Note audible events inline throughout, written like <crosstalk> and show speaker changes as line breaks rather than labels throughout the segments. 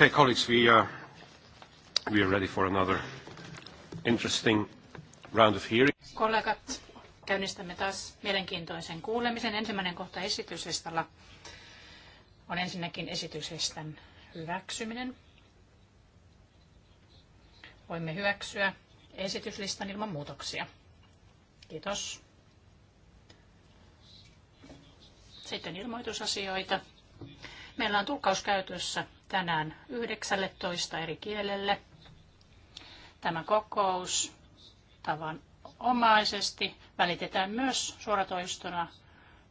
Okay, colleagues, we are, uh, we are ready for another interesting round of hearings.
Kollegat, käynnistämme taas mielenkiintoisen kuulemisen. Ensimmäinen kohta esityslistalla on ensinnäkin esityslistan hyväksyminen. Voimme hyväksyä esityslistan ilman muutoksia. Kiitos. Sitten ilmoitusasioita. Meillä on tulkkaus käytössä tänään 19 eri kielelle. Tämä kokous tavan omaisesti välitetään myös suoratoistona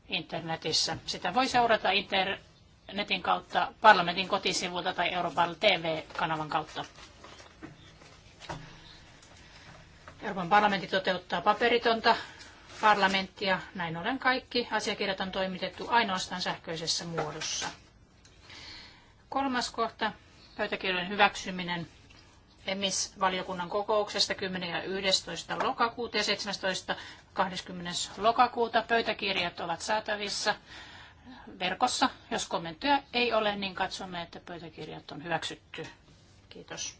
internetissä. Sitä voi seurata internetin kautta parlamentin kotisivulta tai Euroopan TV-kanavan kautta. Euroopan parlamentti toteuttaa paperitonta parlamenttia. Näin ollen kaikki asiakirjat on toimitettu ainoastaan sähköisessä muodossa. Kolmas kohta, pöytäkirjojen hyväksyminen EMIS-valiokunnan kokouksesta 10. ja 11. lokakuuta ja 17. 20. lokakuuta. Pöytäkirjat ovat saatavissa verkossa. Jos kommentteja ei ole, niin katsomme, että pöytäkirjat on hyväksytty. Kiitos.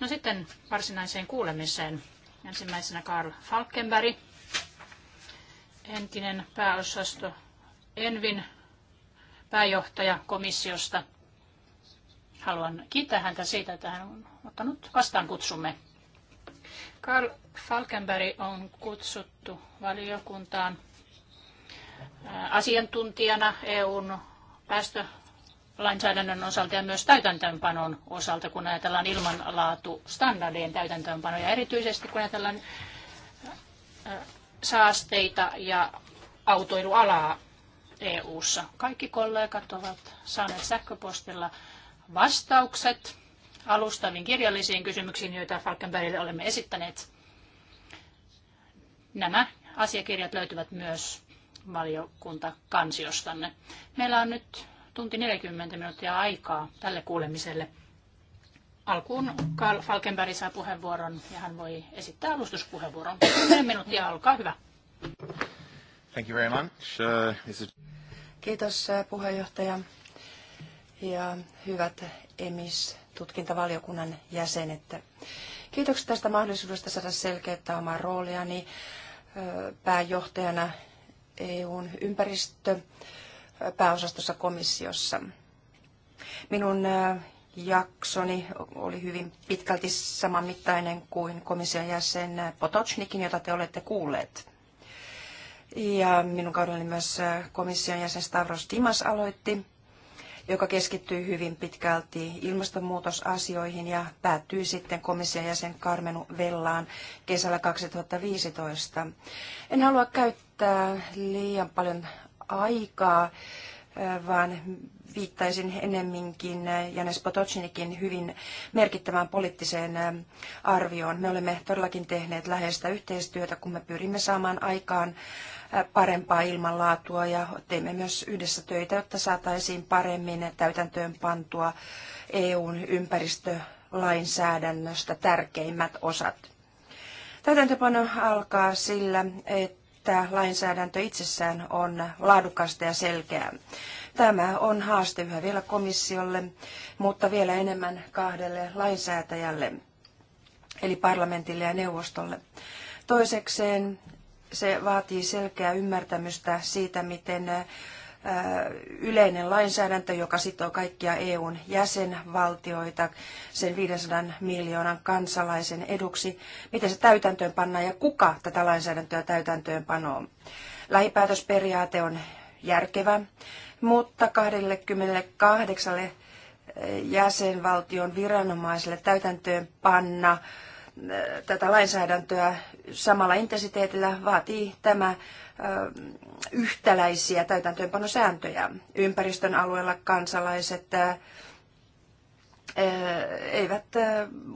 No sitten varsinaiseen kuulemiseen. Ensimmäisenä Karl Falkenberg, entinen pääosasto Envin pääjohtaja komissiosta. Haluan kiittää häntä siitä, että hän on ottanut vastaan kutsumme. Karl Falkenberg on kutsuttu valiokuntaan asiantuntijana EUn päästölainsäädännön osalta ja myös täytäntöönpanon osalta, kun ajatellaan ilmanlaatustandardien täytäntöönpanoja, erityisesti kun ajatellaan saasteita ja autoilualaa. EU:ssa. Kaikki kollegat ovat saaneet sähköpostilla vastaukset alustaviin kirjallisiin kysymyksiin, joita Falkenbergille olemme esittäneet. Nämä asiakirjat löytyvät myös valiokuntakansiostanne. Meillä on nyt tunti 40 minuuttia aikaa tälle kuulemiselle. Alkuun Karl Falkenberg saa puheenvuoron ja hän voi esittää alustuspuheenvuoron. 10 minuuttia, olkaa hyvä.
Thank you very much. Uh,
Kiitos puheenjohtaja ja hyvät EMIS-tutkintavaliokunnan jäsenet. Kiitokset tästä mahdollisuudesta saada selkeyttää omaa rooliani pääjohtajana EUn ympäristöpääosastossa komissiossa. Minun jaksoni oli hyvin pitkälti samanmittainen kuin komission jäsen Potocnikin, jota te olette kuulleet. Ja minun kaudellani myös äh, komission jäsen Stavros Dimas aloitti, joka keskittyy hyvin pitkälti ilmastonmuutosasioihin ja päättyy sitten komission jäsen Karmenu Vellaan kesällä 2015. En halua käyttää liian paljon aikaa vaan viittaisin ennemminkin Janes Potocinikin hyvin merkittävään poliittiseen arvioon. Me olemme todellakin tehneet läheistä yhteistyötä, kun me pyrimme saamaan aikaan parempaa ilmanlaatua ja teemme myös yhdessä töitä, jotta saataisiin paremmin täytäntöön pantua EUn ympäristölainsäädännöstä tärkeimmät osat. Täytäntöpano alkaa sillä, että että lainsäädäntö itsessään on laadukasta ja selkeää. Tämä on haaste yhä vielä komissiolle, mutta vielä enemmän kahdelle lainsäätäjälle, eli parlamentille ja neuvostolle. Toisekseen se vaatii selkeää ymmärtämystä siitä, miten yleinen lainsäädäntö, joka sitoo kaikkia EUn jäsenvaltioita sen 500 miljoonan kansalaisen eduksi. Miten se täytäntöön pannaan ja kuka tätä lainsäädäntöä täytäntöön panoo? Lähipäätösperiaate on järkevä, mutta 28 jäsenvaltion viranomaisille täytäntöön panna tätä lainsäädäntöä samalla intensiteetillä vaatii tämä yhtäläisiä täytäntöönpanosääntöjä. Ympäristön alueella kansalaiset eivät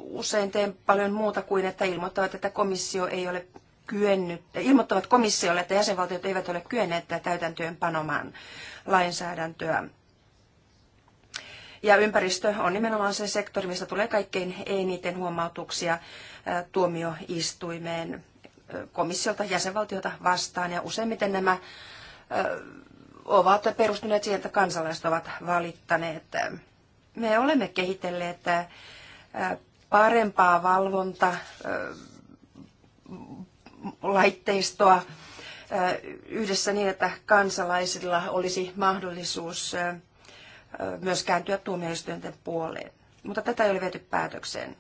usein tee paljon muuta kuin, että ilmoittavat, että komissio ei ole kyennyt, ilmoittavat komissiolle, että jäsenvaltiot eivät ole kyenneet täytäntöönpanomaan lainsäädäntöä. Ja ympäristö on nimenomaan se sektori, mistä tulee kaikkein eniten huomautuksia tuomioistuimeen komissiolta jäsenvaltiota vastaan ja useimmiten nämä ovat perustuneet siihen, että kansalaiset ovat valittaneet. Me olemme kehitelleet parempaa valvonta laitteistoa yhdessä niin, että kansalaisilla olisi mahdollisuus myös kääntyä tuomioistuinten puoleen. Mutta tätä ei ole viety päätökseen.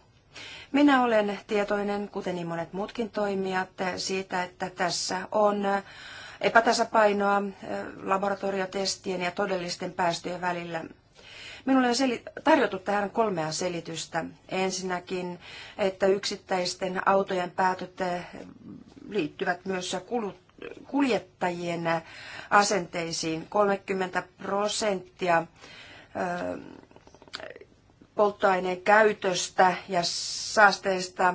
Minä olen tietoinen, kuten niin monet muutkin toimijat, siitä, että tässä on epätasapainoa laboratoriotestien ja todellisten päästöjen välillä. Minulle on tarjottu tähän kolmea selitystä. Ensinnäkin, että yksittäisten autojen päätöt liittyvät myös kuljettajien asenteisiin. 30 prosenttia polttoaineen käytöstä ja saasteista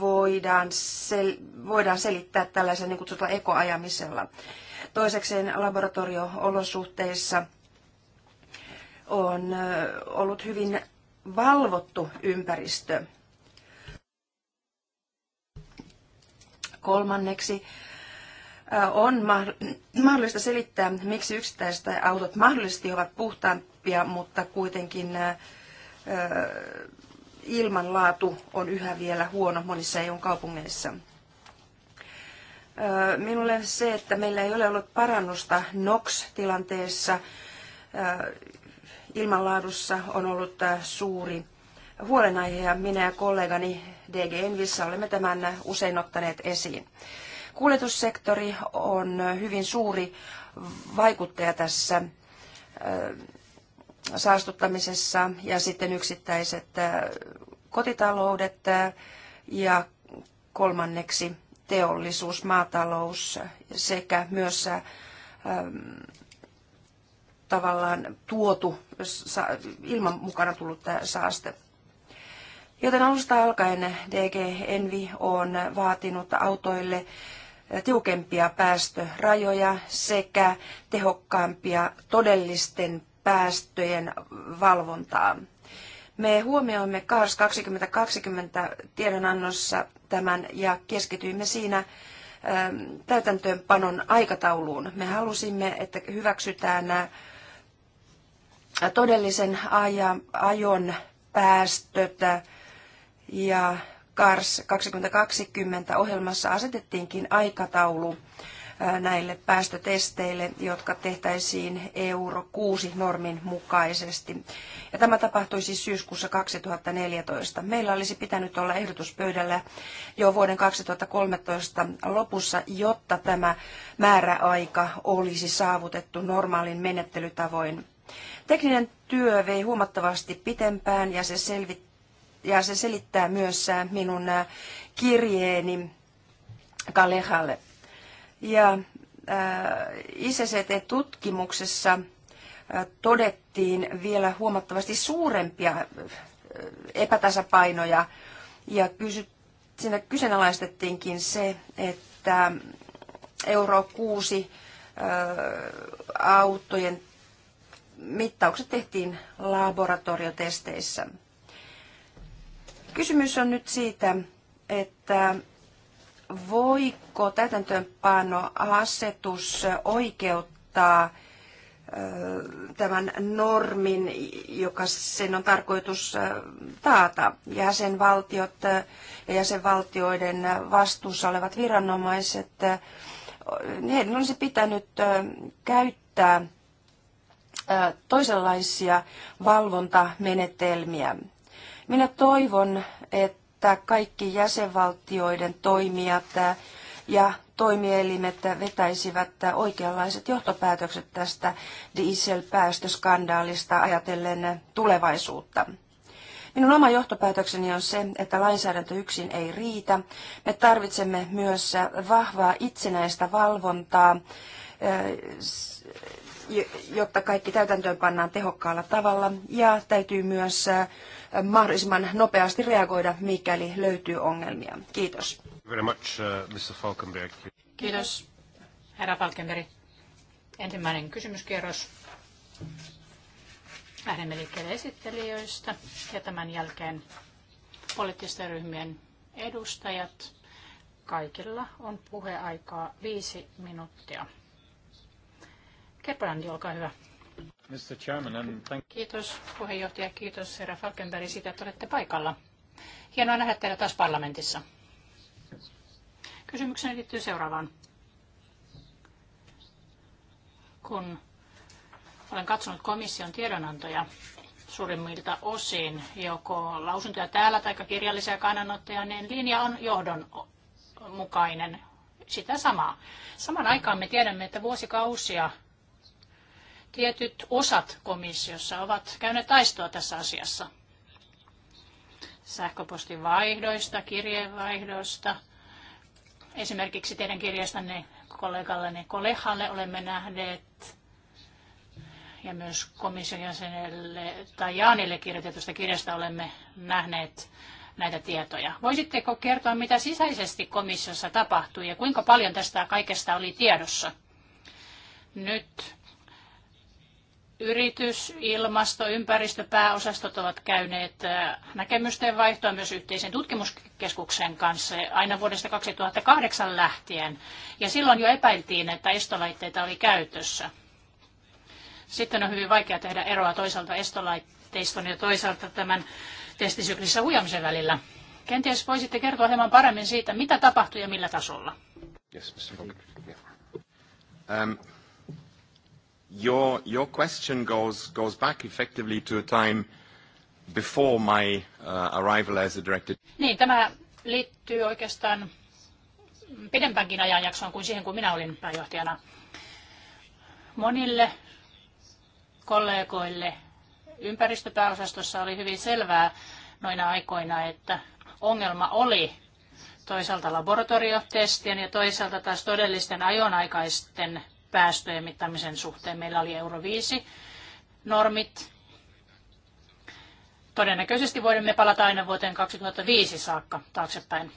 voidaan, sel, voidaan selittää tällaisen niin kutsutulla ekoajamisella. Toisekseen laboratorioolosuhteissa on ollut hyvin valvottu ympäristö. Kolmanneksi on mahdollista selittää, miksi yksittäiset autot mahdollisesti ovat puhtaampia, mutta kuitenkin ilmanlaatu on yhä vielä huono monissa EUn kaupungeissa. Minulle se, että meillä ei ole ollut parannusta NOx-tilanteessa, ilmanlaadussa on ollut suuri huolenaihe ja minä ja kollegani DG Envissä olemme tämän usein ottaneet esiin. Kuljetussektori on hyvin suuri vaikuttaja tässä saastuttamisessa ja sitten yksittäiset äh, kotitaloudet äh, ja kolmanneksi teollisuus, maatalous sekä myös äh, tavallaan tuotu, ilman mukana tullut saaste. Joten alusta alkaen DG Envi on vaatinut autoille tiukempia päästörajoja sekä tehokkaampia todellisten päästöjen valvontaa. Me huomioimme Kaars 2020 tiedonannossa tämän ja keskityimme siinä ähm, täytäntöönpanon aikatauluun. Me halusimme, että hyväksytään nämä äh, todellisen ajon päästöt äh, ja Kars 2020 ohjelmassa asetettiinkin aikataulu näille päästötesteille, jotka tehtäisiin Euro 6-normin mukaisesti. Ja tämä tapahtuisi siis syyskuussa 2014. Meillä olisi pitänyt olla ehdotuspöydällä jo vuoden 2013 lopussa, jotta tämä määräaika olisi saavutettu normaalin menettelytavoin. Tekninen työ vei huomattavasti pitempään ja se, ja se selittää myös minun kirjeeni Kalehalle ja äh, ICCT-tutkimuksessa äh, todettiin vielä huomattavasti suurempia äh, epätasapainoja ja kysy, siinä kyseenalaistettiinkin se, että euro 6 autojen mittaukset tehtiin laboratoriotesteissä. Kysymys on nyt siitä, että voiko täytäntöönpano asetus oikeuttaa tämän normin, joka sen on tarkoitus taata. Jäsenvaltiot ja jäsenvaltioiden vastuussa olevat viranomaiset, heidän olisi pitänyt käyttää toisenlaisia valvontamenetelmiä. Minä toivon, että että kaikki jäsenvaltioiden toimijat ja toimielimet vetäisivät oikeanlaiset johtopäätökset tästä dieselpäästöskandaalista ajatellen tulevaisuutta. Minun oma johtopäätökseni on se, että lainsäädäntö yksin ei riitä. Me tarvitsemme myös vahvaa itsenäistä valvontaa, eh, jotta kaikki täytäntöön pannaan tehokkaalla tavalla. Ja täytyy myös mahdollisimman nopeasti reagoida, mikäli
löytyy ongelmia.
Kiitos.
Uh,
Kiitos, herra Falkenberg. Ensimmäinen kysymyskierros. Lähdemme liikkeelle esittelijöistä ja tämän jälkeen poliittisten ryhmien edustajat. Kaikilla on puheaikaa viisi minuuttia. Kerpalandi, olkaa hyvä.
Mr. Chairman, and thank...
Kiitos puheenjohtaja, kiitos herra Falkenberg siitä, että olette paikalla. Hienoa nähdä teidät taas parlamentissa. Kysymykseni liittyy seuraavaan. Kun olen katsonut komission tiedonantoja suurimmilta osin, joko lausuntoja täällä tai kirjallisia kannanottoja, niin linja on johdonmukainen. Sitä samaa. Saman aikaan me tiedämme, että vuosikausia tietyt osat komissiossa ovat käyneet taistoa tässä asiassa. Sähköpostin vaihdoista, kirjeenvaihdoista, esimerkiksi teidän kirjastanne kollegalleni Kolehalle olemme nähneet ja myös komission jäsenelle tai Jaanille kirjoitetusta kirjasta olemme nähneet näitä tietoja. Voisitteko kertoa, mitä sisäisesti komissiossa tapahtui ja kuinka paljon tästä kaikesta oli tiedossa? Nyt yritys, ilmasto, ympäristöpääosastot ovat käyneet äh, näkemysten vaihtoa myös yhteisen tutkimuskeskuksen kanssa aina vuodesta 2008 lähtien. Ja silloin jo epäiltiin, että estolaitteita oli käytössä. Sitten on hyvin vaikea tehdä eroa toisaalta estolaitteiston ja toisaalta tämän testisyklissä huijamisen välillä. Kenties voisitte kertoa hieman paremmin siitä, mitä tapahtui ja millä tasolla.
Yes, Mr. Um, Your, your question goes, goes back effectively to a time before my uh, arrival as a director.
Niin, tämä liittyy oikeastaan pidempäänkin ajanjaksoon kuin siihen, kun minä olin pääjohtajana. Monille kollegoille ympäristöpääosastossa oli hyvin selvää noina aikoina, että ongelma oli toisaalta laboratoriotestien ja toisaalta taas todellisten ajonaikaisten päästöjen mittaamisen suhteen. Meillä oli Euro 5 normit. Todennäköisesti voimme palata aina vuoteen 2005 saakka taaksepäin.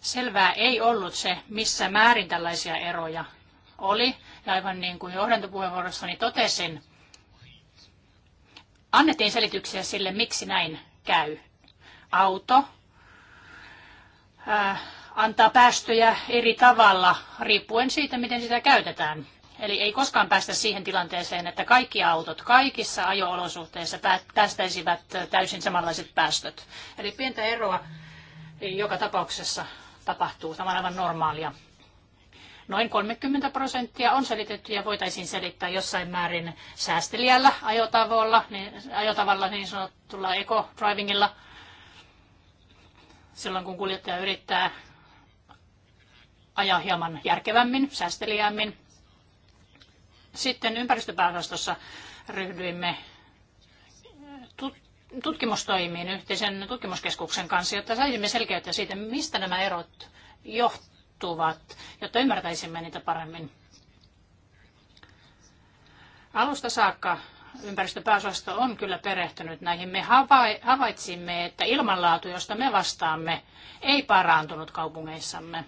Selvää ei ollut se, missä määrin tällaisia eroja oli. Ja aivan niin kuin johdantopuheenvuorossani totesin, annettiin selityksiä sille, miksi näin käy. Auto, antaa päästöjä eri tavalla riippuen siitä, miten sitä käytetään. Eli ei koskaan päästä siihen tilanteeseen, että kaikki autot kaikissa ajo-olosuhteissa päästäisivät täysin samanlaiset päästöt. Eli pientä eroa joka tapauksessa tapahtuu, tämä on aivan normaalia. Noin 30 prosenttia on selitetty ja voitaisiin selittää jossain määrin säästeliällä ajotavalla, niin, ajotavalla niin sanotulla eco-drivingilla, silloin kun kuljettaja yrittää ajaa hieman järkevämmin, säästeliäämmin. Sitten ympäristöpäätöstössä ryhdyimme tutkimustoimiin yhteisen tutkimuskeskuksen kanssa, jotta saisimme selkeyttä siitä, mistä nämä erot johtuvat, jotta ymmärtäisimme niitä paremmin. Alusta saakka ympäristöpääosasto on kyllä perehtynyt näihin. Me havaitsimme, että ilmanlaatu, josta me vastaamme, ei parantunut kaupungeissamme.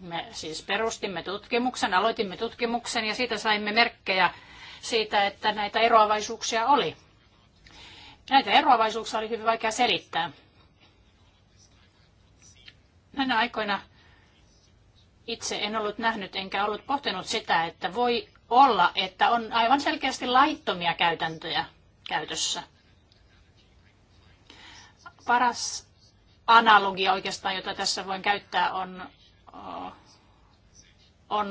Me siis perustimme tutkimuksen, aloitimme tutkimuksen ja siitä saimme merkkejä siitä, että näitä eroavaisuuksia oli. Näitä eroavaisuuksia oli hyvin vaikea selittää. Näinä aikoina itse en ollut nähnyt enkä ollut pohtinut sitä, että voi olla, että on aivan selkeästi laittomia käytäntöjä käytössä. Paras analogia oikeastaan, jota tässä voin käyttää, on on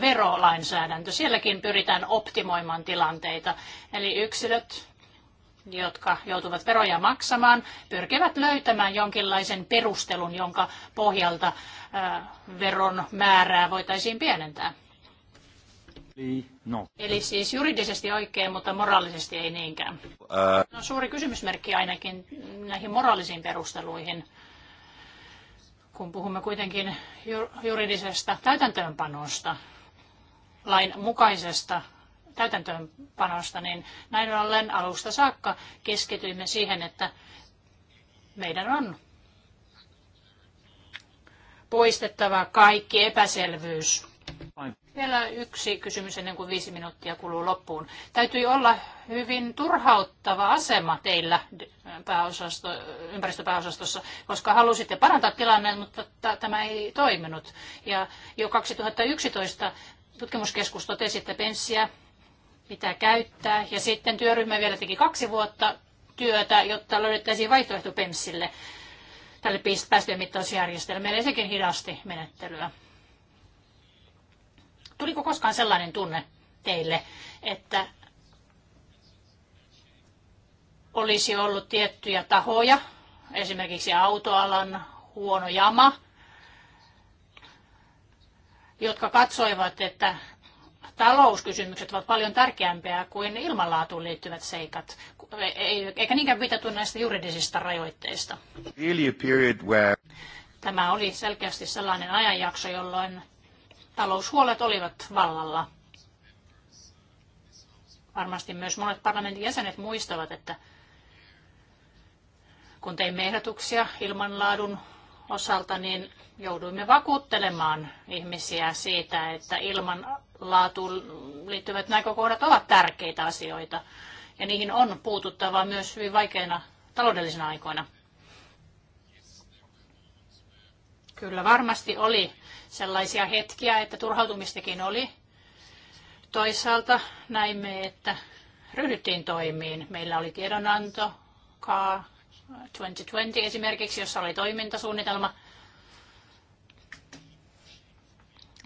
verolainsäädäntö. Sielläkin pyritään optimoimaan tilanteita. Eli yksilöt, jotka joutuvat veroja maksamaan, pyrkivät löytämään jonkinlaisen perustelun, jonka pohjalta veron määrää voitaisiin pienentää. No. Eli siis juridisesti oikein, mutta moraalisesti ei niinkään. Ää... No, suuri kysymysmerkki ainakin näihin moraalisiin perusteluihin kun puhumme kuitenkin juridisesta täytäntöönpanosta, lain mukaisesta täytäntöönpanosta, niin näin ollen alusta saakka keskityimme siihen, että meidän on poistettava kaikki epäselvyys vielä yksi kysymys ennen kuin viisi minuuttia kuluu loppuun. Täytyy olla hyvin turhauttava asema teillä pääosasto, ympäristöpääosastossa, koska halusitte parantaa tilanneen, mutta tämä ei toiminut. Ja jo 2011 tutkimuskeskus totesi, että penssiä pitää käyttää. Ja sitten työryhmä vielä teki kaksi vuotta työtä, jotta löydettäisiin vaihtoehto penssille tälle päästöjen mittausjärjestelmälle. Ja sekin hidasti menettelyä. Tuliko koskaan sellainen tunne teille, että olisi ollut tiettyjä tahoja, esimerkiksi autoalan huono jama, jotka katsoivat, että talouskysymykset ovat paljon tärkeämpiä kuin ilmanlaatuun liittyvät seikat, eikä niinkään viitattu näistä juridisista rajoitteista. Tämä oli selkeästi sellainen ajanjakso, jolloin taloushuolet olivat vallalla. Varmasti myös monet parlamentin jäsenet muistavat, että kun teimme ehdotuksia ilmanlaadun osalta, niin jouduimme vakuuttelemaan ihmisiä siitä, että ilmanlaatuun liittyvät näkökohdat ovat tärkeitä asioita ja niihin on puututtava myös hyvin vaikeina taloudellisina aikoina. Kyllä varmasti oli sellaisia hetkiä, että turhautumistakin oli. Toisaalta näimme, että ryhdyttiin toimiin. Meillä oli tiedonanto, k 2020 esimerkiksi, jossa oli toimintasuunnitelma.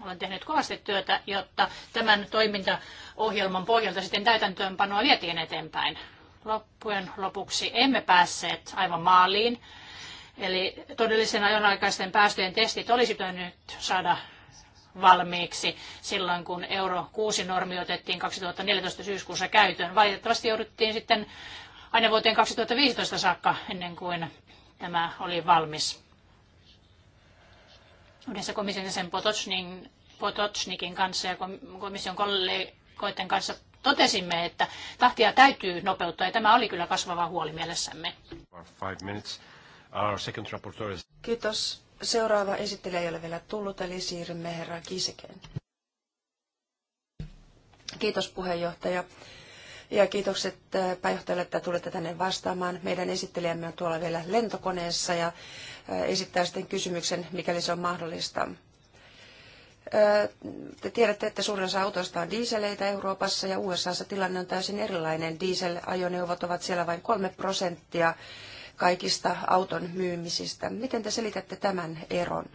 Olen tehnyt kovasti työtä, jotta tämän toimintaohjelman pohjalta sitten täytäntöönpanoa vietiin eteenpäin. Loppujen lopuksi emme päässeet aivan maaliin Eli todellisen ajonaikaisten päästöjen testit olisi pitänyt saada valmiiksi silloin, kun euro 6 normi otettiin 2014 syyskuussa käyttöön. Valitettavasti jouduttiin sitten aina vuoteen 2015 saakka ennen kuin tämä oli valmis. Yhdessä komission jäsen Potocnin, Potocnikin kanssa ja komission kollegoiden kanssa totesimme, että tahtia täytyy nopeuttaa ja tämä oli kyllä kasvava huoli mielessämme.
Our second rapporteur is...
Kiitos. Seuraava esittelijä
ei ole vielä tullut, eli siirrymme herra Kisikeen. Kiitos puheenjohtaja. Ja kiitokset äh, pääjohtajalle, että tulette tänne vastaamaan. Meidän esittelijämme on tuolla vielä lentokoneessa ja äh, esittää sitten kysymyksen, mikäli se on mahdollista. Äh, te tiedätte, että suurin osa autoista on diiseleitä Euroopassa ja USAssa tilanne on täysin erilainen. Dieselajoneuvot ovat siellä vain kolme prosenttia kaikista auton myymisistä. Miten te selitätte tämän eron?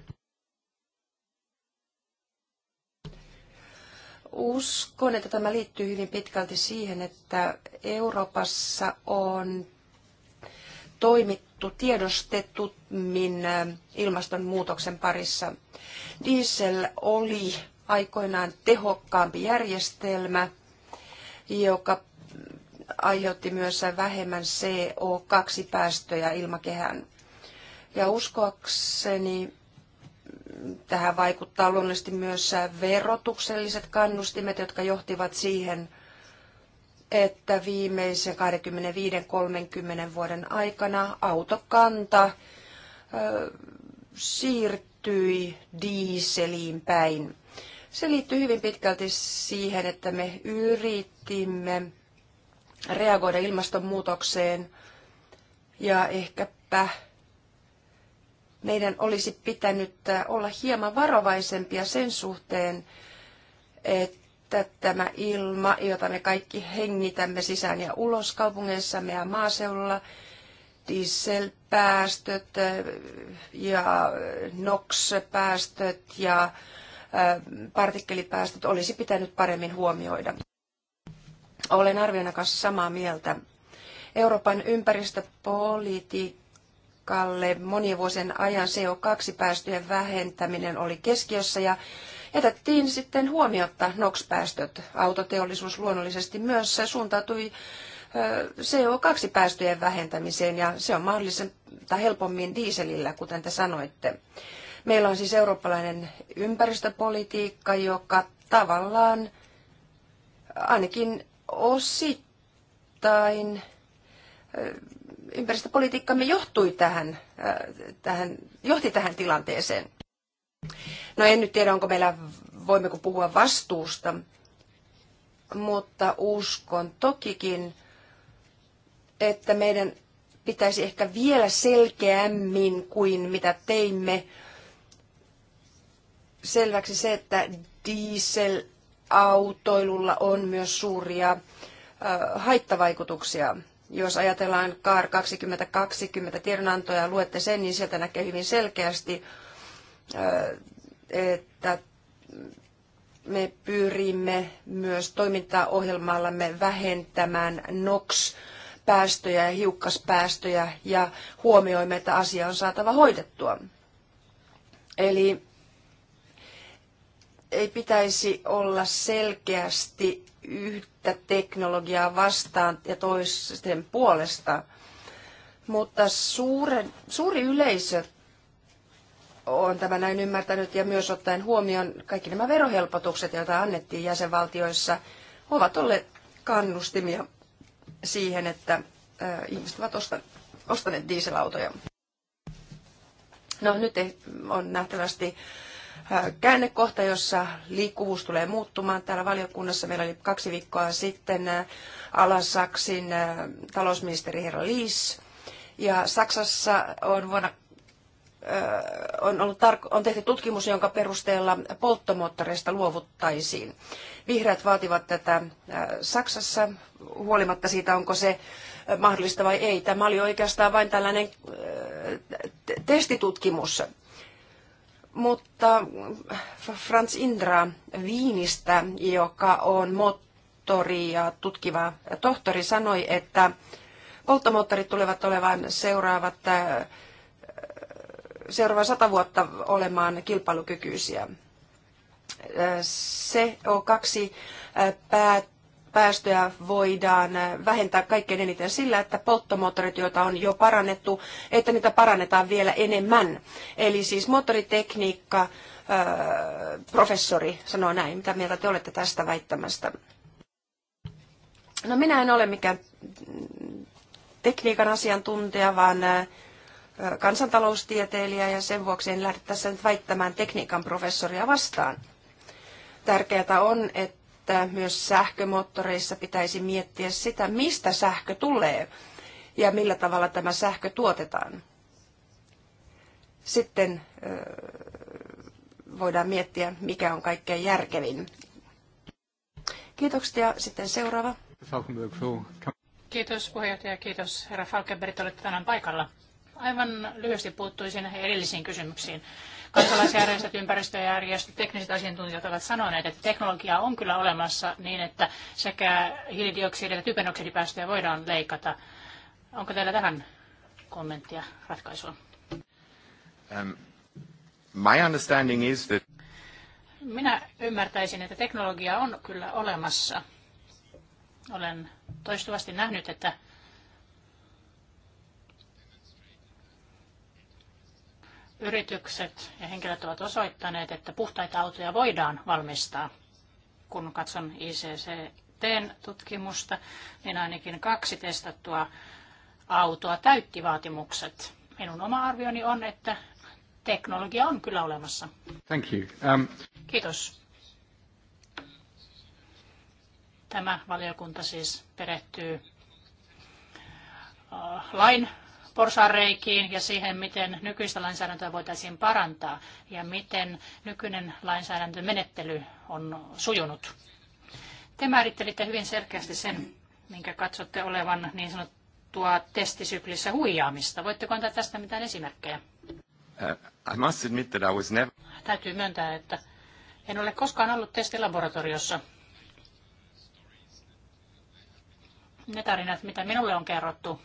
Uskon, että tämä liittyy hyvin pitkälti siihen, että Euroopassa on toimittu tiedostetummin äh, ilmastonmuutoksen parissa. Diesel oli aikoinaan tehokkaampi järjestelmä, joka aiheutti myös vähemmän CO2-päästöjä ilmakehään. Ja uskoakseni tähän vaikuttaa luonnollisesti myös verotukselliset kannustimet, jotka johtivat siihen, että viimeisen 25-30 vuoden aikana autokanta siirtyi diiseliin päin. Se liittyy hyvin pitkälti siihen, että me yritimme reagoida ilmastonmuutokseen ja ehkäpä meidän olisi pitänyt äh, olla hieman varovaisempia sen suhteen, että tämä ilma, jota me kaikki hengitämme sisään ja ulos kaupungeissamme ja maaseudulla, dieselpäästöt äh, ja NOx-päästöt ja äh, partikkelipäästöt olisi pitänyt paremmin huomioida. Olen arviona kanssa samaa mieltä. Euroopan ympäristöpolitiikalle monien vuosien ajan CO2-päästöjen vähentäminen oli keskiössä ja jätettiin sitten huomiotta NOx-päästöt. Autoteollisuus luonnollisesti myös suuntautui CO2-päästöjen vähentämiseen ja se on mahdollisempaa helpommin diiselillä, kuten te sanoitte. Meillä on siis eurooppalainen ympäristöpolitiikka, joka tavallaan ainakin osittain ympäristöpolitiikkamme johtui tähän, tähän, johti tähän tilanteeseen. No en nyt tiedä, onko meillä, voimmeko puhua vastuusta, mutta uskon tokikin, että meidän pitäisi ehkä vielä selkeämmin kuin mitä teimme selväksi se, että diesel autoilulla on myös suuria haittavaikutuksia. Jos ajatellaan CAR 2020 tiedonantoja ja luette sen, niin sieltä näkee hyvin selkeästi, että me pyrimme myös toimintaohjelmallamme vähentämään NOx päästöjä ja hiukkaspäästöjä ja huomioimme, että asia on saatava hoidettua. Eli ei pitäisi olla selkeästi yhtä teknologiaa vastaan ja toisten puolesta, mutta suuren, suuri yleisö on tämä näin ymmärtänyt ja myös ottaen huomioon kaikki nämä verohelpotukset, joita annettiin jäsenvaltioissa, ovat olleet kannustimia siihen, että ihmiset ovat ostaneet dieselautoja. No nyt on nähtävästi käännekohta, jossa liikkuvuus tulee muuttumaan. Täällä valiokunnassa meillä oli kaksi viikkoa sitten Alasaksin talousministeri herra Liis. Ja Saksassa on vuonna on, ollut on tehty tutkimus, jonka perusteella polttomoottoreista luovuttaisiin. Vihreät vaativat tätä Saksassa huolimatta siitä, onko se mahdollista vai ei. Tämä oli oikeastaan vain tällainen testitutkimus mutta Franz Indra Viinistä, joka on moottori ja tutkiva tohtori, sanoi, että polttomoottorit tulevat olevan seuraavat, äh, seuraava sata vuotta olemaan kilpailukykyisiä. CO2 äh, äh, päättyy päästöjä voidaan vähentää kaikkein eniten sillä, että polttomoottorit, joita on jo parannettu, että niitä parannetaan vielä enemmän. Eli siis moottoritekniikka, professori sanoo näin. Mitä mieltä te olette tästä väittämästä? No minä en ole mikään tekniikan asiantuntija, vaan kansantaloustieteilijä ja sen vuoksi en lähde tässä nyt väittämään tekniikan professoria vastaan. Tärkeää on, että että myös sähkömoottoreissa pitäisi miettiä sitä, mistä sähkö tulee ja millä tavalla tämä sähkö tuotetaan. Sitten voidaan miettiä, mikä on kaikkein järkevin. Kiitoksia. Sitten seuraava.
Kiitos puheenjohtaja, kiitos herra Falkenberg, olette tänään paikalla. Aivan lyhyesti puuttuisin näihin edellisiin kysymyksiin kansalaisjärjestöt, ympäristöjärjestöt, tekniset asiantuntijat ovat sanoneet, että teknologia on kyllä olemassa niin, että sekä hiilidioksidi- että typenoksidipäästöjä voidaan leikata. Onko teillä tähän kommenttia ratkaisua?
Um, my understanding is that...
Minä ymmärtäisin, että teknologia on kyllä olemassa. Olen toistuvasti nähnyt, että yritykset ja henkilöt ovat osoittaneet, että puhtaita autoja voidaan valmistaa. Kun katson ICCT-tutkimusta, niin ainakin kaksi testattua autoa täytti vaatimukset. Minun oma arvioni on, että teknologia on kyllä olemassa.
Thank you. Um...
Kiitos. Tämä valiokunta siis perehtyy uh, lain porsareikiin ja siihen, miten nykyistä lainsäädäntöä voitaisiin parantaa ja miten nykyinen lainsäädäntömenettely on sujunut. Te määrittelitte hyvin selkeästi sen, minkä katsotte olevan niin sanottua testisyklissä huijaamista. Voitteko antaa tästä mitään esimerkkejä?
Uh, I must admit that I was never...
Täytyy myöntää, että en ole koskaan ollut testilaboratoriossa. Ne tarinat, mitä minulle on kerrottu,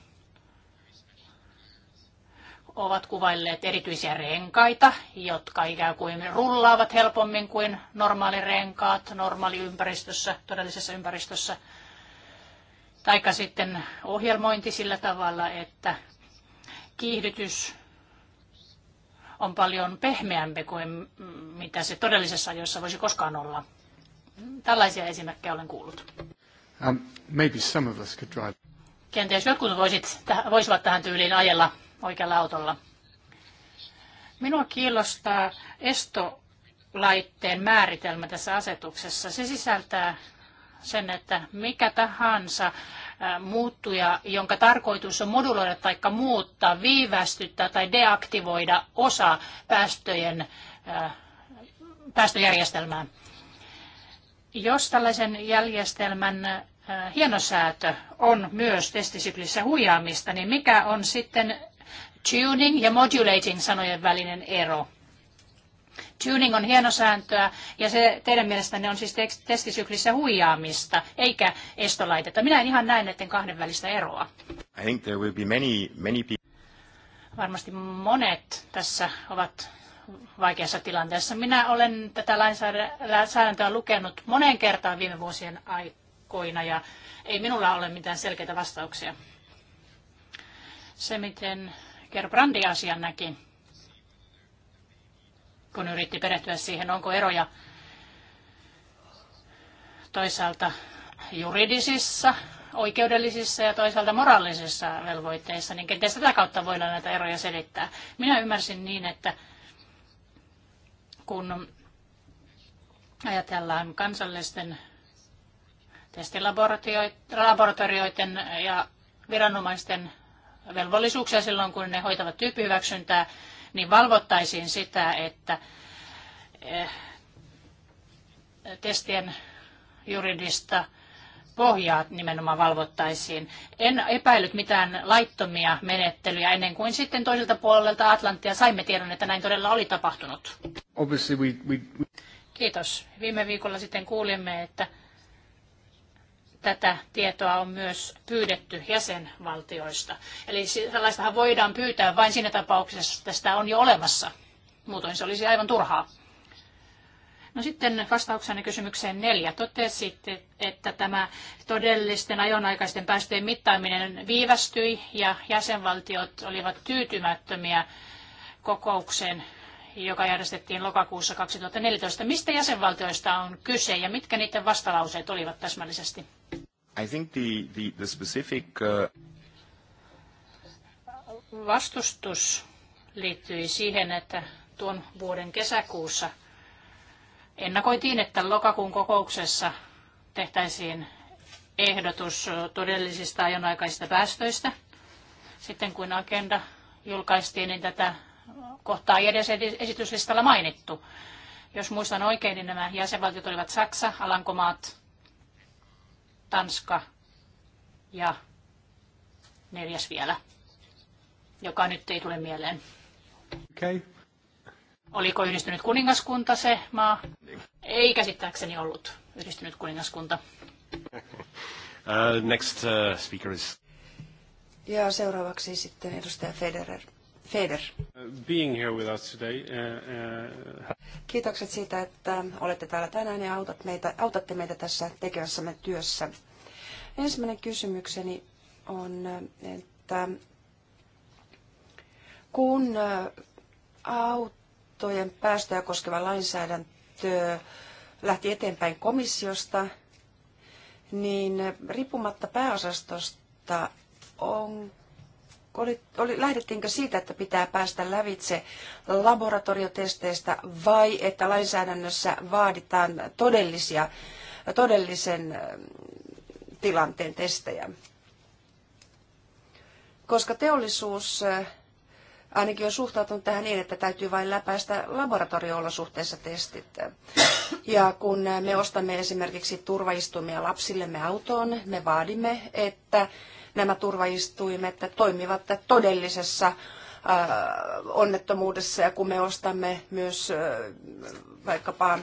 ovat kuvailleet erityisiä renkaita, jotka ikään kuin rullaavat helpommin kuin renkaat normaali ympäristössä todellisessa ympäristössä. Taikka sitten ohjelmointi sillä tavalla, että kiihdytys on paljon pehmeämpi kuin mitä se todellisessa ajoissa voisi koskaan olla. Tällaisia esimerkkejä olen kuullut.
Um, maybe some of us could drive.
Kenties jotkut voisit, voisivat tähän tyyliin ajella oikealla autolla. Minua kiinnostaa estolaitteen määritelmä tässä asetuksessa. Se sisältää sen, että mikä tahansa muuttuja, jonka tarkoitus on moduloida tai muuttaa, viivästyttää tai deaktivoida osa päästöjen, päästöjärjestelmää. Jos tällaisen järjestelmän hienosäätö on myös testisyklissä huijaamista, niin mikä on sitten tuning ja modulating sanojen välinen ero. Tuning on hienosääntöä ja se teidän mielestänne on siis testisyklissä huijaamista eikä estolaitetta. Minä en ihan näe näiden kahden välistä eroa.
I think there will be many, many people.
Varmasti monet tässä ovat vaikeassa tilanteessa. Minä olen tätä lainsäädäntöä lukenut moneen kertaan viime vuosien aikoina ja ei minulla ole mitään selkeitä vastauksia. Se, miten Gerbrandi asian näki, kun yritti perehtyä siihen, onko eroja toisaalta juridisissa, oikeudellisissa ja toisaalta moraalisissa velvoitteissa, niin kenties tätä kautta voidaan näitä eroja selittää. Minä ymmärsin niin, että kun ajatellaan kansallisten testilaboratorioiden ja viranomaisten velvollisuuksia silloin, kun ne hoitavat tyyppihyväksyntää, niin valvottaisiin sitä, että eh, testien juridista pohjaa nimenomaan valvottaisiin. En epäillyt mitään laittomia menettelyjä ennen kuin sitten toiselta puolelta Atlanttia saimme tiedon, että näin todella oli tapahtunut. Kiitos. Viime viikolla sitten kuulimme, että tätä tietoa on myös pyydetty jäsenvaltioista. Eli sellaistahan voidaan pyytää vain siinä tapauksessa, että sitä on jo olemassa. Muutoin se olisi aivan turhaa. No sitten vastauksena kysymykseen neljä. Totesitte, että tämä todellisten ajonaikaisten päästöjen mittaaminen viivästyi ja jäsenvaltiot olivat tyytymättömiä kokouksen joka järjestettiin lokakuussa 2014. Mistä jäsenvaltioista on kyse ja mitkä niiden vastalauseet olivat täsmällisesti?
I think the, the, the specific, uh...
Vastustus liittyi siihen, että tuon vuoden kesäkuussa ennakoitiin, että lokakuun kokouksessa tehtäisiin ehdotus todellisista ajonaikaisista päästöistä. Sitten kun agenda julkaistiin, niin tätä kohtaa ei edes esityslistalla mainittu. Jos muistan oikein, niin nämä jäsenvaltiot olivat Saksa, Alankomaat, Tanska ja neljäs vielä, joka nyt ei tule mieleen. Okay. Oliko yhdistynyt kuningaskunta se maa? Ei käsittääkseni ollut yhdistynyt kuningaskunta.
Uh, next uh, speaker is...
Ja seuraavaksi sitten
edustaja Federer. Feder.
Being here with us today. Uh, uh,
Kiitokset siitä, että olette täällä tänään ja autat meitä, autatte meitä tässä tekevässämme työssä. Ensimmäinen kysymykseni on, että kun autojen päästöjä koskeva lainsäädäntö lähti eteenpäin komissiosta, niin riippumatta pääosastosta, onko oli, oli, lähdettiinkö siitä, että pitää päästä lävitse laboratoriotesteistä vai että lainsäädännössä vaaditaan todellisia, todellisen tilanteen testejä? Koska teollisuus ainakin on suhtautunut tähän niin, että täytyy vain läpäistä suhteessa testit. Ja kun me ostamme esimerkiksi turvaistumia lapsillemme autoon, me vaadimme, että nämä turvaistuimet toimivat todellisessa äh, onnettomuudessa ja kun me ostamme myös äh, vaikkapa äh,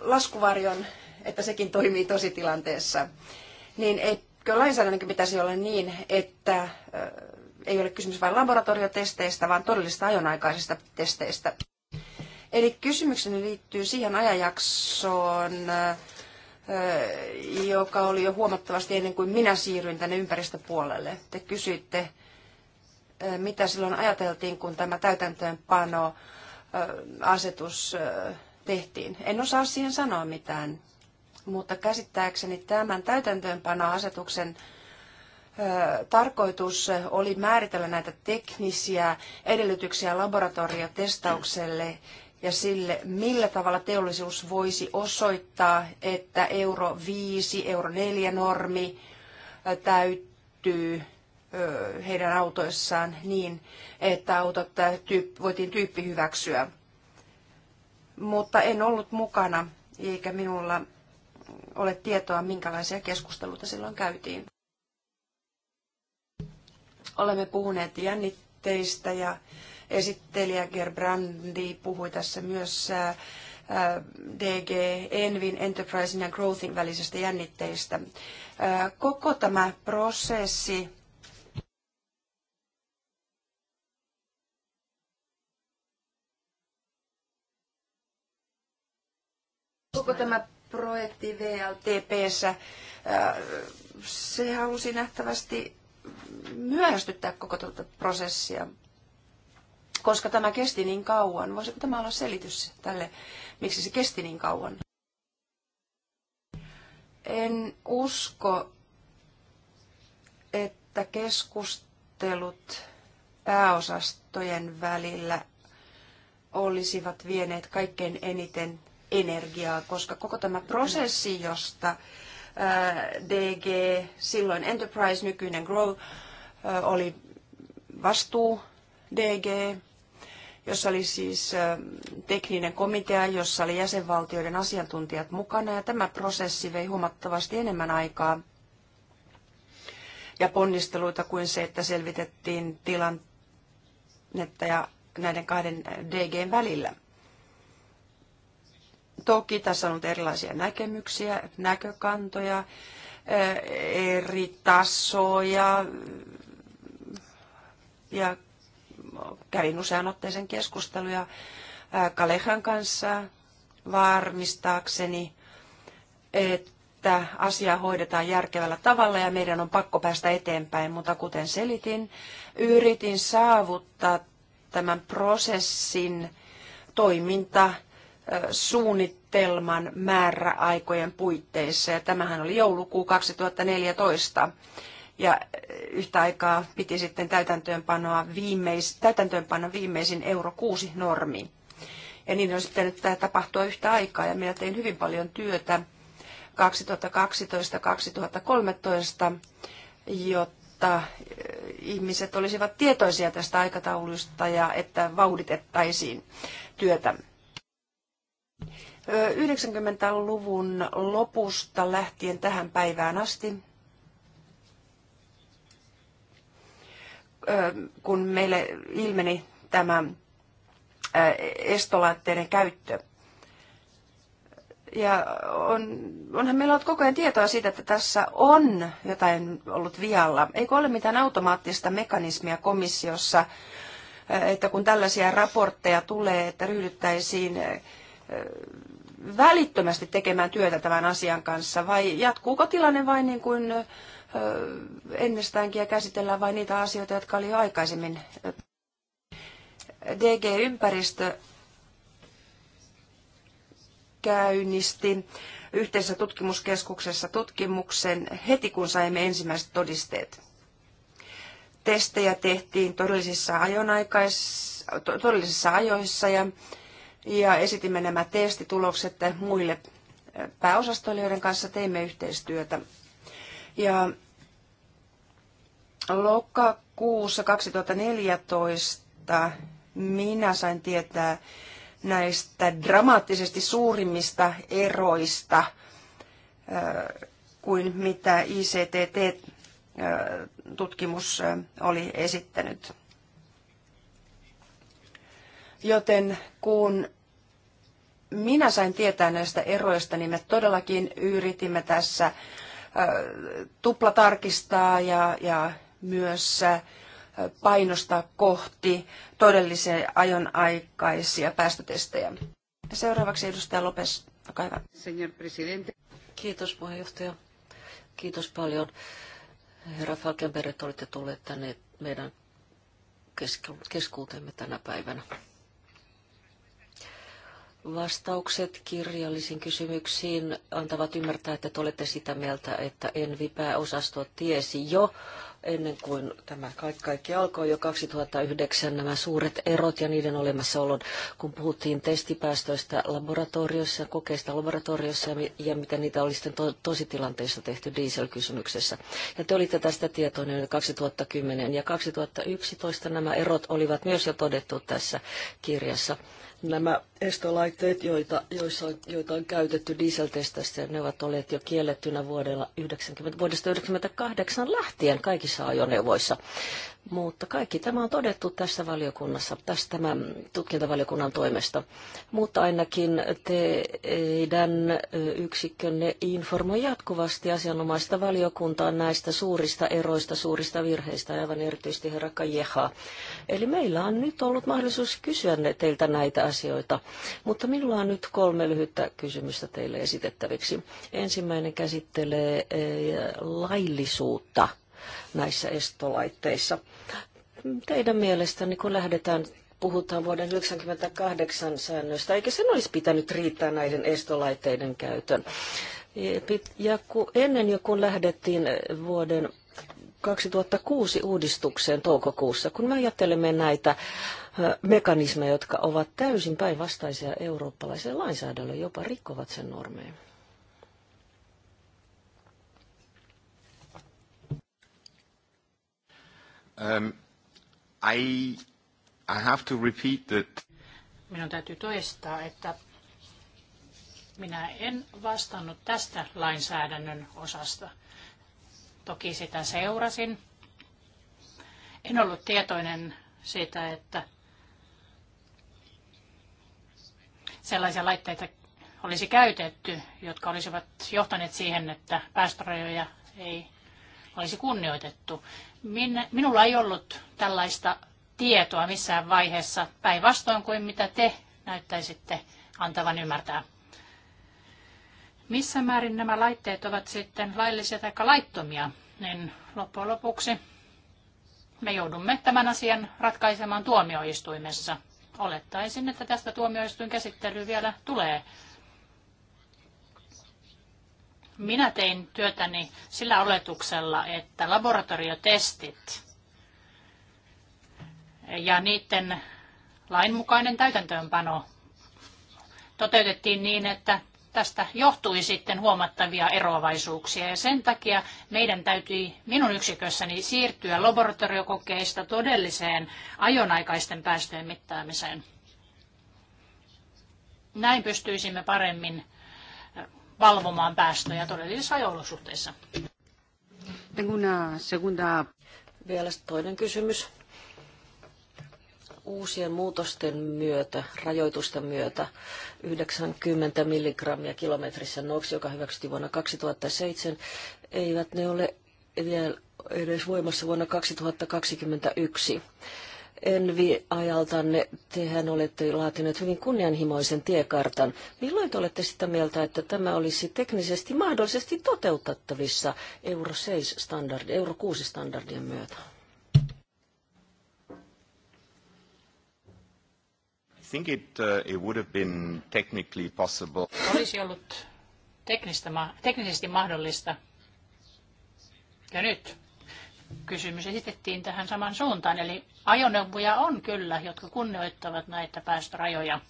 laskuvarjon, että sekin toimii tositilanteessa, niin eikö lainsäädännön pitäisi olla niin, että ei ole kysymys vain laboratoriotesteistä, vaan todellisista ajonaikaisista testeistä. Eli kysymykseni liittyy siihen ajanjaksoon joka oli jo huomattavasti ennen kuin minä siirryin tänne ympäristöpuolelle. Te kysyitte, mitä silloin ajateltiin, kun tämä täytäntöönpano asetus tehtiin. En osaa siihen sanoa mitään, mutta käsittääkseni tämän täytäntöönpano-asetuksen tarkoitus oli määritellä näitä teknisiä edellytyksiä laboratoriotestaukselle ja sille, millä tavalla teollisuus voisi osoittaa, että euro 5, euro 4 normi täyttyy heidän autoissaan niin, että autot voitiin tyyppi hyväksyä. Mutta en ollut mukana, eikä minulla ole tietoa, minkälaisia keskusteluita silloin käytiin. Olemme puhuneet jännitteistä ja Esittelijä Gerbrandi puhui tässä myös DG Envin, Enterprisein ja Growthin välisestä jännitteistä. Koko tämä prosessi Koko tämä projekti VLTPssä, se halusi nähtävästi myöhästyttää koko tuota prosessia, koska tämä kesti niin kauan. Voisiko tämä olla selitys tälle, miksi se kesti niin kauan? En usko, että keskustelut pääosastojen välillä olisivat vieneet kaikkein eniten energiaa, koska koko tämä prosessi, josta äh, DG, silloin Enterprise, nykyinen Grow, äh, oli vastuu DG, jossa oli siis tekninen komitea, jossa oli jäsenvaltioiden asiantuntijat mukana, ja tämä prosessi vei huomattavasti enemmän aikaa ja ponnisteluita kuin se, että selvitettiin tilannetta ja näiden kahden DGn välillä. Toki tässä on ollut erilaisia näkemyksiä, näkökantoja, eri tasoja ja kävin usean otteeseen keskusteluja Kalehan kanssa varmistaakseni, että asia hoidetaan järkevällä tavalla ja meidän on pakko päästä eteenpäin, mutta kuten selitin, yritin saavuttaa tämän prosessin toiminta suunnittelman määräaikojen puitteissa ja tämähän oli joulukuu 2014 ja eh, yhtä aikaa piti sitten täytäntöönpanoa viimeis, täytäntöönpano viimeisin euro 6 normi. Ja niin on sitten pitänyt tapahtua yhtä aikaa ja minä tein hyvin paljon työtä 2012-2013, jotta eh, ihmiset olisivat tietoisia tästä aikataulusta ja että vauhditettaisiin työtä. 90-luvun eh, lopusta lähtien tähän päivään asti kun meille ilmeni tämä estolaitteiden käyttö. Ja on, onhan meillä ollut koko ajan tietoa siitä, että tässä on jotain ollut vialla. Eikö ole mitään automaattista mekanismia komissiossa, että kun tällaisia raportteja tulee, että ryhdyttäisiin välittömästi tekemään työtä tämän asian kanssa, vai jatkuuko tilanne vain niin kuin ennestäänkin ja käsitellään vain niitä asioita, jotka oli jo aikaisemmin. DG-ympäristö käynnisti yhteisessä tutkimuskeskuksessa tutkimuksen heti, kun saimme ensimmäiset todisteet. Testejä tehtiin todellisissa, ajonaikais, todellisissa ajoissa ja, ja esitimme nämä testitulokset muille pääosastoille, joiden kanssa teimme yhteistyötä ja lokakuussa 2014 minä sain tietää näistä dramaattisesti suurimmista eroista kuin mitä ICTT-tutkimus oli esittänyt. Joten kun minä sain tietää näistä eroista, niin me todellakin yritimme tässä tuplatarkistaa ja, ja myös painostaa kohti todellisen ajon aikaisia päästötestejä.
Seuraavaksi edustaja Lopes, olkaa hyvä. Kiitos puheenjohtaja. Kiitos paljon. Herra Falkenberg, olette tulleet tänne meidän keskuuteemme tänä päivänä. Vastaukset kirjallisiin kysymyksiin antavat ymmärtää, että te olette sitä mieltä, että Envi-pääosasto tiesi jo ennen kuin tämä kaikki, kaikki alkoi jo 2009 nämä suuret erot ja niiden olemassaolon, kun puhuttiin testipäästöistä laboratoriossa, kokeista laboratoriossa ja, ja mitä niitä oli sitten to, tositilanteissa tehty dieselkysymyksessä. Ja te olitte tästä tietoinen 2010 ja 2011 nämä erot olivat myös jo todettu tässä kirjassa nämä estolaitteet, joita, joissa, joita on käytetty dieseltesteissä, ne ovat olleet jo kiellettynä vuodella 90, vuodesta 1998 lähtien kaikissa ajoneuvoissa. Mutta kaikki tämä on todettu tässä valiokunnassa, tässä tämän tutkintavaliokunnan toimesta. Mutta ainakin teidän yksikkönne informoi jatkuvasti asianomaista valiokuntaa näistä suurista eroista, suurista virheistä, aivan erityisesti herra Kajeha. Eli meillä on nyt ollut mahdollisuus kysyä teiltä näitä asioita. Mutta minulla on nyt kolme lyhyttä kysymystä teille esitettäviksi. Ensimmäinen käsittelee eh, laillisuutta näissä estolaitteissa teidän niin kun lähdetään, puhutaan vuoden 1998 säännöistä, eikä sen olisi pitänyt riittää näiden estolaitteiden käytön? Ja kun, ennen jo kun lähdettiin vuoden 2006 uudistukseen toukokuussa, kun me ajattelemme näitä mekanismeja, jotka ovat täysin päinvastaisia eurooppalaiselle lainsäädännölle, jopa rikkovat sen normeja.
Um, I, I have to repeat that.
Minun täytyy toistaa, että minä en vastannut tästä lainsäädännön osasta. Toki sitä seurasin. En ollut tietoinen siitä, että sellaisia laitteita olisi käytetty, jotka olisivat johtaneet siihen, että päästörajoja ei olisi kunnioitettu. Minulla ei ollut tällaista tietoa missään vaiheessa päinvastoin kuin mitä te näyttäisitte antavan ymmärtää. Missä määrin nämä laitteet ovat sitten laillisia tai laittomia, niin loppujen lopuksi me joudumme tämän asian ratkaisemaan tuomioistuimessa. Olettaisin, että tästä tuomioistuin käsittely vielä tulee minä tein työtäni sillä oletuksella, että laboratoriotestit ja niiden lainmukainen täytäntöönpano toteutettiin niin, että tästä johtui sitten huomattavia eroavaisuuksia ja sen takia meidän täytyi minun yksikössäni siirtyä laboratoriokokeista todelliseen ajonaikaisten päästöjen mittaamiseen. Näin pystyisimme paremmin valvomaan päästöjä todellisissa ajolosuhteissa.
Vielä toinen kysymys. Uusien muutosten myötä, rajoitusten myötä, 90 milligrammia kilometrissä NOx, joka hyväksyttiin vuonna 2007, eivät ne ole vielä edes voimassa vuonna 2021. Envi ajaltanne tehän olette laatineet hyvin kunnianhimoisen tiekartan. Milloin te olette sitä mieltä, että tämä olisi teknisesti mahdollisesti toteutettavissa Euro 6 standardi, Euro 6 standardien myötä?
I think it, uh, it would have been technically possible.
Olisi ollut teknistä, teknisesti mahdollista. Ja nyt kysymys esitettiin tähän saman suuntaan. Eli ajoneuvoja on kyllä, jotka kunnioittavat näitä päästörajoja.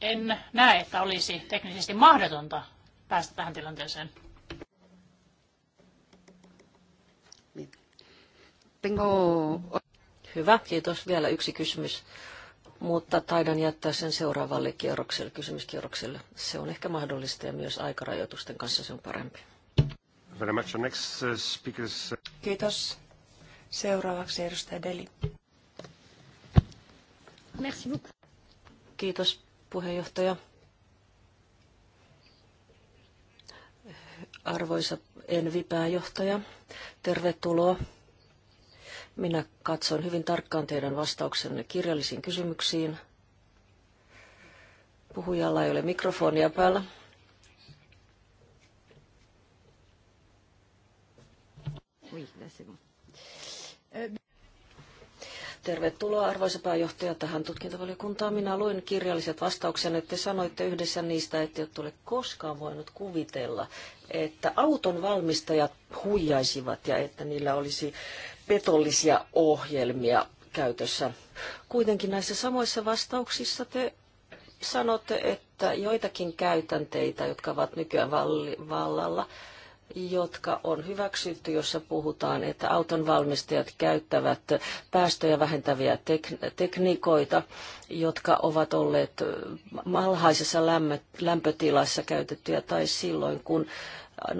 En näe, että olisi teknisesti mahdotonta päästä tähän tilanteeseen.
Hyvä, kiitos. Vielä yksi kysymys, mutta taidan jättää sen seuraavalle kierrokselle, kysymyskierrokselle. Se on ehkä mahdollista ja myös aikarajoitusten kanssa se on parempi
very much. Next uh, speakers. Uh,
Kiitos. Seuraavaksi edustaja Deli. Merci Kiitos puheenjohtaja. Arvoisa Envi-pääjohtaja, tervetuloa. Minä katson hyvin tarkkaan teidän vastauksenne kirjallisiin kysymyksiin. Puhujalla ei ole mikrofonia päällä. Tervetuloa arvoisa pääjohtaja tähän tutkintavaliokuntaan. Minä luin kirjalliset vastauksen, että te sanoitte yhdessä niistä, että et ole koskaan voinut kuvitella, että auton valmistajat huijaisivat ja että niillä olisi petollisia ohjelmia käytössä. Kuitenkin näissä samoissa vastauksissa te sanotte, että joitakin käytänteitä, jotka ovat nykyään vallalla, jotka on hyväksytty, jossa puhutaan, että auton valmistajat käyttävät päästöjä vähentäviä tek- tekniikoita, jotka ovat olleet malhaisessa lämpötilassa käytettyjä tai silloin, kun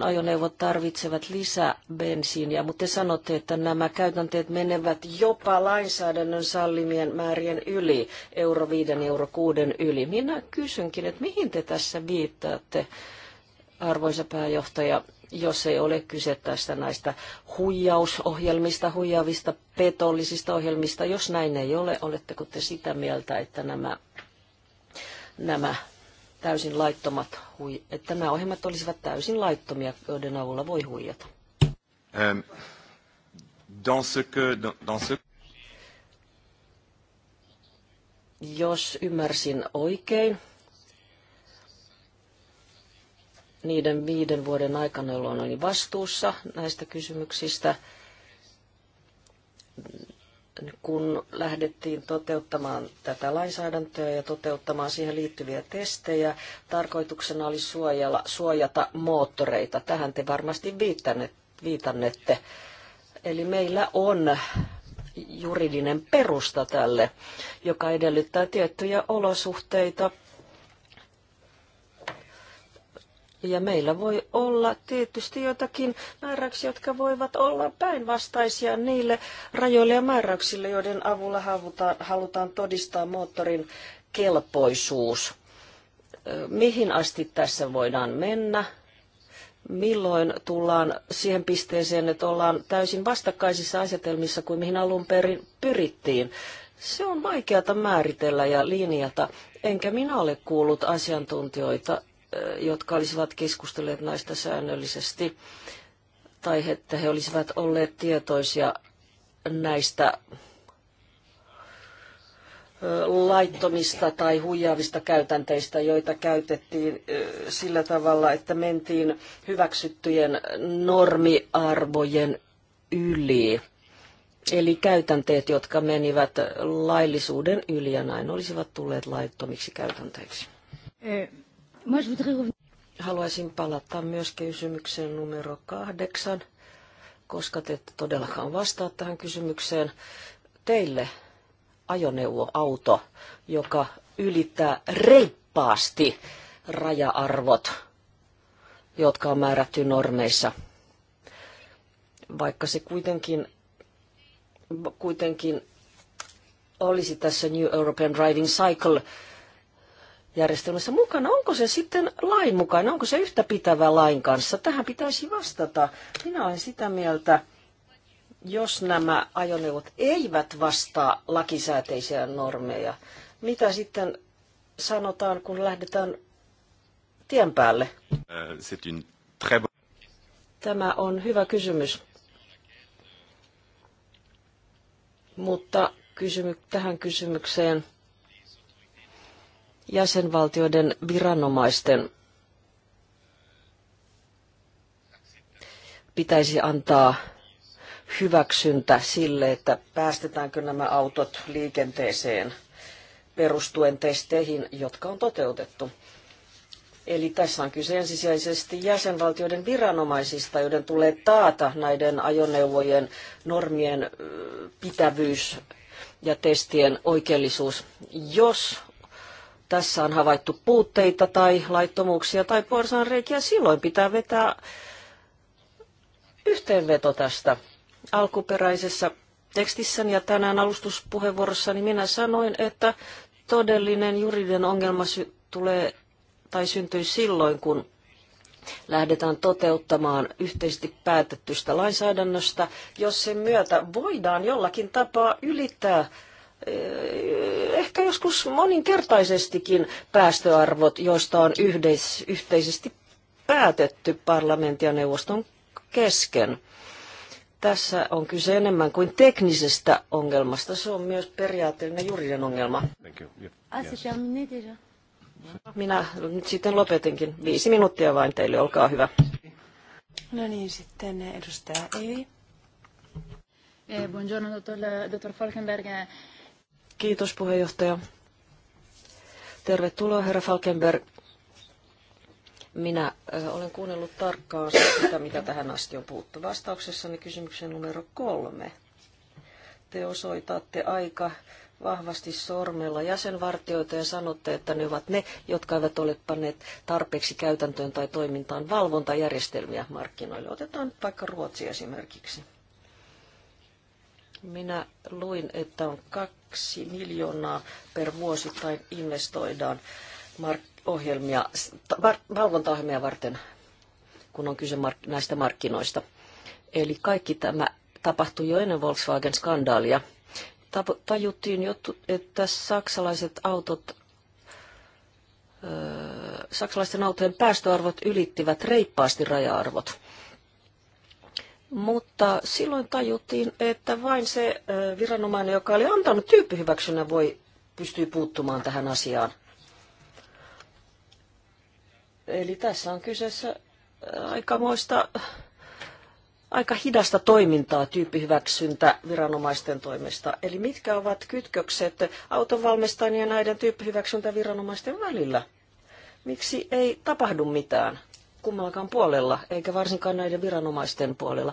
ajoneuvot tarvitsevat lisää bensiiniä, mutta te sanotte, että nämä käytänteet menevät jopa lainsäädännön sallimien määrien yli, euro 5, euro 6 yli. Minä kysynkin, että mihin te tässä viittaatte, arvoisa pääjohtaja? jos ei ole kyse tästä näistä huijausohjelmista, huijaavista petollisista ohjelmista. Jos näin ei ole, oletteko te sitä mieltä, että nämä, nämä täysin laittomat, että nämä ohjelmat olisivat täysin laittomia, joiden avulla voi huijata?
Um, dans ce que, dans ce...
Jos ymmärsin oikein, niiden viiden vuoden aikana, jolloin olin vastuussa näistä kysymyksistä, kun lähdettiin toteuttamaan tätä lainsäädäntöä ja toteuttamaan siihen liittyviä testejä, tarkoituksena oli suojella, suojata moottoreita. Tähän te varmasti viitannette. Eli meillä on juridinen perusta tälle, joka edellyttää tiettyjä olosuhteita Ja meillä voi olla tietysti jotakin määräyksiä, jotka voivat olla päinvastaisia niille rajoille ja määräyksille, joiden avulla halutaan, halutaan todistaa moottorin kelpoisuus. Mihin asti tässä voidaan mennä? Milloin tullaan siihen pisteeseen, että ollaan täysin vastakkaisissa asetelmissa kuin mihin alun perin pyrittiin? Se on vaikeata määritellä ja linjata, enkä minä ole kuullut asiantuntijoita jotka olisivat keskustelleet naista säännöllisesti tai että he olisivat olleet tietoisia näistä laittomista tai huijaavista käytänteistä, joita käytettiin sillä tavalla, että mentiin hyväksyttyjen normiarvojen yli. Eli käytänteet, jotka menivät laillisuuden yli ja näin olisivat tulleet laittomiksi käytänteiksi. Eh, Haluaisin palata myös kysymykseen numero kahdeksan, koska te ette todellakaan vastaa tähän kysymykseen. Teille ajoneuvoauto, joka ylittää reippaasti raja-arvot, jotka on määrätty normeissa. Vaikka se kuitenkin, kuitenkin olisi tässä New European Driving Cycle järjestelmässä mukana. Onko se sitten lain mukana? Onko se yhtä pitävä lain kanssa? Tähän pitäisi vastata. Minä olen sitä mieltä, jos nämä ajoneuvot eivät vastaa lakisääteisiä normeja, mitä sitten sanotaan, kun lähdetään tien päälle?
Äh,
Tämä on hyvä kysymys. Mutta kysymy- tähän kysymykseen – jäsenvaltioiden viranomaisten pitäisi antaa hyväksyntä sille, että päästetäänkö nämä autot liikenteeseen perustuen testeihin, jotka on toteutettu. Eli tässä on kyse ensisijaisesti jäsenvaltioiden viranomaisista, joiden tulee taata näiden ajoneuvojen normien pitävyys ja testien oikeellisuus. Jos tässä on havaittu puutteita tai laittomuuksia tai porsaanreikiä, silloin pitää vetää yhteenveto tästä alkuperäisessä tekstissäni ja tänään alustuspuheenvuorossani minä sanoin, että todellinen juridinen ongelma sy- tulee tai syntyy silloin, kun lähdetään toteuttamaan yhteisesti päätettystä lainsäädännöstä, jos sen myötä voidaan jollakin tapaa ylittää ehkä joskus moninkertaisestikin päästöarvot, joista on yhdeis, yhteisesti päätetty parlamentin ja neuvoston kesken. Tässä on kyse enemmän kuin teknisestä ongelmasta. Se on myös periaatteellinen juridinen ongelma. Ah, Minä nyt sitten lopetinkin. Viisi minuuttia vain teille, olkaa hyvä.
No niin, sitten edustaja Evi. Eh, buongiorno, dottor, dottor Falkenberg. Kiitos puheenjohtaja.
Tervetuloa herra Falkenberg. Minä olen kuunnellut tarkkaan sitä, mitä tähän asti on puhuttu. Vastauksessani kysymykseen numero kolme. Te osoitatte aika vahvasti sormella jäsenvartioita ja sanotte, että ne ovat ne, jotka eivät ole panneet tarpeeksi käytäntöön tai toimintaan valvontajärjestelmiä markkinoille. Otetaan nyt vaikka Ruotsi esimerkiksi. Minä luin, että on kaksi miljoonaa per vuosittain investoidaan ohjelmia, valvontaohjelmia varten, kun on kyse mark- näistä markkinoista. Eli kaikki tämä tapahtui jo ennen Volkswagen-skandaalia. Tajuttiin jo, että saksalaiset autot, saksalaisten autojen päästöarvot ylittivät reippaasti raja-arvot. Mutta silloin tajuttiin, että vain se viranomainen, joka oli antanut tyyppihyväksynnän, voi pystyä puuttumaan tähän asiaan. Eli tässä on kyseessä aikamoista, aika hidasta toimintaa tyyppihyväksyntä viranomaisten toimesta. Eli mitkä ovat kytkökset autonvalmistajien ja näiden tyyppihyväksyntäviranomaisten välillä? Miksi ei tapahdu mitään? kummallakaan puolella, eikä varsinkaan näiden viranomaisten puolella.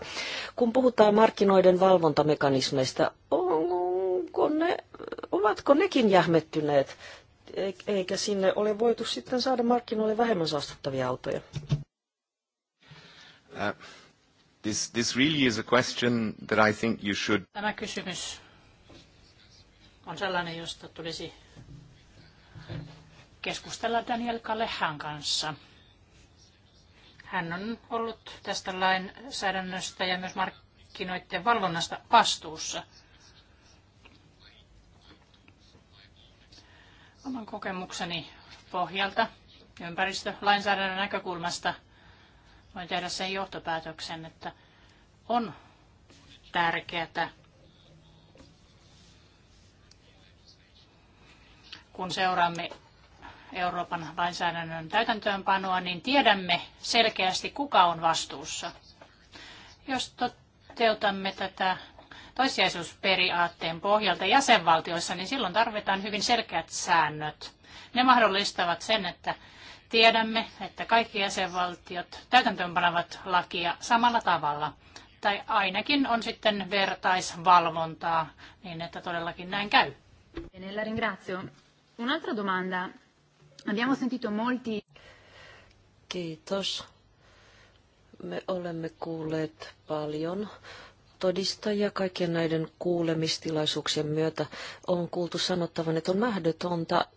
Kun puhutaan markkinoiden valvontamekanismeista, onko ne, ovatko nekin jähmettyneet, eikä sinne ole voitu sitten saada markkinoille vähemmän saastuttavia autoja?
Uh, this, this really is a question that I think you should...
Tämä kysymys on sellainen, josta tulisi keskustella Daniel Kalehan kanssa. Hän on ollut tästä lainsäädännöstä ja myös markkinoiden valvonnasta vastuussa. Oman kokemukseni pohjalta ympäristölainsäädännön näkökulmasta voin tehdä sen johtopäätöksen, että on tärkeää, kun seuraamme Euroopan lainsäädännön täytäntöönpanoa, niin tiedämme selkeästi, kuka on vastuussa. Jos toteutamme tätä toissijaisuusperiaatteen pohjalta jäsenvaltioissa, niin silloin tarvitaan hyvin selkeät säännöt. Ne mahdollistavat sen, että tiedämme, että kaikki jäsenvaltiot täytäntöönpanevat lakia samalla tavalla. Tai ainakin on sitten vertaisvalvontaa, niin että todellakin näin käy. Bene, la ringrazio. Un'altra domanda Abbiamo sentito molti...
Kiitos. Me olemme kuulleet paljon todistajia kaikkien näiden kuulemistilaisuuksien myötä. On kuultu sanottavan, että on mahdotonta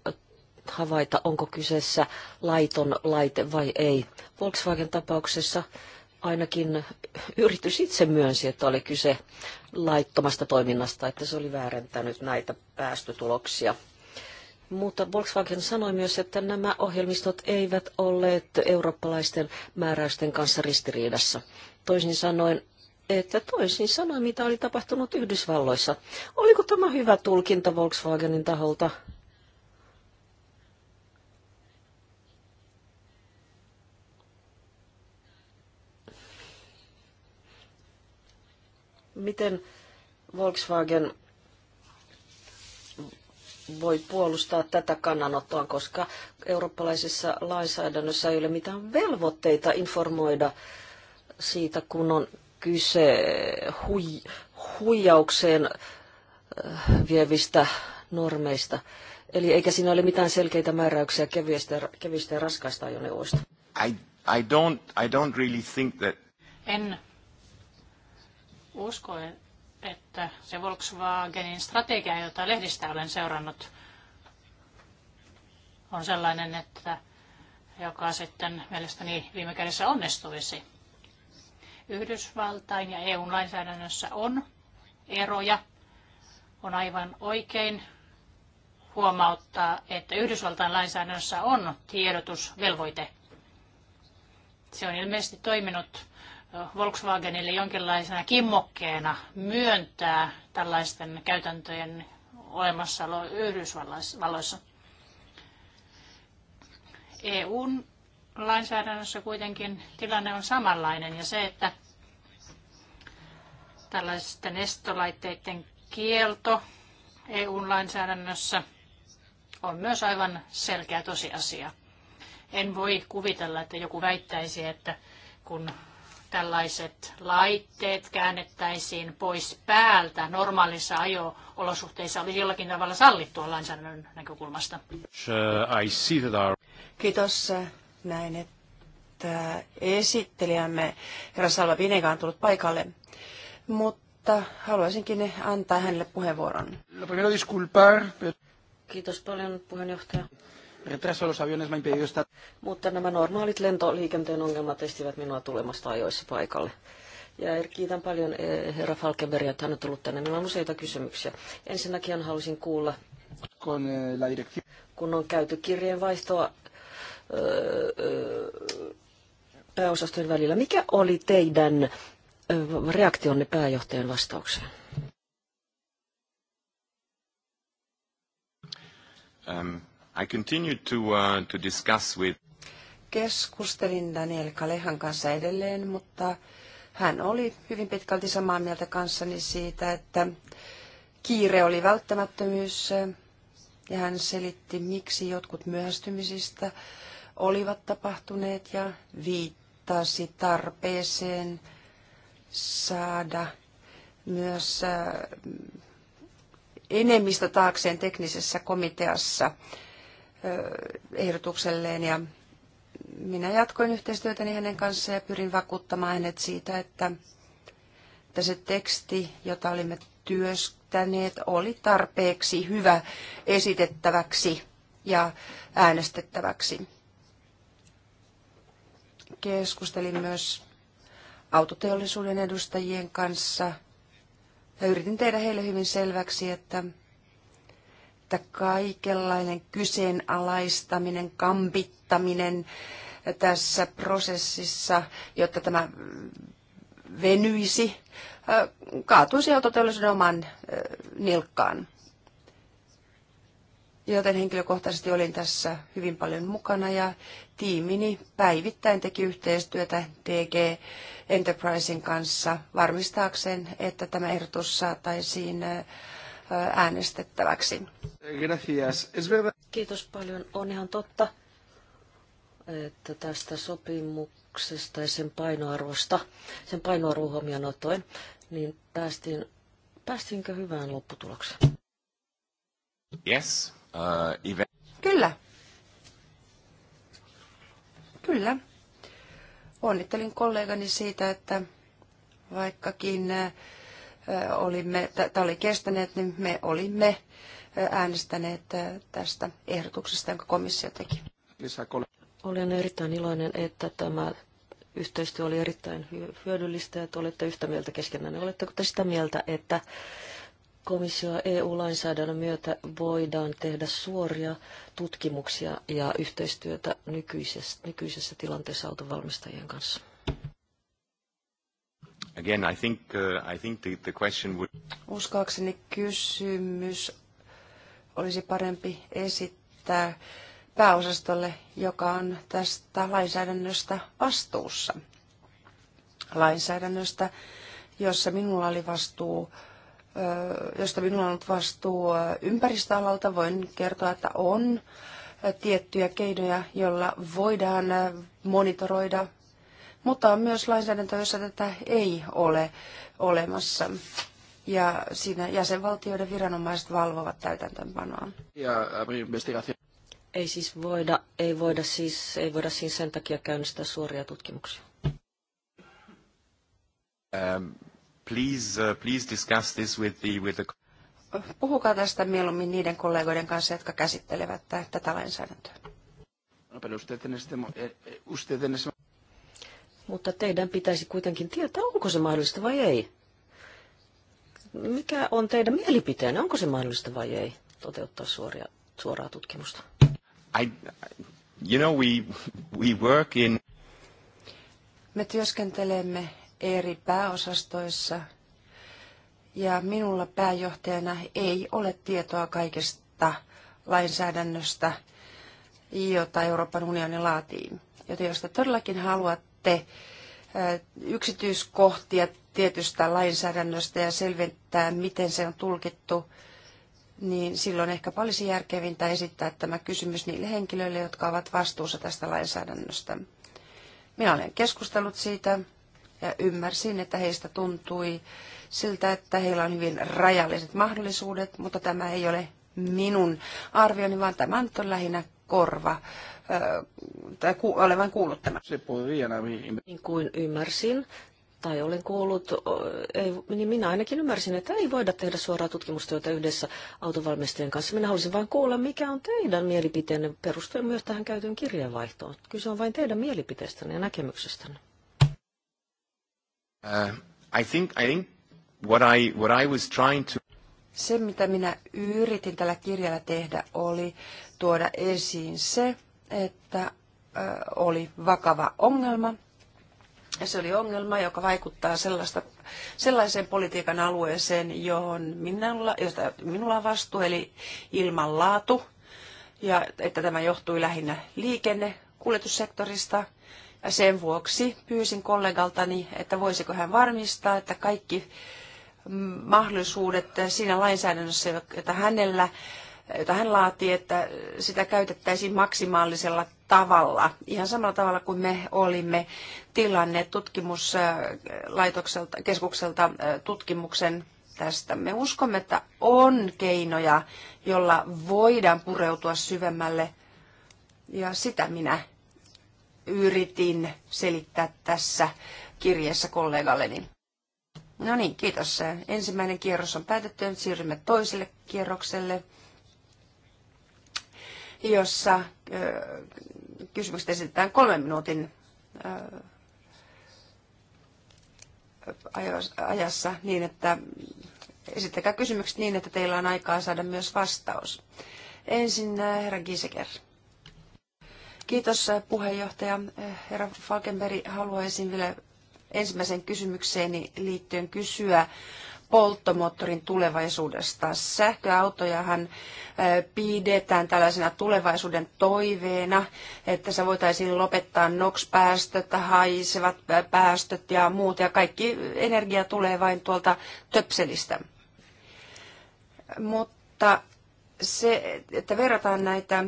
havaita, onko kyseessä laiton laite vai ei. Volkswagen-tapauksessa ainakin yritys itse myönsi, että oli kyse laittomasta toiminnasta, että se oli väärentänyt näitä päästötuloksia. Mutta Volkswagen sanoi myös, että nämä ohjelmistot eivät olleet eurooppalaisten määräysten kanssa ristiriidassa. Toisin sanoen, että toisin sanoen, mitä oli tapahtunut Yhdysvalloissa. Oliko tämä hyvä tulkinta Volkswagenin taholta? Miten Volkswagen voi puolustaa tätä kannanottoa, koska eurooppalaisessa lainsäädännössä ei ole mitään velvoitteita informoida siitä, kun on kyse hui, huijaukseen äh, vievistä normeista. Eli eikä siinä ole mitään selkeitä määräyksiä kevyistä, kevyistä ja raskaista ajoneuvoista.
I, I don't, I don't really think that...
En usko, että se Volkswagenin strategia, jota lehdistä olen seurannut, on sellainen, että joka sitten mielestäni viime kädessä onnistuisi. Yhdysvaltain ja EUn lainsäädännössä on eroja. On aivan oikein huomauttaa, että Yhdysvaltain lainsäädännössä on tiedotusvelvoite. Se on ilmeisesti toiminut Volkswagenille jonkinlaisena kimmokkeena myöntää tällaisten käytäntöjen olemassaolo Yhdysvalloissa. EUn lainsäädännössä kuitenkin tilanne on samanlainen ja se, että tällaisten estolaitteiden kielto EUn lainsäädännössä on myös aivan selkeä tosiasia. En voi kuvitella, että joku väittäisi, että kun tällaiset laitteet käännettäisiin pois päältä normaalissa ajo-olosuhteissa olisi jollakin tavalla sallittua lainsäädännön näkökulmasta?
Uh, Kiitos. Näin, että esittelijämme herra Salva Vinega on tullut paikalle, mutta haluaisinkin antaa hänelle puheenvuoron.
Kiitos paljon puheenjohtaja. Mutta nämä normaalit lentoliikenteen ongelmat estivät minua tulemasta ajoissa paikalle. Ja er, kiitän paljon eh, herra Falkenberg, että hän on tullut tänne. Minulla on useita kysymyksiä. Ensinnäkin halusin kuulla, eh, kun on käyty kirjeenvaihtoa eh, pääosastojen välillä, mikä oli teidän reaktionne pääjohtajan vastaukseen?
Um. I continued to, uh, to discuss with...
Keskustelin Daniel Kalehan kanssa edelleen, mutta hän oli hyvin pitkälti samaa mieltä kanssani siitä, että kiire oli välttämättömyys ja hän selitti, miksi jotkut myöhästymisistä olivat tapahtuneet ja viittasi tarpeeseen saada myös äh, enemmistö taakseen teknisessä komiteassa ehdotukselleen ja minä jatkoin yhteistyötäni hänen kanssaan ja pyrin vakuuttamaan hänet siitä, että, että se teksti, jota olimme työstäneet, oli tarpeeksi hyvä esitettäväksi ja äänestettäväksi. Keskustelin myös autoteollisuuden edustajien kanssa ja yritin tehdä heille hyvin selväksi, että että kaikenlainen kyseenalaistaminen, kampittaminen tässä prosessissa, jotta tämä venyisi, kaatuisi autoteollisuuden oman nilkkaan. Joten henkilökohtaisesti olin tässä hyvin paljon mukana ja tiimini päivittäin teki yhteistyötä DG Enterprisen kanssa varmistaakseen, että tämä ehdotus saataisiin äänestettäväksi.
Kiitos paljon. On ihan totta, että tästä sopimuksesta ja sen painoarvosta, sen painoarvo huomioon otoin, niin päästiin, päästiinkö hyvään lopputulokseen?
Yes. Uh, even...
Kyllä. Kyllä.
Onnittelin kollegani siitä, että vaikkakin olimme, tätä oli kestäneet, niin me olimme äänestäneet tästä ehdotuksesta, jonka komissio teki.
Olen erittäin iloinen, että tämä yhteistyö oli erittäin hyödyllistä ja että olette yhtä mieltä keskenään. Oletteko te sitä mieltä, että komissio EU-lainsäädännön myötä voidaan tehdä suoria tutkimuksia ja yhteistyötä nykyisessä, nykyisessä tilanteessa autovalmistajien kanssa?
Again, I think, uh, I think the, the question would...
Uskoakseni kysymys olisi parempi esittää pääosastolle, joka on tästä lainsäädännöstä vastuussa. Lainsäädännöstä, jossa minulla oli vastuu, josta minulla on ollut vastuu ympäristöalalta, voin kertoa, että on tiettyjä keinoja, joilla voidaan monitoroida mutta on myös lainsäädäntö, jossa tätä ei ole olemassa. Ja siinä jäsenvaltioiden viranomaiset valvovat täytäntöönpanoa.
Äh, ei siis voida, ei voida siis, ei voida siis sen takia käynnistää suoria tutkimuksia.
Um, please, uh, please discuss this with the, with the...
Puhukaa tästä mieluummin niiden kollegoiden kanssa, jotka
käsittelevät tätä lainsäädäntöä.
No, pero usted este, eh, eh, usted este
mutta teidän pitäisi kuitenkin tietää, onko se mahdollista vai ei. Mikä on teidän mielipiteenne, onko se mahdollista vai ei toteuttaa suoria, suoraa tutkimusta?
I, you know, we, we work in...
Me työskentelemme eri pääosastoissa ja minulla pääjohtajana ei ole tietoa kaikesta lainsäädännöstä, jota Euroopan unioni laatii. Joten jos te todellakin haluatte sitten yksityiskohtia tietystä lainsäädännöstä ja selventää, miten se on tulkittu, niin silloin ehkä olisi järkevintä esittää tämä kysymys niille henkilöille, jotka ovat vastuussa tästä lainsäädännöstä. Minä olen keskustellut siitä ja ymmärsin, että heistä tuntui siltä, että heillä on hyvin rajalliset mahdollisuudet, mutta tämä ei ole minun arvioni,
vaan tämä on lähinnä korva tai ku, olevan kuullut tämän. Niin kuin ymmärsin, tai olen kuullut, ei, niin minä ainakin ymmärsin, että ei voida tehdä suoraa tutkimustyötä yhdessä autovalmistajien kanssa. Minä haluaisin vain kuulla, mikä on teidän mielipiteenne perustuen myös tähän käytön kirjeenvaihtoon. Kyse on vain teidän mielipiteestänne ja näkemyksestänne.
Uh, I think, I think what I, what I was trying to...
Se, mitä minä yritin tällä kirjalla tehdä, oli tuoda esiin se, että oli vakava ongelma. Ja se oli ongelma, joka vaikuttaa sellaista, sellaiseen politiikan alueeseen, johon minulla, josta minulla on vastuu, eli ilmanlaatu. Ja että tämä johtui lähinnä liikenne, kuljetussektorista. Ja sen vuoksi pyysin kollegaltani, että voisiko hän varmistaa, että kaikki mm, mahdollisuudet siinä lainsäädännössä, jota hänellä jota hän laati, että sitä käytettäisiin maksimaalisella tavalla, ihan samalla tavalla kuin me olimme tilanne tutkimuslaitokselta, keskukselta tutkimuksen tästä. Me uskomme, että on keinoja, jolla voidaan pureutua syvemmälle, ja sitä minä yritin selittää tässä kirjeessä kollegalleni. No niin, kiitos. Ensimmäinen kierros on päätetty, siirrymme toiselle kierrokselle jossa kysymykset esitetään kolmen minuutin ajassa niin, että esittäkää kysymykset niin, että teillä on aikaa saada myös vastaus. Ensin herra Giseker. Kiitos puheenjohtaja. Herra Falkenberg, haluaisin vielä ensimmäisen kysymykseeni liittyen kysyä, polttomoottorin tulevaisuudesta. Sähköautojahan pidetään tällaisena tulevaisuuden toiveena, että se voitaisiin lopettaa NOx-päästöt, haisevat päästöt ja muut, ja kaikki energia tulee vain tuolta töpselistä. Mutta se, että verrataan näitä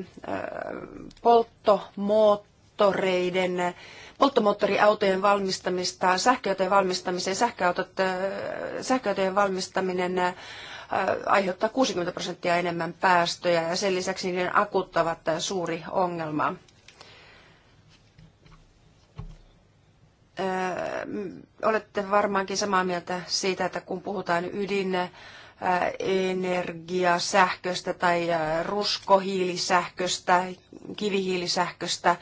polttomoottoreiden polttomoottoriautojen valmistamista sähköautojen valmistamiseen. Sähköautot, äh, sähköautojen valmistaminen äh, aiheuttaa 60 prosenttia enemmän päästöjä ja sen lisäksi niiden akut ovat äh, suuri ongelma. Olette varmaankin samaa mieltä siitä, että kun puhutaan ydin energiasähköstä tai ruskohiilisähköstä, kivihiilisähköstä,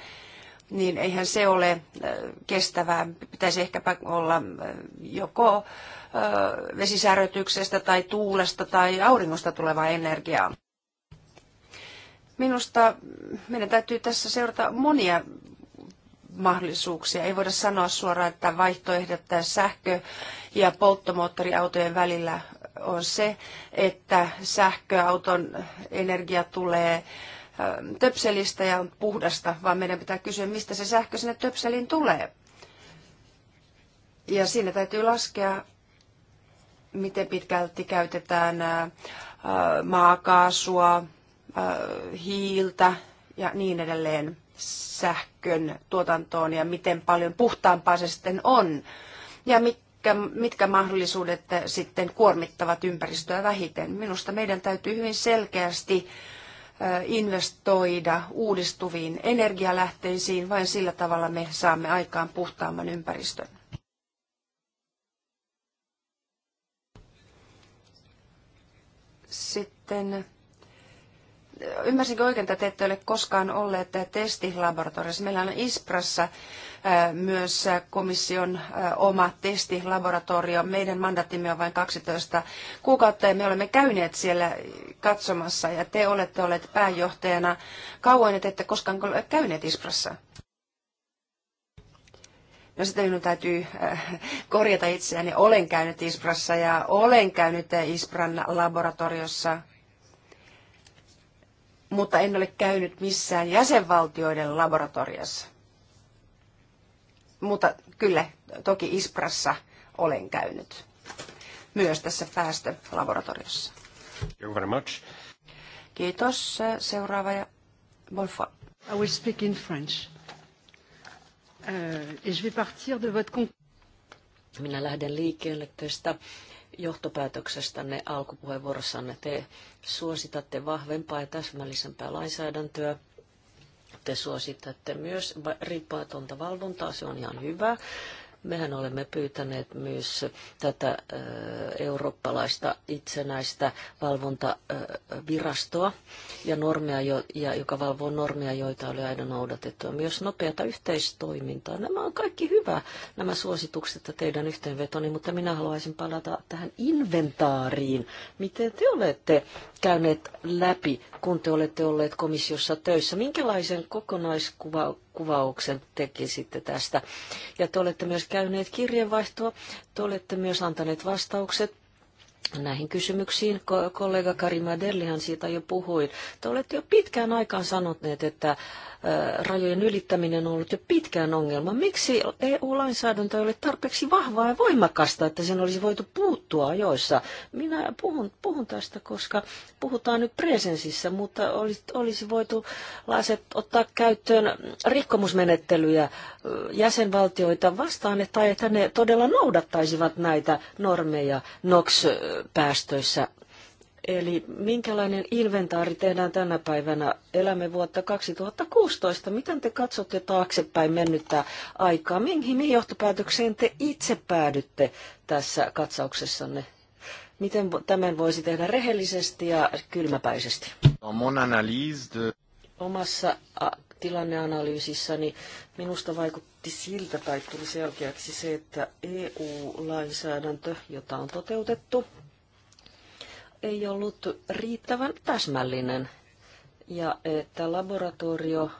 niin eihän se ole äh, kestävää. Pitäisi ehkäpä olla äh, joko äh, vesisärötyksestä tai tuulesta tai auringosta tulevaa energiaa. Minusta meidän täytyy tässä seurata monia mahdollisuuksia. Ei voida sanoa suoraan, että vaihtoehdot sähkö- ja polttomoottoriautojen välillä on se, että sähköauton energia tulee töpselistä ja on puhdasta, vaan meidän pitää kysyä, mistä se sähkö sinne töpselin tulee. Ja siinä täytyy laskea, miten pitkälti käytetään maakaasua, hiiltä ja niin edelleen sähkön tuotantoon ja miten paljon puhtaampaa se sitten on ja mitkä, mitkä mahdollisuudet sitten kuormittavat ympäristöä vähiten. Minusta meidän täytyy hyvin selkeästi äh, investoida uudistuviin energialähteisiin, vain sillä tavalla me saamme aikaan puhtaamman ympäristön. Sitten ymmärsinkö oikein, että te ette ole koskaan olleet testilaboratoriossa? Meillä on Isprassa myös komission oma testilaboratorio. Meidän mandaattimme on vain 12 kuukautta ja me olemme käyneet siellä katsomassa ja te olette olleet pääjohtajana kauan, että ette koskaan ole käyneet Isprassa. No sitten minun täytyy korjata itseäni. Olen käynyt Isprassa ja olen käynyt Ispran laboratoriossa, mutta en ole käynyt missään jäsenvaltioiden laboratoriossa. Mutta kyllä, toki Isprassa olen käynyt myös tässä päästölaboratoriossa. Thank you very much. Kiitos. Seuraava
ja Wolfa. I will speak in French. Uh, et je vais partir de votre... Minä lähden liikkeelle tästä johtopäätöksestänne alkupuheenvuorossanne. Te suositatte vahvempaa ja täsmällisempää lainsäädäntöä te suositatte myös riippumatonta valvontaa, se on ihan hyvä. Mehän olemme pyytäneet myös tätä eurooppalaista itsenäistä valvontavirastoa ja normeja, joka valvoo normeja, joita oli aina noudatettu. myös nopeata yhteistoimintaa. Nämä on kaikki hyvä, nämä suositukset ja teidän yhteenvetoni, mutta minä haluaisin palata tähän inventaariin. Miten te olette käyneet läpi, kun te olette olleet komissiossa töissä? Minkälaisen kokonaiskuva kuvauksen teki sitten tästä. Ja te olette myös käyneet kirjeenvaihtoa, te olette myös antaneet vastaukset näihin kysymyksiin. Kollega Karima Derlihan siitä jo puhui. Te olette jo pitkään aikaan sanoneet, että rajojen ylittäminen on ollut jo pitkään ongelma. Miksi EU-lainsäädäntö ei ole tarpeeksi vahvaa ja voimakasta, että sen olisi voitu puuttua ajoissa? Minä puhun, puhun tästä, koska puhutaan nyt presensissä, mutta olisi, olisi voitu laiset ottaa käyttöön rikkomusmenettelyjä jäsenvaltioita vastaan, että, että ne todella noudattaisivat näitä normeja NOX päästöissä. Eli minkälainen inventaari tehdään tänä päivänä? Elämme vuotta 2016. Miten te katsotte taaksepäin mennyttä aikaa? Mihin, mihin johtopäätökseen te itse päädytte tässä katsauksessanne? Miten tämän voisi tehdä rehellisesti ja kylmäpäisesti? Omassa tilanneanalyysissani niin minusta vaikutti siltä tai tuli selkeäksi se, että EU-lainsäädäntö, jota on toteutettu, ei ollut riittävän täsmällinen ja että laboratorio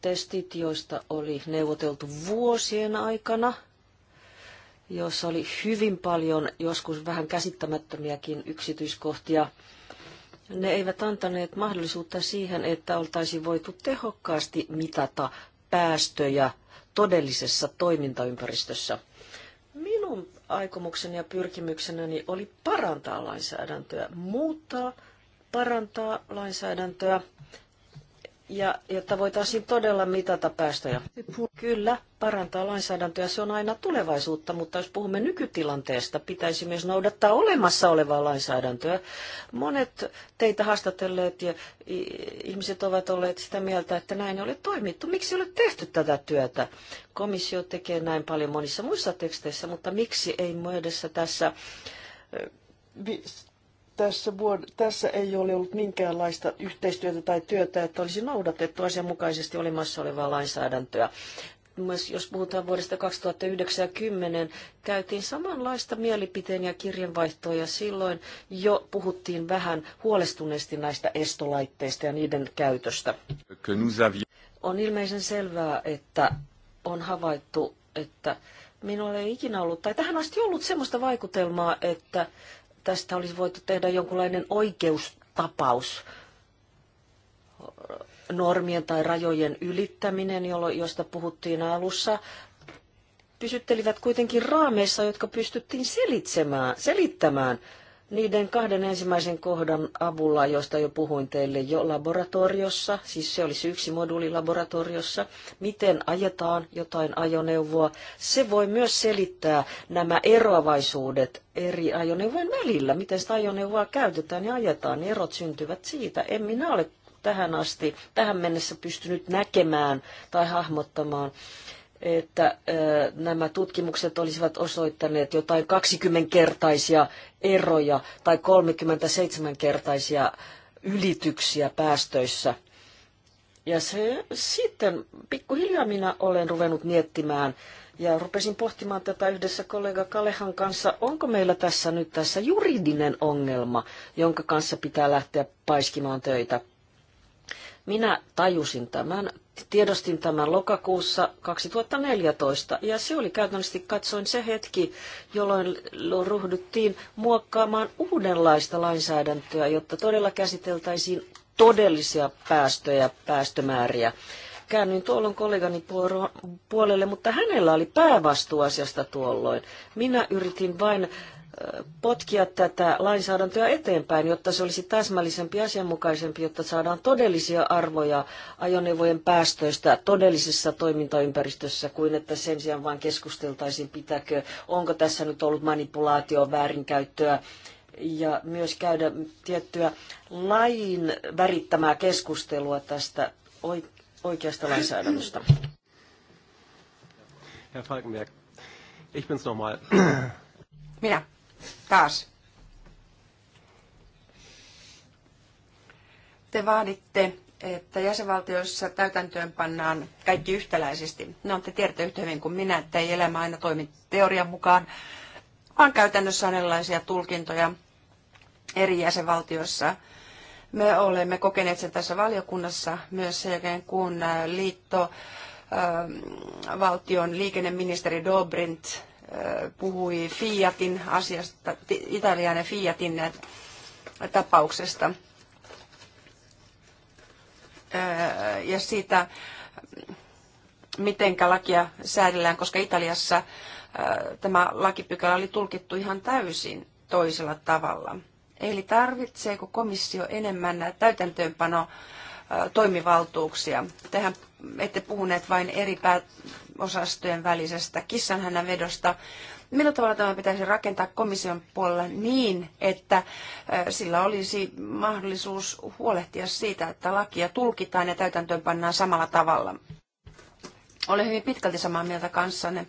testit, joista oli neuvoteltu vuosien aikana, jossa oli hyvin paljon, joskus vähän käsittämättömiäkin yksityiskohtia. Ne eivät antaneet mahdollisuutta siihen, että oltaisiin voitu tehokkaasti mitata päästöjä todellisessa toimintaympäristössä aikomuksen ja pyrkimyksenäni niin oli parantaa lainsäädäntöä, muuttaa, parantaa lainsäädäntöä ja jotta voitaisiin todella mitata päästöjä. Kyllä, parantaa lainsäädäntöä, se on aina tulevaisuutta, mutta jos puhumme nykytilanteesta, pitäisi myös noudattaa olemassa olevaa lainsäädäntöä. Monet teitä haastatelleet ja ihmiset ovat olleet sitä mieltä, että näin ei ole toimittu. Miksi ei ole tehty tätä työtä? Komissio tekee näin paljon monissa muissa teksteissä, mutta miksi ei muodossa tässä tässä, vuod- tässä ei ole ollut minkäänlaista yhteistyötä tai työtä, että olisi noudatettu asianmukaisesti olemassa olevaa lainsäädäntöä. Myös jos puhutaan vuodesta 2090, käytiin samanlaista mielipiteen ja kirjanvaihtoa ja silloin jo puhuttiin vähän huolestuneesti näistä estolaitteista ja niiden käytöstä. On ilmeisen selvää, että on havaittu, että minulla ei ikinä ollut, tai tähän asti ollut sellaista vaikutelmaa, että tästä olisi voitu tehdä jonkunlainen oikeustapaus normien tai rajojen ylittäminen, josta puhuttiin alussa, pysyttelivät kuitenkin raameissa, jotka pystyttiin selittämään niiden kahden ensimmäisen kohdan avulla, josta jo puhuin teille jo laboratoriossa, siis se olisi yksi moduuli laboratoriossa, miten ajetaan jotain ajoneuvoa, se voi myös selittää nämä eroavaisuudet eri ajoneuvojen välillä, miten sitä ajoneuvoa käytetään ja ajetaan, niin erot syntyvät siitä. En minä ole tähän asti, tähän mennessä pystynyt näkemään tai hahmottamaan että nämä tutkimukset olisivat osoittaneet jotain 20-kertaisia eroja tai 37-kertaisia ylityksiä päästöissä. Ja se sitten pikkuhiljaa minä olen ruvennut miettimään ja rupesin pohtimaan tätä yhdessä kollega Kalehan kanssa, onko meillä tässä nyt tässä juridinen ongelma, jonka kanssa pitää lähteä paiskimaan töitä. Minä tajusin tämän tiedostin tämän lokakuussa 2014 ja se oli käytännössä katsoin se hetki, jolloin ruhduttiin muokkaamaan uudenlaista lainsäädäntöä, jotta todella käsiteltäisiin todellisia päästöjä, päästömääriä. Käännyin tuolloin kollegani puolelle, mutta hänellä oli asiasta tuolloin. Minä yritin vain potkia tätä lainsäädäntöä eteenpäin, jotta se olisi täsmällisempi ja asianmukaisempi, jotta saadaan todellisia arvoja ajoneuvojen päästöistä todellisessa toimintaympäristössä, kuin että sen sijaan vain keskusteltaisiin, pitääkö, onko tässä nyt ollut manipulaatio, väärinkäyttöä, ja myös käydä tiettyä lain värittämää keskustelua tästä oikeasta lainsäädännöstä. Herr Falkenberg, ich bin's nochmal. Minä.
Taas. Te vaaditte, että jäsenvaltioissa täytäntöön pannaan kaikki yhtäläisesti. No, te tiedätte yhtä hyvin kuin minä, että ei elämä aina toimi teorian mukaan, vaan käytännössä on erilaisia tulkintoja eri jäsenvaltioissa. Me olemme kokeneet sen tässä valiokunnassa myös sen jälkeen, kun liitto ähm, valtion liikenneministeri Dobrint puhui Fiatin asiasta, Italian ja Fiatin äh, tapauksesta äh, ja siitä, miten lakia säädellään, koska Italiassa äh, tämä lakipykälä oli tulkittu ihan täysin toisella tavalla. Eli tarvitseeko komissio enemmän täytäntöönpano toimivaltuuksia? Tähän ette puhuneet vain eri osastojen välisestä kissanhännän vedosta. Millä tavalla tämä pitäisi rakentaa komission puolella niin, että sillä olisi mahdollisuus huolehtia siitä, että lakia tulkitaan ja täytäntöön pannaan samalla tavalla? Olen hyvin pitkälti samaa mieltä kanssanne.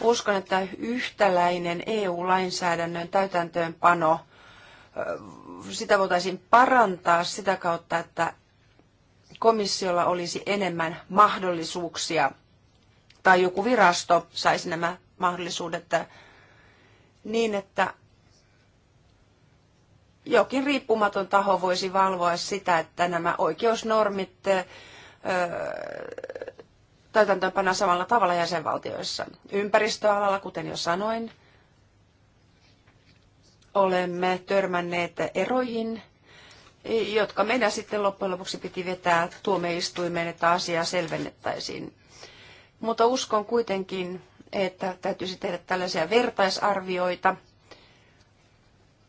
Uskon, että yhtäläinen EU-lainsäädännön täytäntöönpano sitä voitaisiin parantaa sitä kautta, että komissiolla olisi enemmän mahdollisuuksia tai joku virasto saisi nämä mahdollisuudet niin, että jokin riippumaton taho voisi valvoa sitä, että nämä oikeusnormit täytäntöönpana samalla tavalla jäsenvaltioissa. Ympäristöalalla, kuten jo sanoin, olemme törmänneet eroihin jotka meidän sitten loppujen lopuksi piti vetää tuomioistuimeen, että asiaa selvennettäisiin. Mutta uskon kuitenkin, että täytyisi tehdä tällaisia vertaisarvioita,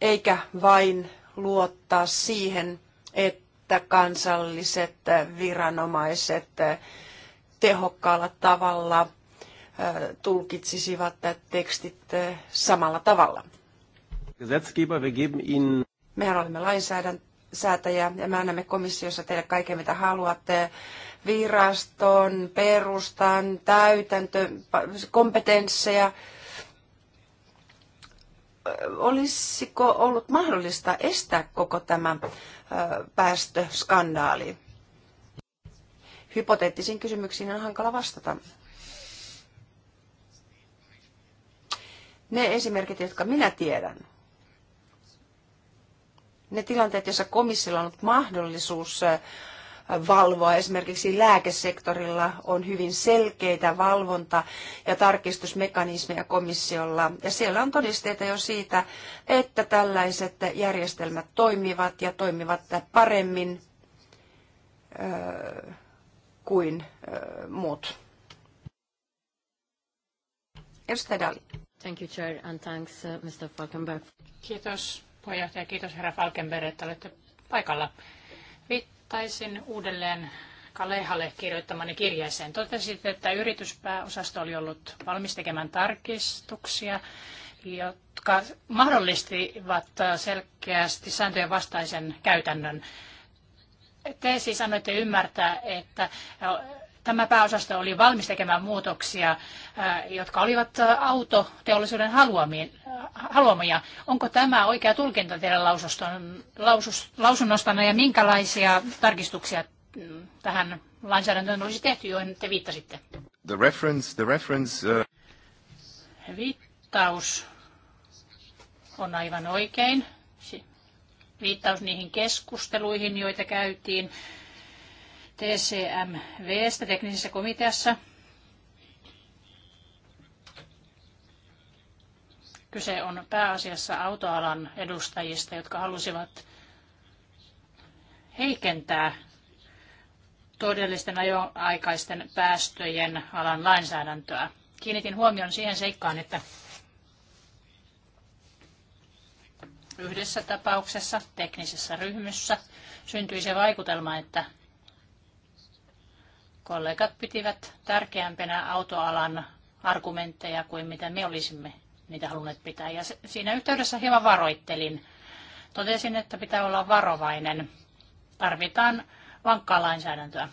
eikä vain luottaa siihen, että kansalliset viranomaiset tehokkaalla tavalla tulkitsisivat tekstit samalla tavalla. Mehän olemme lainsäädäntö säätäjä ja me annamme komissiossa teille kaiken, mitä haluatte. Viraston, perustan, täytäntö, kompetensseja. Olisiko ollut mahdollista estää koko tämä päästöskandaali? Hypoteettisiin kysymyksiin on hankala vastata. Ne esimerkit, jotka minä tiedän, ne tilanteet, joissa komissiolla on ollut mahdollisuus valvoa. Esimerkiksi lääkesektorilla on hyvin selkeitä valvonta- ja tarkistusmekanismeja komissiolla. Ja siellä on todisteita jo siitä, että tällaiset järjestelmät toimivat ja toimivat paremmin kuin muut.
Edustaja Dali. Thank you, Chair, and thanks, uh, Mr. Falkenberg. Kiitos Puheenjohtaja, kiitos herra Falkenberg, että olette paikalla. Viittaisin uudelleen Kalehalle kirjoittamani kirjeeseen. Totesit, että yrityspääosasto oli ollut valmis tekemään tarkistuksia, jotka mahdollistivat selkeästi sääntöjen vastaisen käytännön. Te siis annoitte ymmärtää, että Tämä pääosasto oli valmis tekemään muutoksia, äh, jotka olivat äh, autoteollisuuden äh, haluamia. Onko tämä oikea tulkinta teidän lausunnostanne ja minkälaisia tarkistuksia mm, tähän lainsäädäntöön olisi tehty, joihin te viittasitte?
The reference, the reference, uh...
Viittaus on aivan oikein. Viittaus niihin keskusteluihin, joita käytiin TCMVstä teknisessä komiteassa. Kyse on pääasiassa autoalan edustajista, jotka halusivat heikentää todellisten ajoaikaisten päästöjen alan lainsäädäntöä. Kiinnitin huomion siihen seikkaan, että yhdessä tapauksessa teknisessä ryhmässä syntyi se vaikutelma, että Kollegat pitivät tärkeämpänä autoalan argumentteja kuin mitä me olisimme niitä halunneet pitää. Ja siinä yhteydessä hieman varoittelin. Totesin, että pitää olla varovainen. Tarvitaan vankkaa lainsäädäntöä.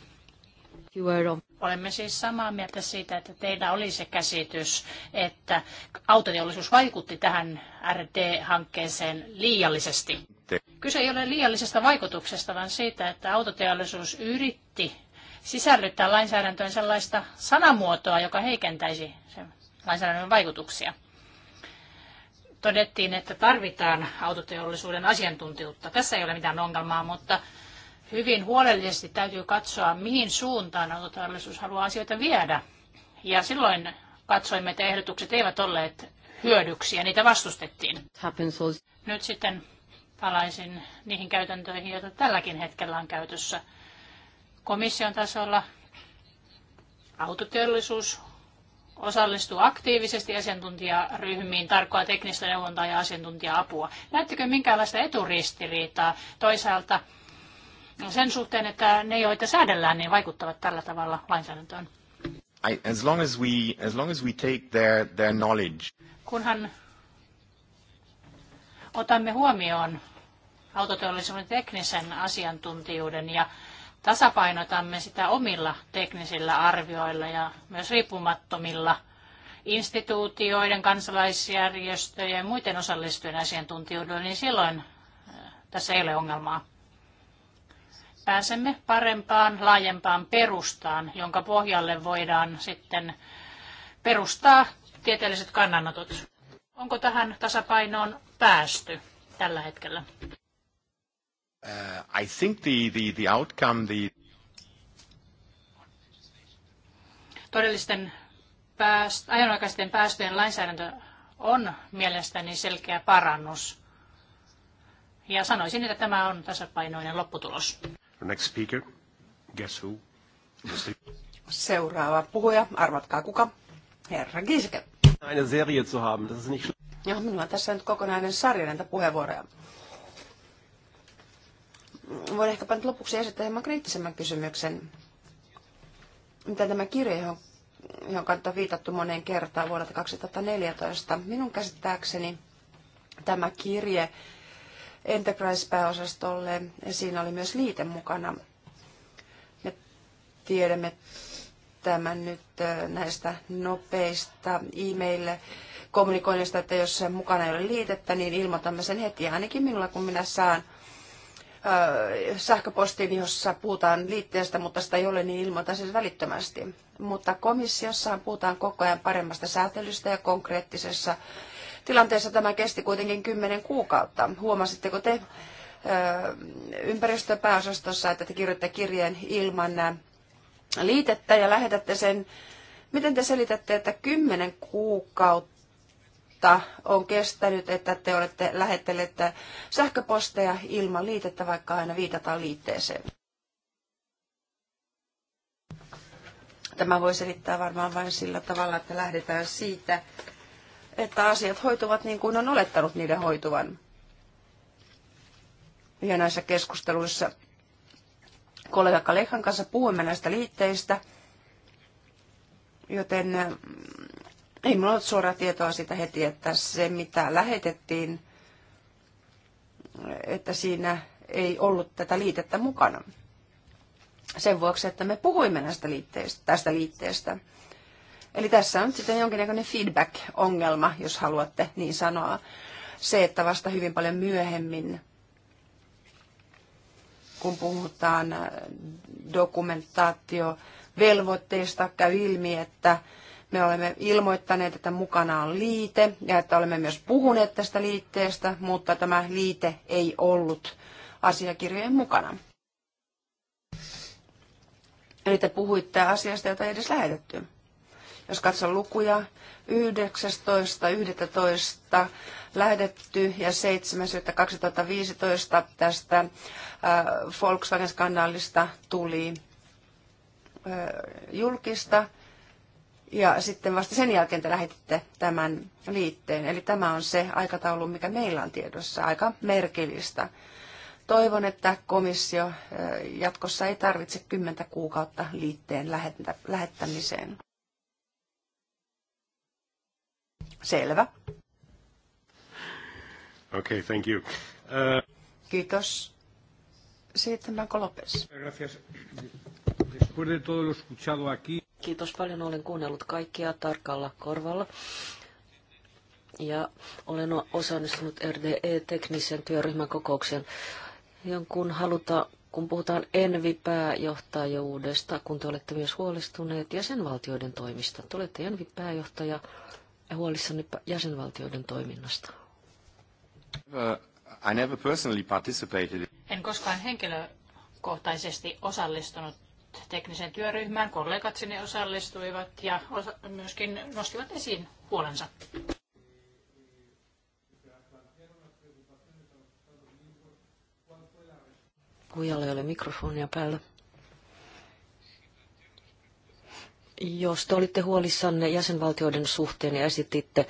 Olemme siis samaa mieltä siitä, että teillä oli se käsitys, että autoteollisuus vaikutti tähän RD-hankkeeseen liiallisesti. Kyse ei ole liiallisesta vaikutuksesta, vaan siitä, että autoteollisuus yritti sisällyttää lainsäädäntöön sellaista sanamuotoa, joka heikentäisi sen lainsäädännön vaikutuksia. Todettiin, että tarvitaan autoteollisuuden asiantuntijuutta. Tässä ei ole mitään ongelmaa, mutta hyvin huolellisesti täytyy katsoa, mihin suuntaan autoteollisuus haluaa asioita viedä. Ja silloin katsoimme, että ehdotukset eivät olleet hyödyksi ja niitä vastustettiin. Nyt sitten palaisin niihin käytäntöihin, joita tälläkin hetkellä on käytössä – komission tasolla autoteollisuus osallistuu aktiivisesti asiantuntijaryhmiin, tarkkoa teknistä neuvontaa ja asiantuntija-apua. Näettekö minkäänlaista eturistiriitaa toisaalta sen suhteen, että ne, joita säädellään, niin vaikuttavat tällä tavalla lainsäädäntöön?
I, as long as we, as long as we take their, their knowledge.
Kunhan otamme huomioon autoteollisuuden teknisen asiantuntijuuden ja tasapainotamme sitä omilla teknisillä arvioilla ja myös riippumattomilla instituutioiden, kansalaisjärjestöjen ja muiden osallistujien asiantuntijoilla, niin silloin äh, tässä ei ole ongelmaa. Pääsemme parempaan, laajempaan perustaan, jonka pohjalle voidaan sitten perustaa tieteelliset kannanotot. Onko tähän tasapainoon päästy tällä hetkellä?
Uh, I think the, the, the outcome, the...
Todellisten pääst, ajanaikaisten päästöjen lainsäädäntö on mielestäni selkeä parannus. Ja sanoisin, että tämä on tasapainoinen lopputulos.
Next speaker,
guess who?
Seuraava puhuja, arvatkaa kuka?
Herra Giske. Eine Serie zu haben, das ist nicht... Joo, minulla on tässä nyt kokonainen sarja näitä puheenvuoroja voin ehkäpä nyt lopuksi esittää hieman kriittisemmän kysymyksen. Mitä tämä kirja, johon, johon kannattaa viitattu moneen kertaan vuodelta 2014, minun käsittääkseni tämä kirje Enterprise-pääosastolle, siinä oli myös liite mukana. Me tiedämme tämän nyt näistä nopeista e maille kommunikoinnista, että jos mukana ei ole liitettä, niin ilmoitamme sen heti, ainakin minulla, kun minä saan – sähköpostiin, jossa puhutaan liitteestä, mutta sitä ei ole, niin ilmoita siis välittömästi. Mutta komissiossaan puhutaan koko ajan paremmasta säätelystä ja konkreettisessa tilanteessa tämä kesti kuitenkin kymmenen kuukautta. Huomasitteko te ympäristöpääosastossa, että te kirjoitte kirjeen ilman liitettä ja lähetätte sen. Miten te selitätte, että kymmenen kuukautta vuotta on kestänyt, että te olette lähettelleet sähköposteja ilman liitettä, vaikka aina viitataan liitteeseen. Tämä voi selittää varmaan vain sillä tavalla, että lähdetään siitä, että asiat hoituvat niin kuin on olettanut niiden hoituvan. Ja näissä keskusteluissa kollega Kalehan kanssa puhumme näistä liitteistä, joten ei minulla ole suoraa tietoa sitä heti, että se mitä lähetettiin, että siinä ei ollut tätä liitettä mukana. Sen vuoksi, että me puhuimme näistä liitteistä, tästä liitteestä. Eli tässä on sitten jonkinnäköinen feedback-ongelma, jos haluatte niin sanoa. Se, että vasta hyvin paljon myöhemmin, kun puhutaan dokumentaatiovelvoitteista, käy ilmi, että me olemme ilmoittaneet, että mukana on liite ja että olemme myös puhuneet tästä liitteestä, mutta tämä liite ei ollut asiakirjojen mukana. Eli te puhuitte asiasta, jota ei edes lähetetty. Jos katson lukuja, 19.11. lähetetty ja 7.2015 tästä äh, Volkswagen-skandaalista tuli äh, julkista. Ja sitten vasta sen jälkeen te lähetitte tämän liitteen. Eli tämä on se aikataulu, mikä meillä on tiedossa. Aika merkillistä. Toivon, että komissio jatkossa ei tarvitse kymmentä kuukautta liitteen lähettämiseen. Selvä. Okay, thank you. Uh...
Kiitos. Sitten Marco López. Gracias. Kiitos paljon, olen kuunnellut kaikkia tarkalla korvalla. Ja olen osallistunut RDE-teknisen työryhmän kokouksen, Jonkun haluta, kun puhutaan Envi-pääjohtajuudesta, kun te olette myös huolestuneet jäsenvaltioiden toimista. Te olette Envi-pääjohtaja ja huolissanne jäsenvaltioiden toiminnasta.
Uh, I never personally participated.
En koskaan henkilökohtaisesti osallistunut teknisen työryhmään. Kollegat sinne osallistuivat ja osa- myöskin nostivat esiin huolensa.
Kujalla ei ole mikrofonia päällä. Jos te olitte huolissanne jäsenvaltioiden suhteen ja esititte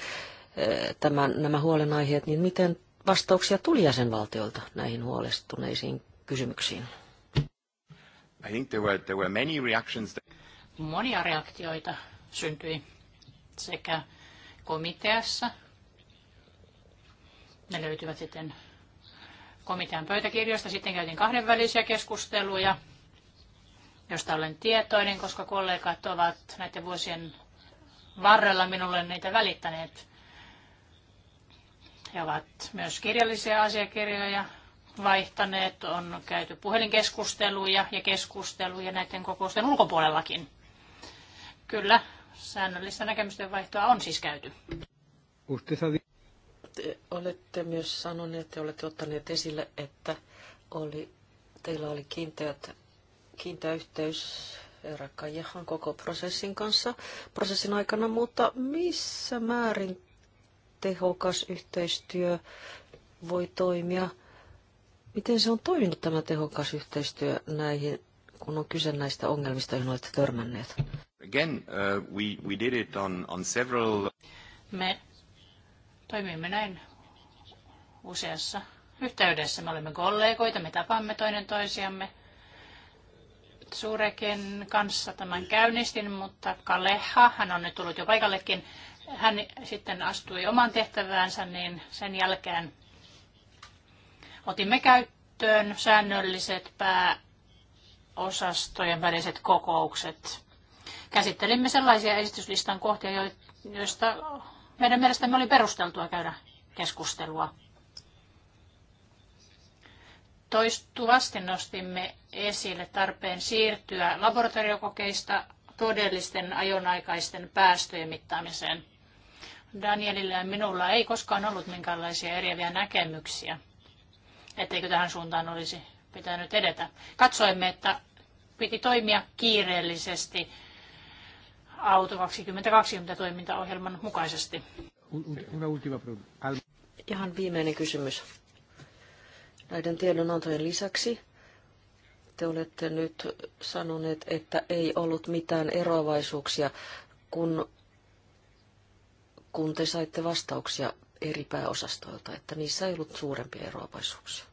eh, tämän, nämä huolenaiheet, niin miten vastauksia tuli jäsenvaltioilta näihin huolestuneisiin kysymyksiin?
I think there were, there were many reactions
Monia reaktioita syntyi sekä komiteassa, ne löytyvät sitten komitean pöytäkirjoista. Sitten käytiin kahdenvälisiä keskusteluja, josta olen tietoinen, koska kollegat ovat näiden vuosien varrella minulle niitä välittäneet. He ovat myös kirjallisia asiakirjoja vaihtaneet, on käyty puhelinkeskusteluja ja keskusteluja näiden kokousten ulkopuolellakin. Kyllä, säännöllistä näkemysten vaihtoa on siis käyty.
Te olette myös sanoneet ja olette ottaneet esille, että oli, teillä oli kiinteät, kiinteä yhteys Rakkaijahan koko prosessin kanssa prosessin aikana, mutta missä määrin tehokas yhteistyö voi toimia – Miten se on toiminut tämä tehokas yhteistyö näihin, kun on kyse näistä ongelmista, joihin olette törmänneet?
Again, uh, we, we did it on, on several...
Me toimimme näin useassa yhteydessä. Me olemme kollegoita, me tapaamme toinen toisiamme. Suureken kanssa tämän käynnistin, mutta Kaleha, hän on nyt tullut jo paikallekin, hän sitten astui oman tehtäväänsä, niin sen jälkeen Otimme käyttöön säännölliset pääosastojen väliset kokoukset. Käsittelimme sellaisia esityslistan kohtia, joista meidän mielestämme oli perusteltua käydä keskustelua. Toistuvasti nostimme esille tarpeen siirtyä laboratoriokokeista todellisten ajonaikaisten päästöjen mittaamiseen. Danielilla ja minulla ei koskaan ollut minkäänlaisia eriäviä näkemyksiä etteikö tähän suuntaan olisi pitänyt edetä. Katsoimme, että piti toimia kiireellisesti Auto 2020 toimintaohjelman mukaisesti.
Ihan viimeinen kysymys. Näiden tiedonantojen lisäksi te olette nyt sanoneet, että ei ollut mitään eroavaisuuksia, kun, kun te saitte vastauksia eri pääosastoilta, että niissä ei ollut suurempia eroavaisuuksia.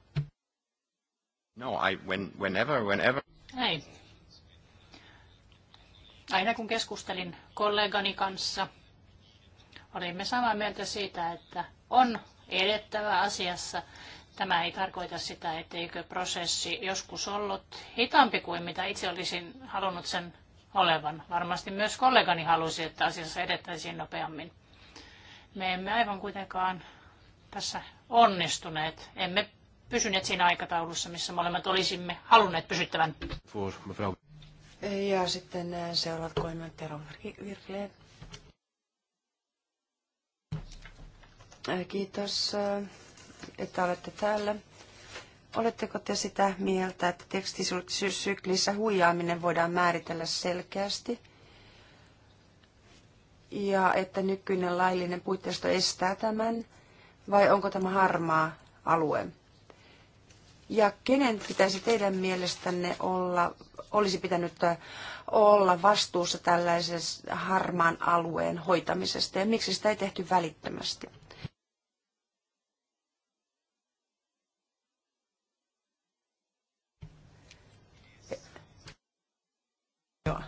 No, I, when, whenever, whenever.
Ei. Aina kun keskustelin kollegani kanssa, olimme samaa mieltä siitä, että on edettävä asiassa. Tämä ei tarkoita sitä, etteikö prosessi joskus ollut hitaampi kuin mitä itse olisin halunnut sen olevan. Varmasti myös kollegani halusi, että asiassa edettäisiin nopeammin. Me emme aivan kuitenkaan tässä onnistuneet. Emme pysyneet siinä aikataulussa, missä molemmat olisimme halunneet pysyttävän.
Ja sitten äh, seuraavat kolmat Tero Virkleen. Äh, kiitos, äh, että olette täällä. Oletteko te sitä mieltä, että tekstisyklissä huijaaminen voidaan määritellä selkeästi ja että nykyinen laillinen puitteisto estää tämän vai onko tämä harmaa alue? Ja kenen pitäisi teidän mielestänne olla, olisi pitänyt olla vastuussa tällaisen harmaan alueen hoitamisesta ja miksi sitä ei tehty välittömästi? Joo.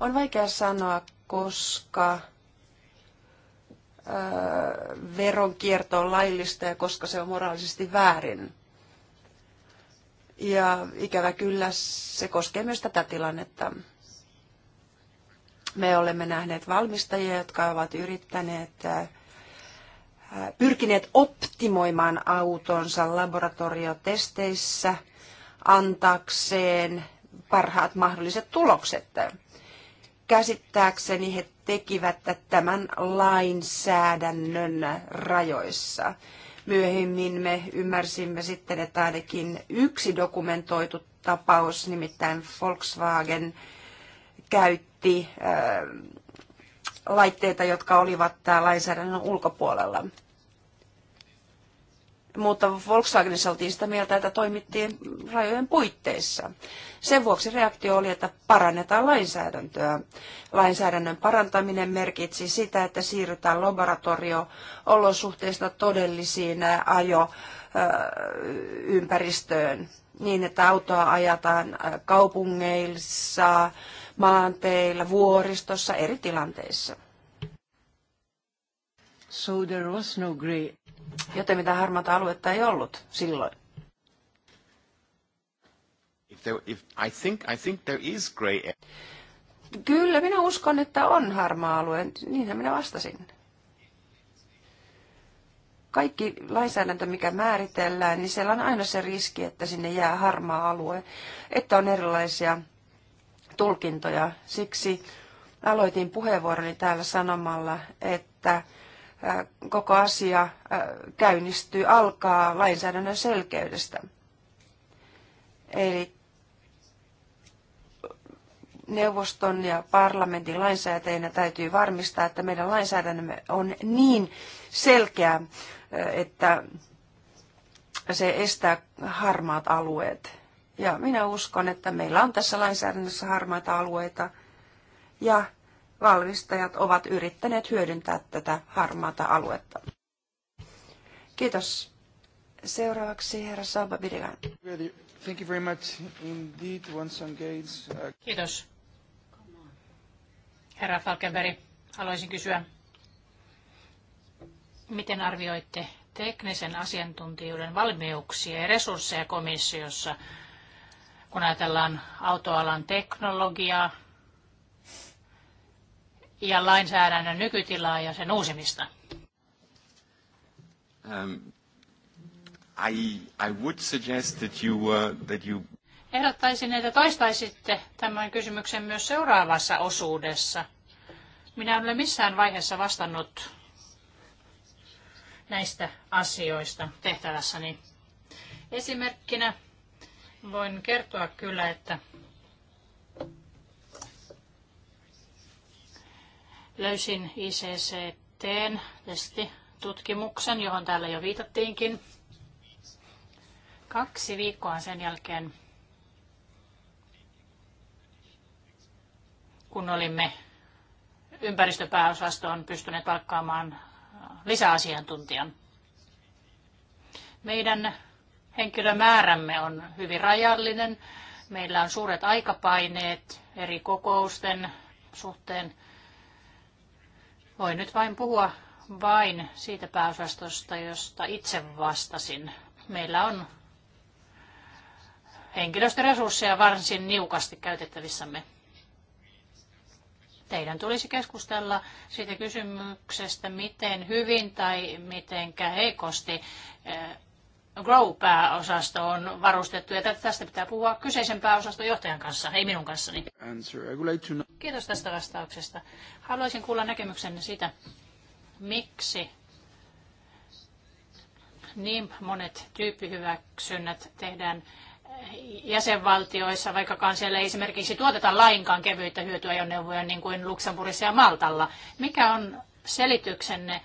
On vaikea sanoa, koska öö, veronkierto on laillista ja koska se on moraalisesti väärin. Ja ikävä kyllä se koskee myös tätä tilannetta. Me olemme nähneet valmistajia, jotka ovat yrittäneet äh, pyrkineet optimoimaan autonsa laboratoriotesteissä antaakseen parhaat mahdolliset tulokset. Käsittääkseni he tekivät tämän lainsäädännön rajoissa. Myöhemmin me ymmärsimme sitten, että ainakin yksi dokumentoitu tapaus, nimittäin Volkswagen käytti äh, laitteita, jotka olivat lainsäädännön ulkopuolella mutta Volkswagenissa oltiin sitä mieltä, että toimittiin rajojen puitteissa. Sen vuoksi reaktio oli, että parannetaan lainsäädäntöä. Lainsäädännön parantaminen merkitsi sitä, että siirrytään laboratorio-olosuhteista todellisiin äh, ajoympäristöön äh, niin, että autoa ajataan äh, kaupungeissa, maanteilla, vuoristossa, eri tilanteissa. So there was no Joten mitä harmaata aluetta ei ollut silloin. If there, if, I think, I think there is gray... Kyllä, minä uskon, että on harmaa alue. Niinhän minä vastasin. Kaikki lainsäädäntö, mikä määritellään, niin siellä on aina se riski, että sinne jää harmaa alue, että on erilaisia tulkintoja. Siksi aloitin puheenvuoroni täällä sanomalla, että koko asia käynnistyy, alkaa lainsäädännön selkeydestä. Eli neuvoston ja parlamentin lainsäätäjinä täytyy varmistaa, että meidän lainsäädännömme on niin selkeä, että se estää harmaat alueet. Ja minä uskon, että meillä on tässä lainsäädännössä harmaita alueita ja valmistajat ovat yrittäneet hyödyntää tätä harmaata aluetta. Kiitos.
Seuraavaksi herra Salva Bidegan. Thank you very much indeed, once again. Uh, Kiitos. Herra Falkenberg, haluaisin kysyä, miten arvioitte teknisen asiantuntijuuden valmiuksia ja resursseja komissiossa, kun ajatellaan autoalan teknologiaa, ja lainsäädännön nykytilaa ja sen uusimista?
Um, I, I would suggest that you, uh, that you...
Ehdottaisin, että toistaisitte tämän kysymyksen myös seuraavassa osuudessa. Minä en ole missään vaiheessa vastannut näistä asioista tehtävässäni. Esimerkkinä voin kertoa kyllä, että löysin ICCTn testitutkimuksen, johon täällä jo viitattiinkin. Kaksi viikkoa sen jälkeen, kun olimme ympäristöpääosastoon pystyneet palkkaamaan äh, lisäasiantuntijan. Meidän henkilömäärämme on hyvin rajallinen. Meillä on suuret aikapaineet eri kokousten suhteen. Voin nyt vain puhua vain siitä pääosastosta, josta itse vastasin. Meillä on henkilöstöresursseja varsin niukasti käytettävissämme. Teidän tulisi keskustella siitä kysymyksestä, miten hyvin tai miten heikosti eh, Grow-pääosasto on varustettu, ja tästä pitää puhua kyseisen pääosaston johtajan kanssa, ei minun kanssani. Kiitos tästä vastauksesta. Haluaisin kuulla näkemyksenne siitä, miksi niin monet tyyppihyväksynnät tehdään jäsenvaltioissa, vaikkakaan siellä ei esimerkiksi tuoteta lainkaan kevyitä hyötyajoneuvoja niin kuin Luxemburgissa ja Maltalla. Mikä on selityksenne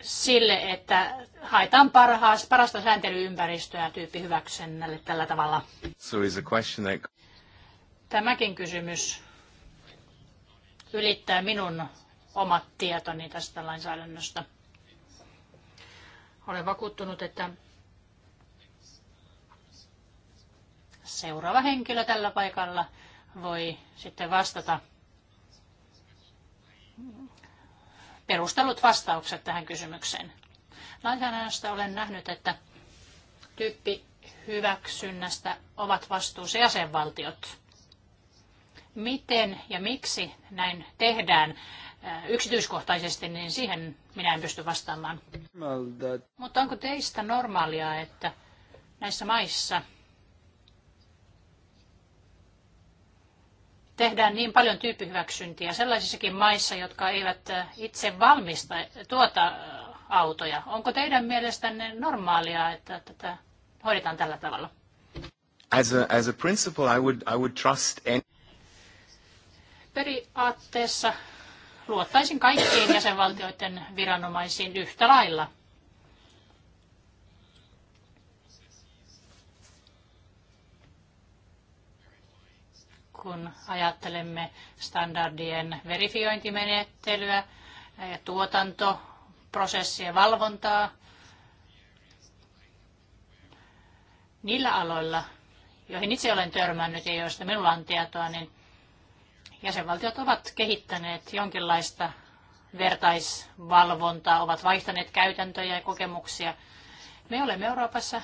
sille, että haetaan parhaas, parasta sääntelyympäristöä tyyppi hyväksynnälle tällä tavalla.
So is a question that...
Tämäkin kysymys ylittää minun omat tietoni tästä lainsäädännöstä. Olen vakuuttunut, että seuraava henkilö tällä paikalla voi sitten vastata perustellut vastaukset tähän kysymykseen. Lainsäädännöstä olen nähnyt, että tyyppi hyväksynnästä ovat vastuussa jäsenvaltiot. Miten ja miksi näin tehdään äh, yksityiskohtaisesti, niin siihen minä en pysty vastaamaan. Mutta onko teistä normaalia, että näissä maissa – tehdään niin paljon tyyppihyväksyntiä sellaisissakin maissa, jotka eivät äh, itse valmista tuota äh, autoja. Onko teidän mielestänne normaalia, että tätä hoidetaan tällä tavalla?
As a, as a principle, I would, I would trust any...
Periaatteessa luottaisin kaikkiin jäsenvaltioiden viranomaisiin yhtä lailla – kun ajattelemme standardien verifiointimenettelyä ja tuotantoprosessien valvontaa. Niillä aloilla, joihin itse olen törmännyt ja joista minulla on tietoa, niin jäsenvaltiot ovat kehittäneet jonkinlaista vertaisvalvontaa, ovat vaihtaneet käytäntöjä ja kokemuksia. Me olemme Euroopassa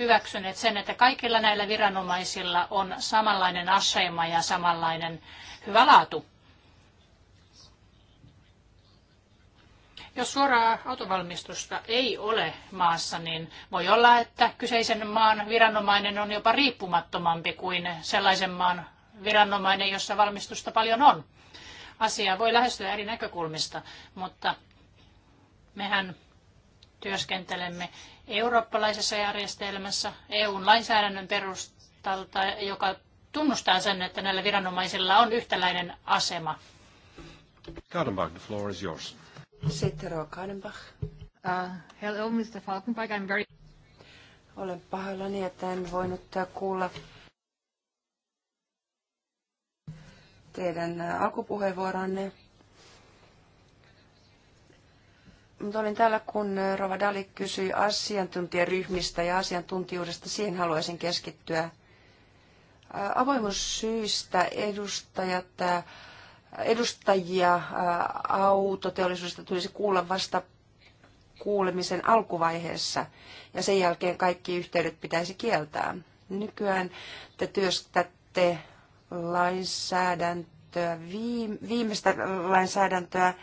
hyväksyneet sen, että kaikilla näillä viranomaisilla on samanlainen asema ja samanlainen hyvä laatu. Jos suoraa autovalmistusta ei ole maassa, niin voi olla, että kyseisen maan viranomainen on jopa riippumattomampi kuin sellaisen maan viranomainen, jossa valmistusta paljon on. Asiaa voi lähestyä eri näkökulmista, mutta mehän työskentelemme eurooppalaisessa järjestelmässä EUn lainsäädännön perustalta, joka tunnustaa sen, että näillä viranomaisilla on yhtäläinen asema.
Kadenbach, the floor is yours.
Sitten Kadenbach.
Uh, hello, Mr. Falkenberg. I'm very...
Olen pahoillani, että en voinut kuulla teidän alkupuheenvuoronne. Mutta olin täällä, kun Rova Dali kysyi asiantuntijaryhmistä ja asiantuntijuudesta. Siihen haluaisin keskittyä. Avoimuussyistä edustajat, edustajia autoteollisuudesta tulisi kuulla vasta kuulemisen alkuvaiheessa ja sen jälkeen kaikki yhteydet pitäisi kieltää. Nykyään te työstätte lainsäädäntöä, viimeistä lainsäädäntöä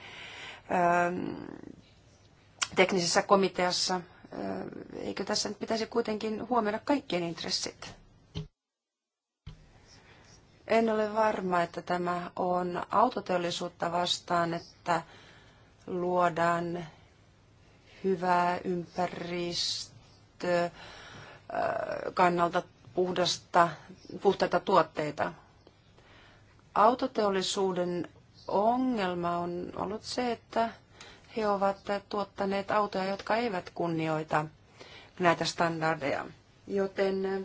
teknisessä komiteassa. Eikö tässä nyt pitäisi kuitenkin huomioida kaikkien intressit? En ole varma, että tämä on autoteollisuutta vastaan, että luodaan hyvää ympäristö kannalta puhdasta, puhtaita tuotteita. Autoteollisuuden ongelma on ollut se, että he ovat tuottaneet autoja, jotka eivät kunnioita näitä standardeja. Joten eh,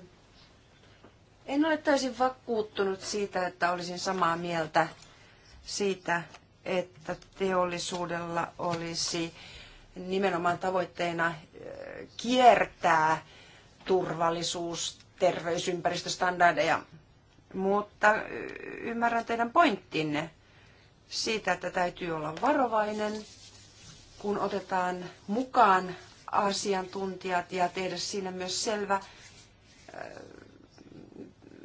en ole täysin vakuuttunut siitä, että olisin samaa mieltä siitä, että teollisuudella olisi nimenomaan tavoitteena eh, kiertää turvallisuus, terveys, ympäristöstandardeja. Mutta eh, ymmärrän teidän pointtinne siitä, että täytyy olla varovainen kun otetaan mukaan asiantuntijat ja tehdä siinä myös selvä äh,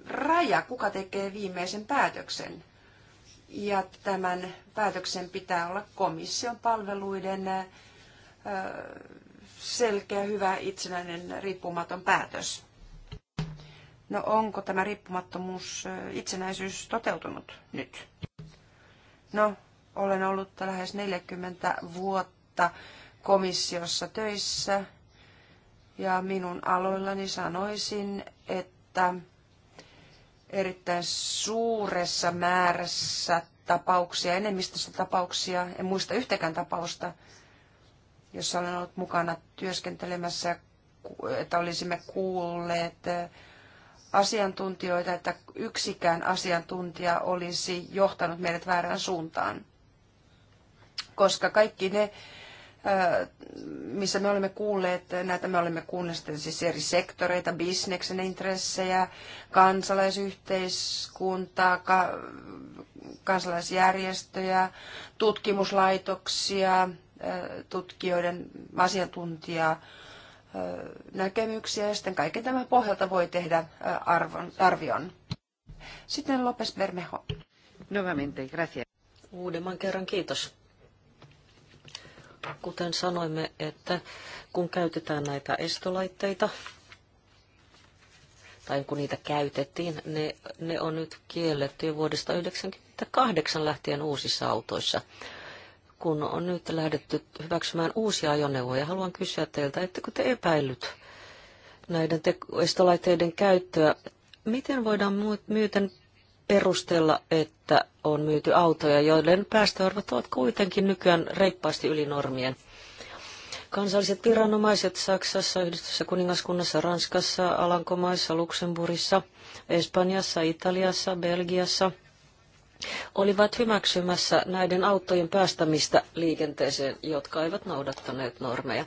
raja, kuka tekee viimeisen päätöksen. Ja tämän päätöksen pitää olla komission palveluiden äh, selkeä, hyvä, itsenäinen, riippumaton päätös. No onko tämä riippumattomuus, äh, itsenäisyys toteutunut nyt? No, olen ollut lähes 40 vuotta vuotta komissiossa töissä ja minun aloillani sanoisin, että erittäin suuressa määrässä tapauksia, enemmistössä tapauksia, en muista yhtäkään tapausta, jossa olen ollut mukana työskentelemässä, että olisimme kuulleet asiantuntijoita, että yksikään asiantuntija olisi johtanut meidät väärään suuntaan. Koska kaikki ne missä me olemme kuulleet, näitä me olemme kuulleet siis eri sektoreita, bisneksen intressejä, kansalaisyhteiskuntaa, ka- kansalaisjärjestöjä, tutkimuslaitoksia, tutkijoiden asiantuntijaa, näkemyksiä ja sitten kaiken tämän pohjalta voi tehdä arvon, arvion.
Sitten Lopes Bermejo. Nuevamente, gracias. Uudemman kerran kiitos. Kuten sanoimme, että kun käytetään näitä estolaitteita, tai kun niitä käytettiin, ne, ne on nyt kielletty jo vuodesta 1998 lähtien uusissa autoissa. Kun on nyt lähdetty hyväksymään uusia ajoneuvoja, haluan kysyä teiltä, ettekö te epäillyt näiden te- estolaitteiden käyttöä? Miten voidaan muuten perustella, että on myyty autoja, joiden päästöarvot ovat kuitenkin nykyään reippaasti yli normien. Kansalliset viranomaiset Saksassa, Yhdistyssä kuningaskunnassa, Ranskassa, Alankomaissa, Luxemburgissa, Espanjassa, Italiassa, Belgiassa olivat hyväksymässä näiden autojen päästämistä liikenteeseen, jotka eivät noudattaneet normeja.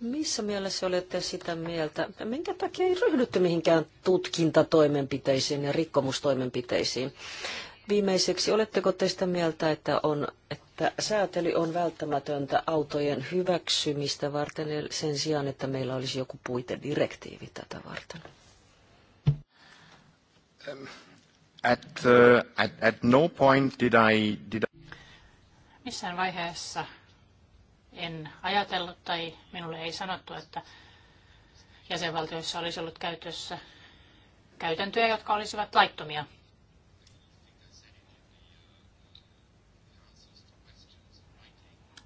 Missä mielessä olette sitä mieltä? Minkä takia ei ryhdytty mihinkään tutkintatoimenpiteisiin ja rikkomustoimenpiteisiin? Viimeiseksi, oletteko te sitä mieltä, että, on, että säätely on välttämätöntä autojen hyväksymistä varten sen sijaan, että meillä olisi joku puitedirektiivi tätä varten?
Um, at, uh, at, at no point did I, did I...
Missään vaiheessa en ajatellut tai minulle ei sanottu, että jäsenvaltioissa olisi ollut käytössä käytäntöjä, jotka olisivat laittomia.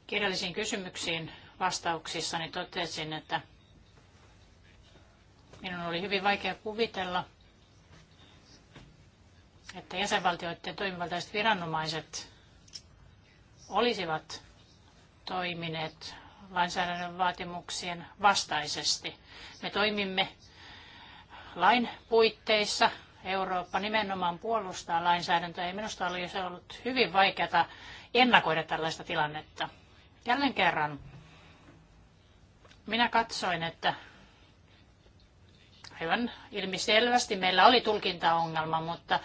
Kirjallisiin kysymyksiin vastauksissani totesin, että minun oli hyvin vaikea kuvitella, että jäsenvaltioiden toimivaltaiset viranomaiset olisivat toimineet lainsäädännön vaatimuksien vastaisesti. Me toimimme lain puitteissa. Eurooppa nimenomaan puolustaa lainsäädäntöä ja minusta oli se ollut hyvin vaikeata ennakoida tällaista tilannetta. Jälleen kerran minä katsoin, että aivan ilmiselvästi meillä oli tulkintaongelma, mutta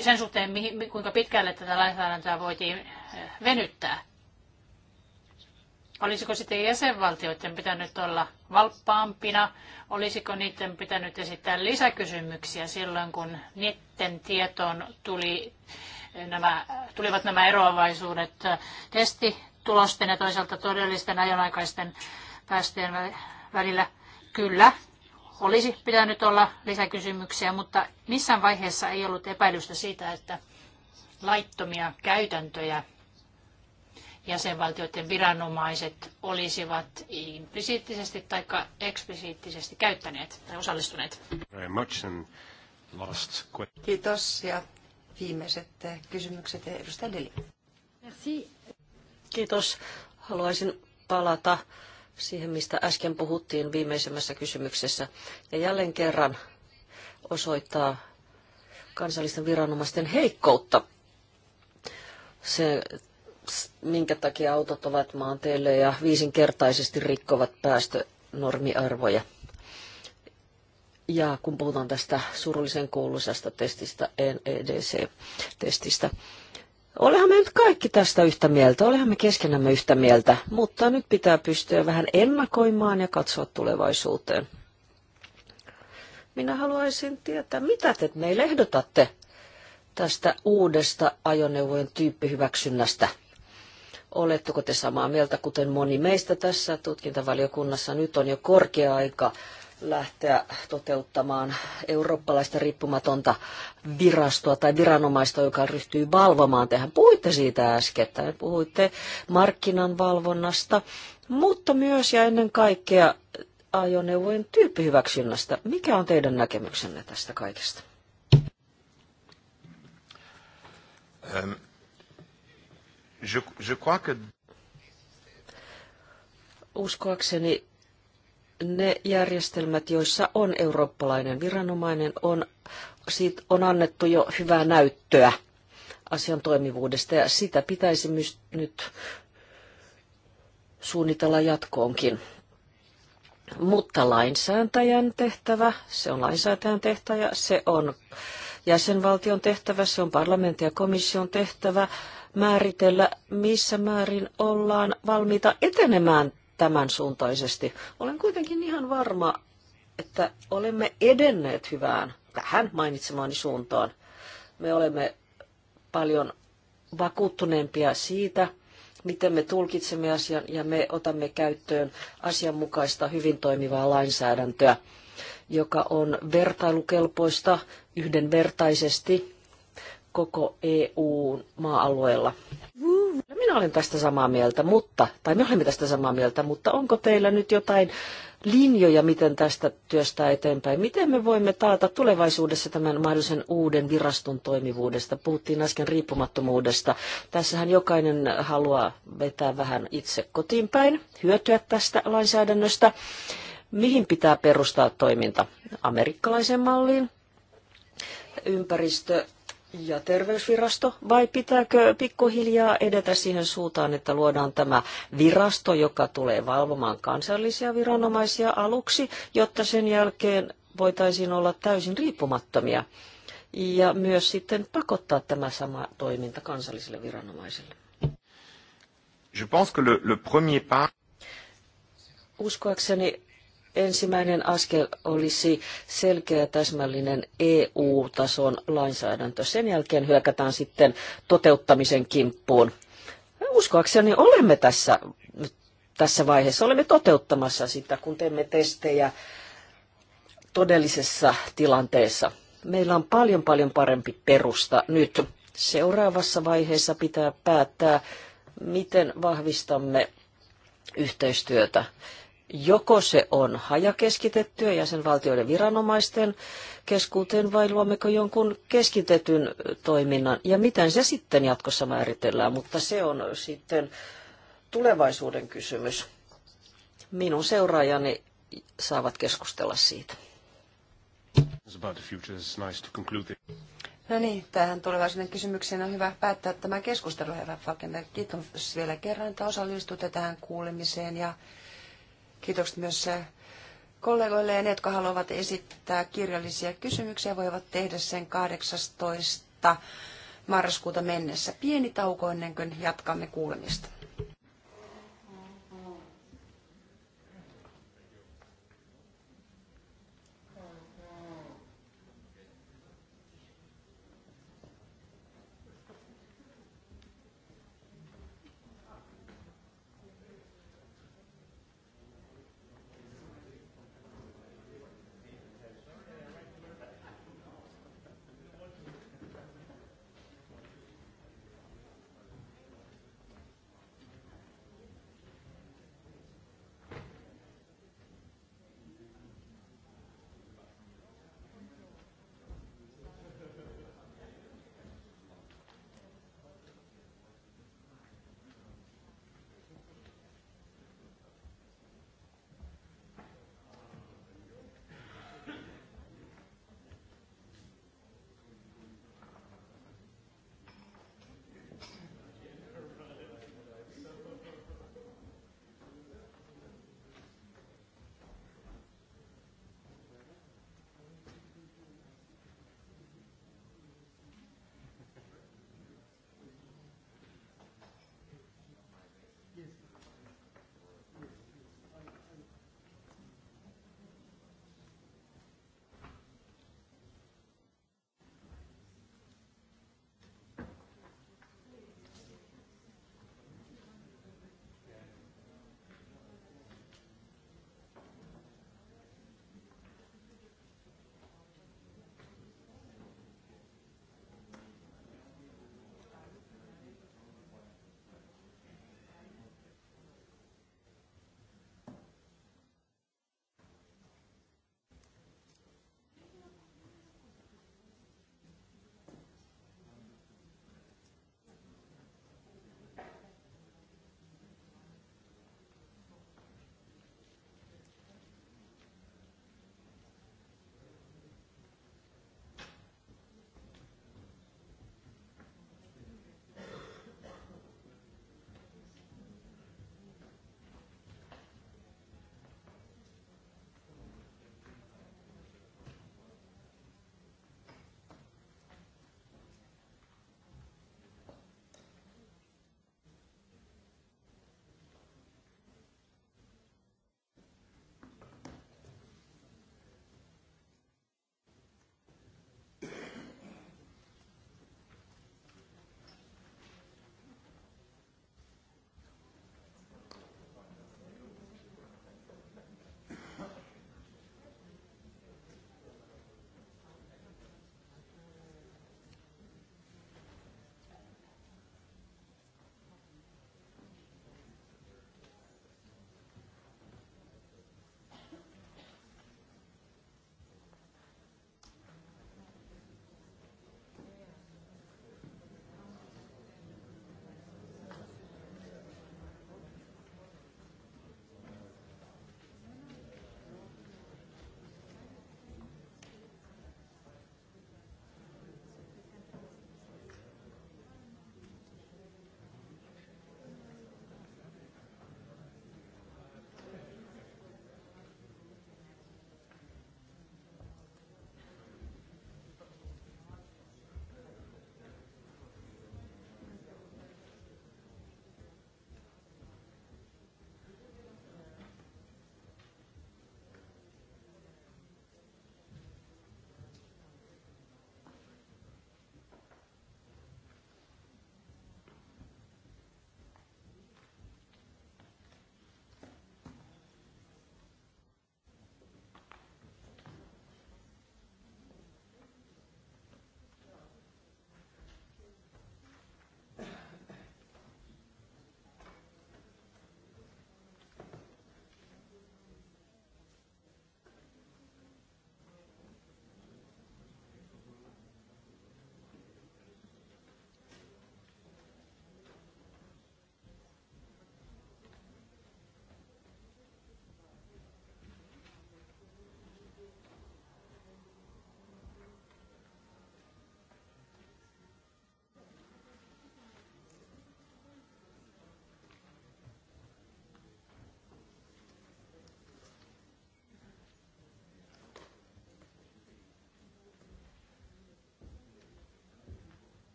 sen suhteen, kuinka pitkälle tätä lainsäädäntöä voitiin eh, venyttää. Olisiko sitten jäsenvaltioiden pitänyt olla valppaampina? Olisiko niiden pitänyt esittää lisäkysymyksiä silloin, kun niiden tietoon tuli eh, nämä, tulivat nämä eroavaisuudet eh, testitulosten ja toisaalta todellisten ajonaikaisten päästöjen välillä? Kyllä, olisi pitänyt olla lisäkysymyksiä, mutta missään vaiheessa ei ollut epäilystä siitä, että laittomia käytäntöjä jäsenvaltioiden viranomaiset olisivat implisiittisesti tai eksplisiittisesti käyttäneet tai osallistuneet.
Kiitos ja viimeiset eh, kysymykset eh, edustaja Deli. Merci. Kiitos. Haluaisin palata siihen, mistä äsken puhuttiin viimeisemmässä kysymyksessä. Ja jälleen kerran osoittaa kansallisten viranomaisten heikkoutta se minkä takia autot ovat maanteille ja viisinkertaisesti rikkovat päästönormiarvoja. Ja kun puhutaan tästä surullisen kuuluisasta testistä, NEDC-testistä, Olehan me nyt kaikki tästä yhtä mieltä, olehan me keskenämme yhtä mieltä, mutta nyt pitää pystyä vähän ennakoimaan ja katsoa tulevaisuuteen. Minä haluaisin tietää, mitä te meille ehdotatte tästä uudesta ajoneuvojen tyyppihyväksynnästä. Oletteko te samaa mieltä, kuten moni meistä tässä tutkintavaliokunnassa? Nyt on jo korkea aika lähteä toteuttamaan eurooppalaista riippumatonta virastoa tai viranomaista, joka ryhtyy valvomaan. Tehän puhuitte siitä äskettäin, puhuitte valvonnasta, mutta myös ja ennen kaikkea ajoneuvojen tyyppihyväksynnästä. Mikä on teidän näkemyksenne tästä kaikesta?
Ähm. Je, je crois que...
Uskoakseni ne järjestelmät, joissa on eurooppalainen viranomainen, on, siitä on annettu jo hyvää näyttöä asian toimivuudesta ja sitä pitäisi myös nyt suunnitella jatkoonkin. Mutta lainsääntäjän tehtävä, se on lainsäätäjän tehtävä, se on jäsenvaltion tehtävä, se on parlamentin ja komission tehtävä määritellä, missä määrin ollaan valmiita etenemään tämän suuntaisesti. Olen kuitenkin ihan varma, että olemme edenneet hyvään tähän mainitsemaani suuntaan. Me olemme paljon vakuuttuneempia siitä, miten me tulkitsemme asian ja me otamme käyttöön asianmukaista hyvin toimivaa lainsäädäntöä, joka on vertailukelpoista yhdenvertaisesti koko EU-maa-alueella. Minä olen tästä samaa mieltä, mutta, tai me olemme tästä samaa mieltä, mutta onko teillä nyt jotain linjoja, miten tästä työstä eteenpäin? Miten me voimme taata tulevaisuudessa tämän mahdollisen uuden viraston toimivuudesta? Puhuttiin äsken riippumattomuudesta. Tässähän jokainen haluaa vetää vähän itse kotiin päin, hyötyä tästä lainsäädännöstä. Mihin pitää perustaa toiminta? Amerikkalaisen malliin, ympäristö, ja terveysvirasto, vai pitääkö pikkuhiljaa edetä siihen suuntaan, että luodaan tämä virasto, joka tulee valvomaan kansallisia viranomaisia aluksi, jotta sen jälkeen voitaisiin olla täysin riippumattomia ja myös sitten pakottaa tämä sama toiminta kansallisille viranomaisille?
Je pense que le, le premier pas...
Uskoakseni ensimmäinen askel olisi selkeä täsmällinen EU-tason lainsäädäntö. Sen jälkeen hyökätään sitten toteuttamisen kimppuun. Uskoakseni olemme tässä, tässä vaiheessa, olemme toteuttamassa sitä, kun teemme testejä todellisessa tilanteessa. Meillä on paljon paljon parempi perusta nyt. Seuraavassa vaiheessa pitää päättää, miten vahvistamme yhteistyötä joko se on hajakeskitettyä jäsenvaltioiden viranomaisten keskuuteen vai luommeko jonkun keskitetyn toiminnan ja miten se sitten jatkossa määritellään, mutta se on sitten tulevaisuuden kysymys. Minun seuraajani saavat keskustella siitä.
No niin, tähän tulevaisuuden kysymykseen on hyvä päättää tämä keskustelu, herra Falkenberg. Kiitos vielä kerran, että osallistutte tähän kuulemiseen ja Kiitokset myös äh, kollegoille ja ne, jotka haluavat esittää kirjallisia kysymyksiä, voivat tehdä sen 18. marraskuuta mennessä. Pieni tauko ennen kuin jatkamme kuulemista.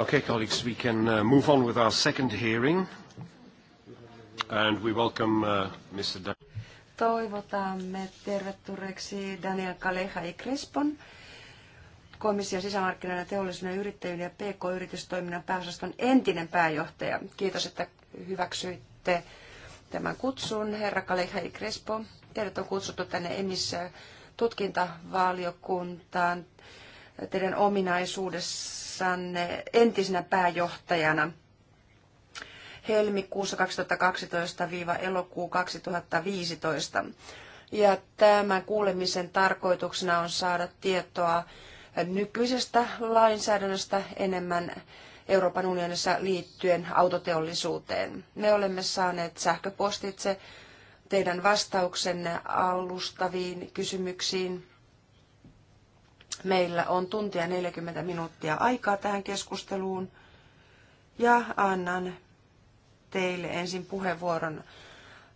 Okay, colleagues, we can uh, move on with our second hearing. And we welcome uh, Mr.
Toivotamme tervetulleeksi Daniel Kaleha i Crespon, komission sisämarkkinoiden teollisuuden yrittäjyyden ja PK-yritystoiminnan pääosaston entinen pääjohtaja. Kiitos, että hyväksyitte tämän kutsun. Herra Kaleha i Crespo, teidät on kutsuttu tänne emissä tutkintavaliokuntaan teidän ominaisuudessanne entisenä pääjohtajana helmikuussa 2012-elokuu 2015. Ja tämän kuulemisen tarkoituksena on saada tietoa nykyisestä lainsäädännöstä enemmän Euroopan unionissa liittyen autoteollisuuteen. Me olemme saaneet sähköpostitse teidän vastauksenne alustaviin kysymyksiin Meillä on tuntia 40 minuuttia aikaa tähän keskusteluun ja annan teille ensin puheenvuoron,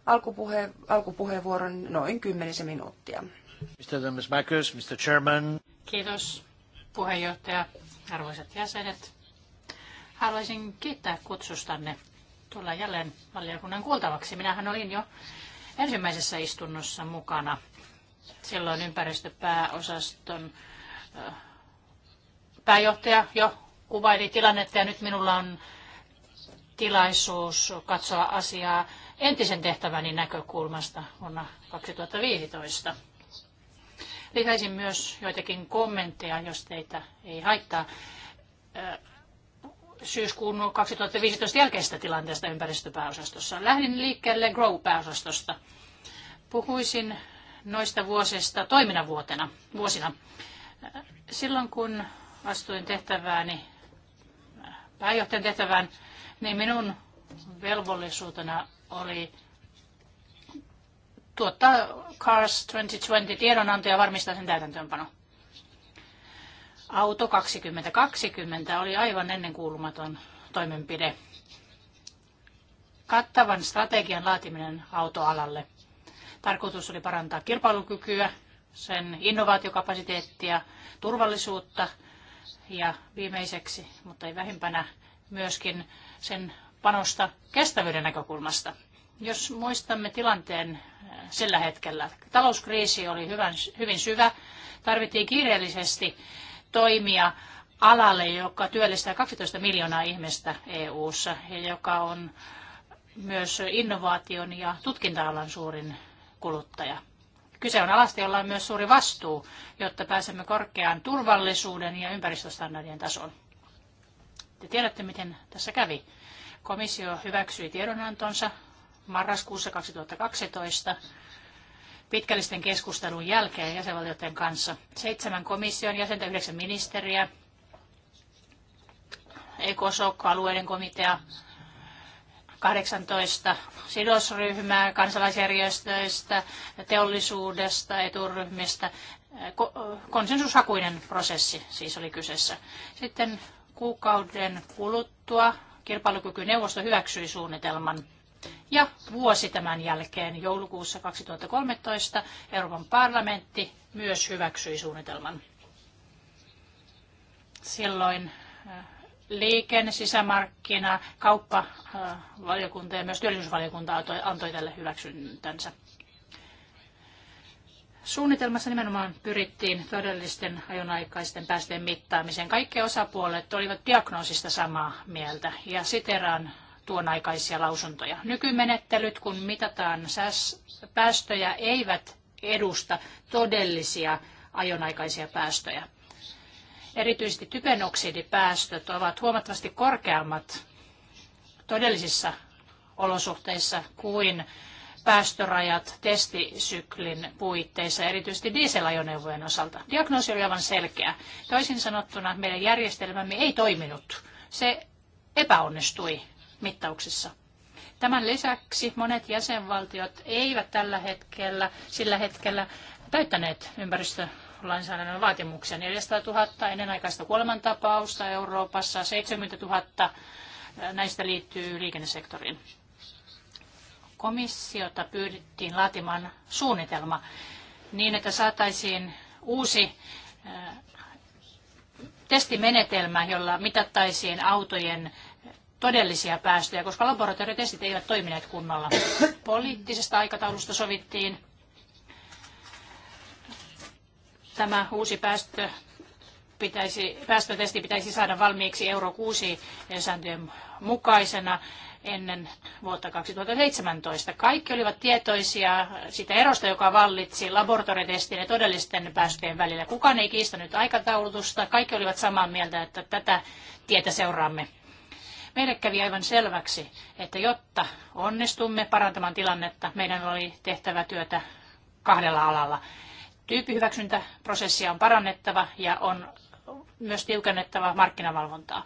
alkupuhe, alkupuheenvuoron noin 10 minuuttia.
Mr. Demismakers, Mr. Chairman.
Kiitos puheenjohtaja, arvoisat jäsenet. Haluaisin kiittää kutsustanne tulla jälleen valiokunnan kuultavaksi. Minähän olin jo ensimmäisessä istunnossa mukana silloin ympäristöpääosaston pääjohtaja jo kuvaili tilannetta ja nyt minulla on tilaisuus katsoa asiaa entisen tehtäväni näkökulmasta vuonna 2015. Lisäisin myös joitakin kommentteja, jos teitä ei haittaa, syyskuun 2015 jälkeisestä tilanteesta ympäristöpääosastossa. Lähdin liikkeelle Grow-pääosastosta. Puhuisin noista vuosista toiminnan vuotena, vuosina. Silloin kun astuin tehtävääni, pääjohtajan tehtävään, niin minun velvollisuutena oli tuottaa CARS 2020 tiedonanto ja varmistaa sen täytäntöönpano. Auto 2020 oli aivan ennenkuulumaton toimenpide. Kattavan strategian laatiminen autoalalle. Tarkoitus oli parantaa kilpailukykyä sen innovaatiokapasiteettia, turvallisuutta ja viimeiseksi, mutta ei vähimpänä, myöskin sen panosta kestävyyden näkökulmasta. Jos muistamme tilanteen äh, sillä hetkellä, talouskriisi oli hyvän, hyvin syvä, tarvittiin kiireellisesti toimia alalle, joka työllistää 12 miljoonaa ihmistä EU:ssa ja joka on myös innovaation ja tutkinta-alan suurin kuluttaja. Kyse on alasta, jolla on myös suuri vastuu, jotta pääsemme korkeaan turvallisuuden ja ympäristöstandardien tasoon. Te tiedätte, miten tässä kävi. Komissio hyväksyi tiedonantonsa marraskuussa 2012 pitkällisten keskustelun jälkeen jäsenvaltioiden kanssa. Seitsemän komission jäsentä, yhdeksän ministeriä, ECOSOC, alueiden komitea, 18 sidosryhmää kansalaisjärjestöistä, teollisuudesta, eturyhmistä. Konsensushakuinen prosessi siis oli kyseessä. Sitten kuukauden kuluttua kilpailukykyneuvosto hyväksyi suunnitelman. Ja vuosi tämän jälkeen, joulukuussa 2013, Euroopan parlamentti myös hyväksyi suunnitelman. Silloin äh, liikenne, sisämarkkina, kauppavaliokunta ja myös työllisyysvaliokunta antoi tälle hyväksyntänsä. Suunnitelmassa nimenomaan pyrittiin todellisten ajonaikaisten päästöjen mittaamiseen. Kaikki osapuolet olivat diagnoosista samaa mieltä ja siteraan tuon aikaisia lausuntoja. Nykymenettelyt, kun mitataan päästöjä, eivät edusta todellisia ajonaikaisia päästöjä. Erityisesti typenoksidipäästöt ovat huomattavasti korkeammat todellisissa olosuhteissa kuin päästörajat testisyklin puitteissa, erityisesti dieselajoneuvojen osalta. Diagnoosi oli aivan selkeä. Toisin sanottuna meidän järjestelmämme ei toiminut. Se epäonnistui mittauksissa. Tämän lisäksi monet jäsenvaltiot eivät tällä hetkellä, sillä hetkellä täyttäneet ympäristö- lainsäädännön vaatimuksia. 400 000 ennenaikaista kuolemantapausta Euroopassa, 70 000 näistä liittyy liikennesektoriin. Komissiota pyydettiin laatimaan suunnitelma niin, että saataisiin uusi eh, testimenetelmä, jolla mitattaisiin autojen todellisia päästöjä, koska laboratoriotestit eivät toimineet kunnolla. Poliittisesta aikataulusta sovittiin Tämä uusi päästö pitäisi, päästötesti pitäisi saada valmiiksi Euro 6 sääntöjen mukaisena ennen vuotta 2017. Kaikki olivat tietoisia sitä erosta, joka vallitsi laboratoriotestien ja todellisten päästöjen välillä. Kukaan ei kiistänyt aikataulutusta. Kaikki olivat samaa mieltä, että tätä tietä seuraamme. Meille kävi aivan selväksi, että jotta onnistumme parantamaan tilannetta, meidän oli tehtävä työtä kahdella alalla. Tyyppihyväksyntäprosessia on parannettava ja on myös tiukennettava markkinavalvontaa.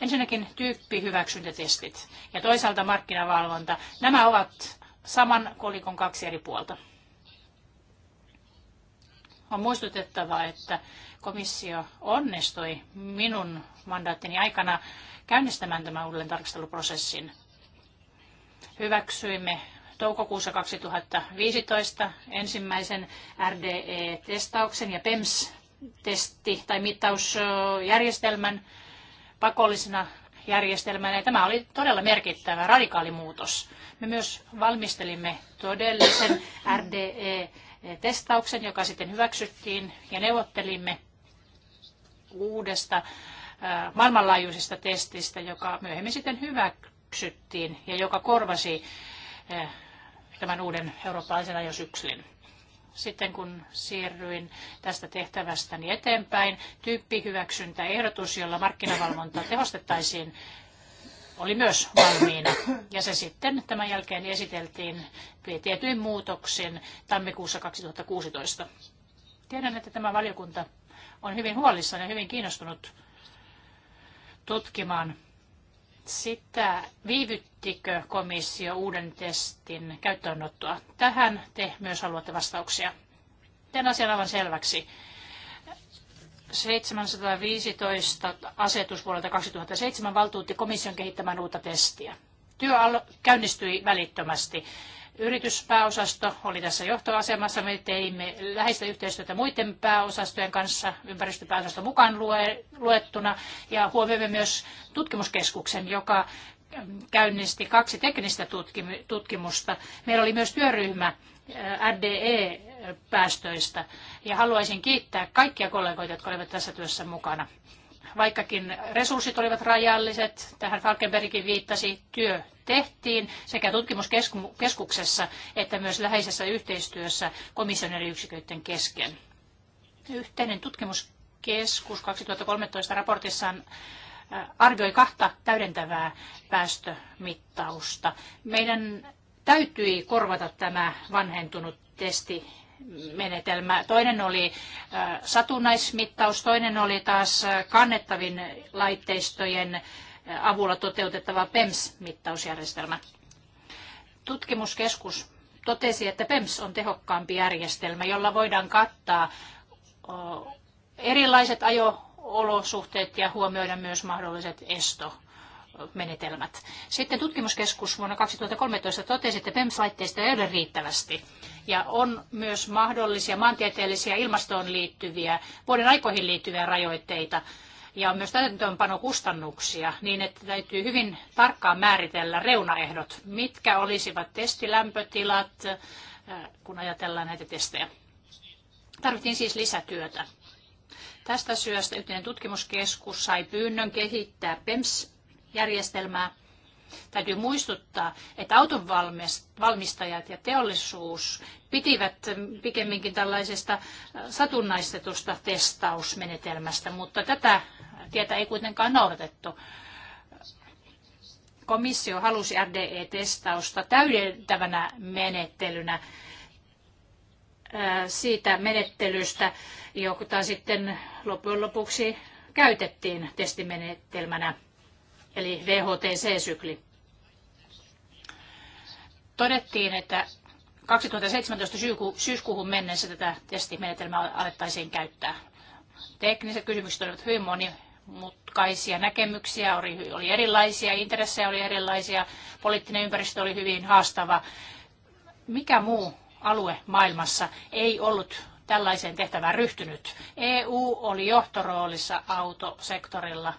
Ensinnäkin tyyppihyväksyntätestit ja toisaalta markkinavalvonta. Nämä ovat saman kolikon kaksi eri puolta. On muistutettava, että komissio onnistui minun mandaattini aikana käynnistämään tämän uudelleen tarkasteluprosessin. Hyväksyimme toukokuussa 2015 ensimmäisen RDE-testauksen ja PEMS-testi tai mittausjärjestelmän pakollisena järjestelmänä. Ja tämä oli todella merkittävä radikaali muutos. Me myös valmistelimme todellisen RDE-testauksen, joka sitten hyväksyttiin ja neuvottelimme uudesta maailmanlaajuisesta testistä, joka myöhemmin sitten hyväksyttiin ja joka korvasi tämän uuden eurooppalaisen ajosyklin. Sitten kun siirryin tästä tehtävästäni eteenpäin, tyyppihyväksyntäehdotus, jolla markkinavalvonta tehostettaisiin, oli myös valmiina. Ja se sitten tämän jälkeen esiteltiin tietyin muutoksin tammikuussa 2016. Tiedän, että tämä valiokunta on hyvin huolissaan ja hyvin kiinnostunut tutkimaan sitä, viivyttikö komissio uuden testin käyttöönottoa? Tähän te myös haluatte vastauksia. Teen asian aivan selväksi. 715 asetus vuodelta 2007 valtuutti komission kehittämään uutta testiä. Työ käynnistyi välittömästi. Yrityspääosasto oli tässä johtoasemassa. Me teimme läheistä yhteistyötä muiden pääosastojen kanssa, ympäristöpääosasto mukaan luettuna, ja huomioimme myös tutkimuskeskuksen, joka ähm, käynnisti kaksi teknistä tutkimusta. Meillä oli myös työryhmä äh, RDE-päästöistä, ja haluaisin kiittää kaikkia kollegoita, jotka olivat tässä työssä mukana. Vaikkakin resurssit olivat rajalliset, tähän Falkenbergin viittasi, työ tehtiin sekä tutkimuskeskuksessa että myös läheisessä yhteistyössä komission eri yksiköiden kesken. Yhteinen tutkimuskeskus 2013 raportissaan äh, arvioi kahta täydentävää päästömittausta. Meidän täytyi korvata tämä vanhentunut testi menetelmä. Toinen oli äh, satunnaismittaus, toinen oli taas äh, kannettavin laitteistojen äh, avulla toteutettava PEMS-mittausjärjestelmä. Tutkimuskeskus totesi, että PEMS on tehokkaampi järjestelmä, jolla voidaan kattaa erilaiset ajoolosuhteet ja huomioida myös mahdolliset esto menetelmät. Sitten tutkimuskeskus vuonna 2013 totesi, että PEMS-laitteista ei ole riittävästi ja on myös mahdollisia maantieteellisiä ilmastoon liittyviä, vuoden aikoihin liittyviä rajoitteita ja on myös täytäntöönpanokustannuksia, niin että täytyy hyvin tarkkaan määritellä reunaehdot, mitkä olisivat testilämpötilat, äh, kun ajatellaan näitä testejä. Tarvittiin siis lisätyötä. Tästä syystä yhteinen tutkimuskeskus sai pyynnön kehittää PEMS-järjestelmää, Täytyy muistuttaa, että autonvalmistajat ja teollisuus pitivät pikemminkin tällaisesta satunnaistetusta testausmenetelmästä, mutta tätä tietä ei kuitenkaan noudatettu komissio halusi RDE-testausta täydentävänä menettelynä siitä menettelystä, jota sitten loppujen lopuksi käytettiin testimenetelmänä eli VHTC-sykli. Todettiin, että 2017 syyskuuhun mennessä tätä testimenetelmää alettaisiin käyttää. Tekniset kysymykset olivat hyvin monimutkaisia, näkemyksiä oli, oli erilaisia, intressejä oli erilaisia, poliittinen ympäristö oli hyvin haastava. Mikä muu alue maailmassa ei ollut tällaiseen tehtävään ryhtynyt. EU oli johtoroolissa autosektorilla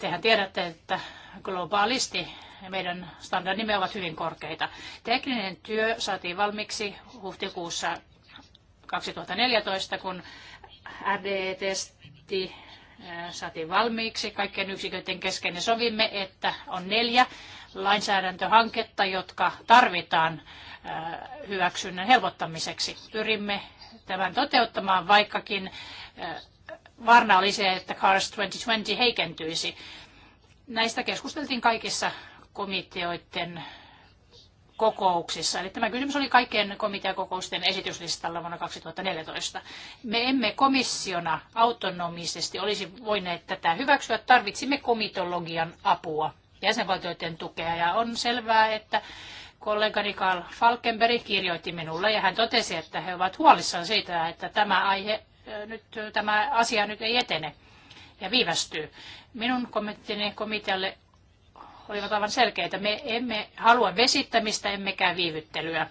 Tehän tiedätte, että globaalisti meidän standardimme ovat hyvin korkeita. Tekninen työ saatiin valmiiksi huhtikuussa 2014, kun RDE-testi saatiin valmiiksi kaikkien yksiköiden kesken ja sovimme, että on neljä lainsäädäntöhanketta, jotka tarvitaan hyväksynnän helpottamiseksi. Pyrimme tämän toteuttamaan, vaikkakin vaarana oli se, että Cars 2020 heikentyisi. Näistä keskusteltiin kaikissa komiteoiden kokouksissa. Eli tämä kysymys oli kaikkien komiteakokousten esityslistalla vuonna 2014. Me emme komissiona autonomisesti olisi voineet tätä hyväksyä. Tarvitsimme komitologian apua, jäsenvaltioiden tukea. Ja on selvää, että kollegani Karl Falkenberg kirjoitti minulle ja hän totesi, että he ovat huolissaan siitä, että tämä aihe nyt tämä asia nyt ei etene ja viivästyy. Minun kommenttini komitealle olivat aivan selkeitä. Me emme halua vesittämistä emmekä viivyttelyä.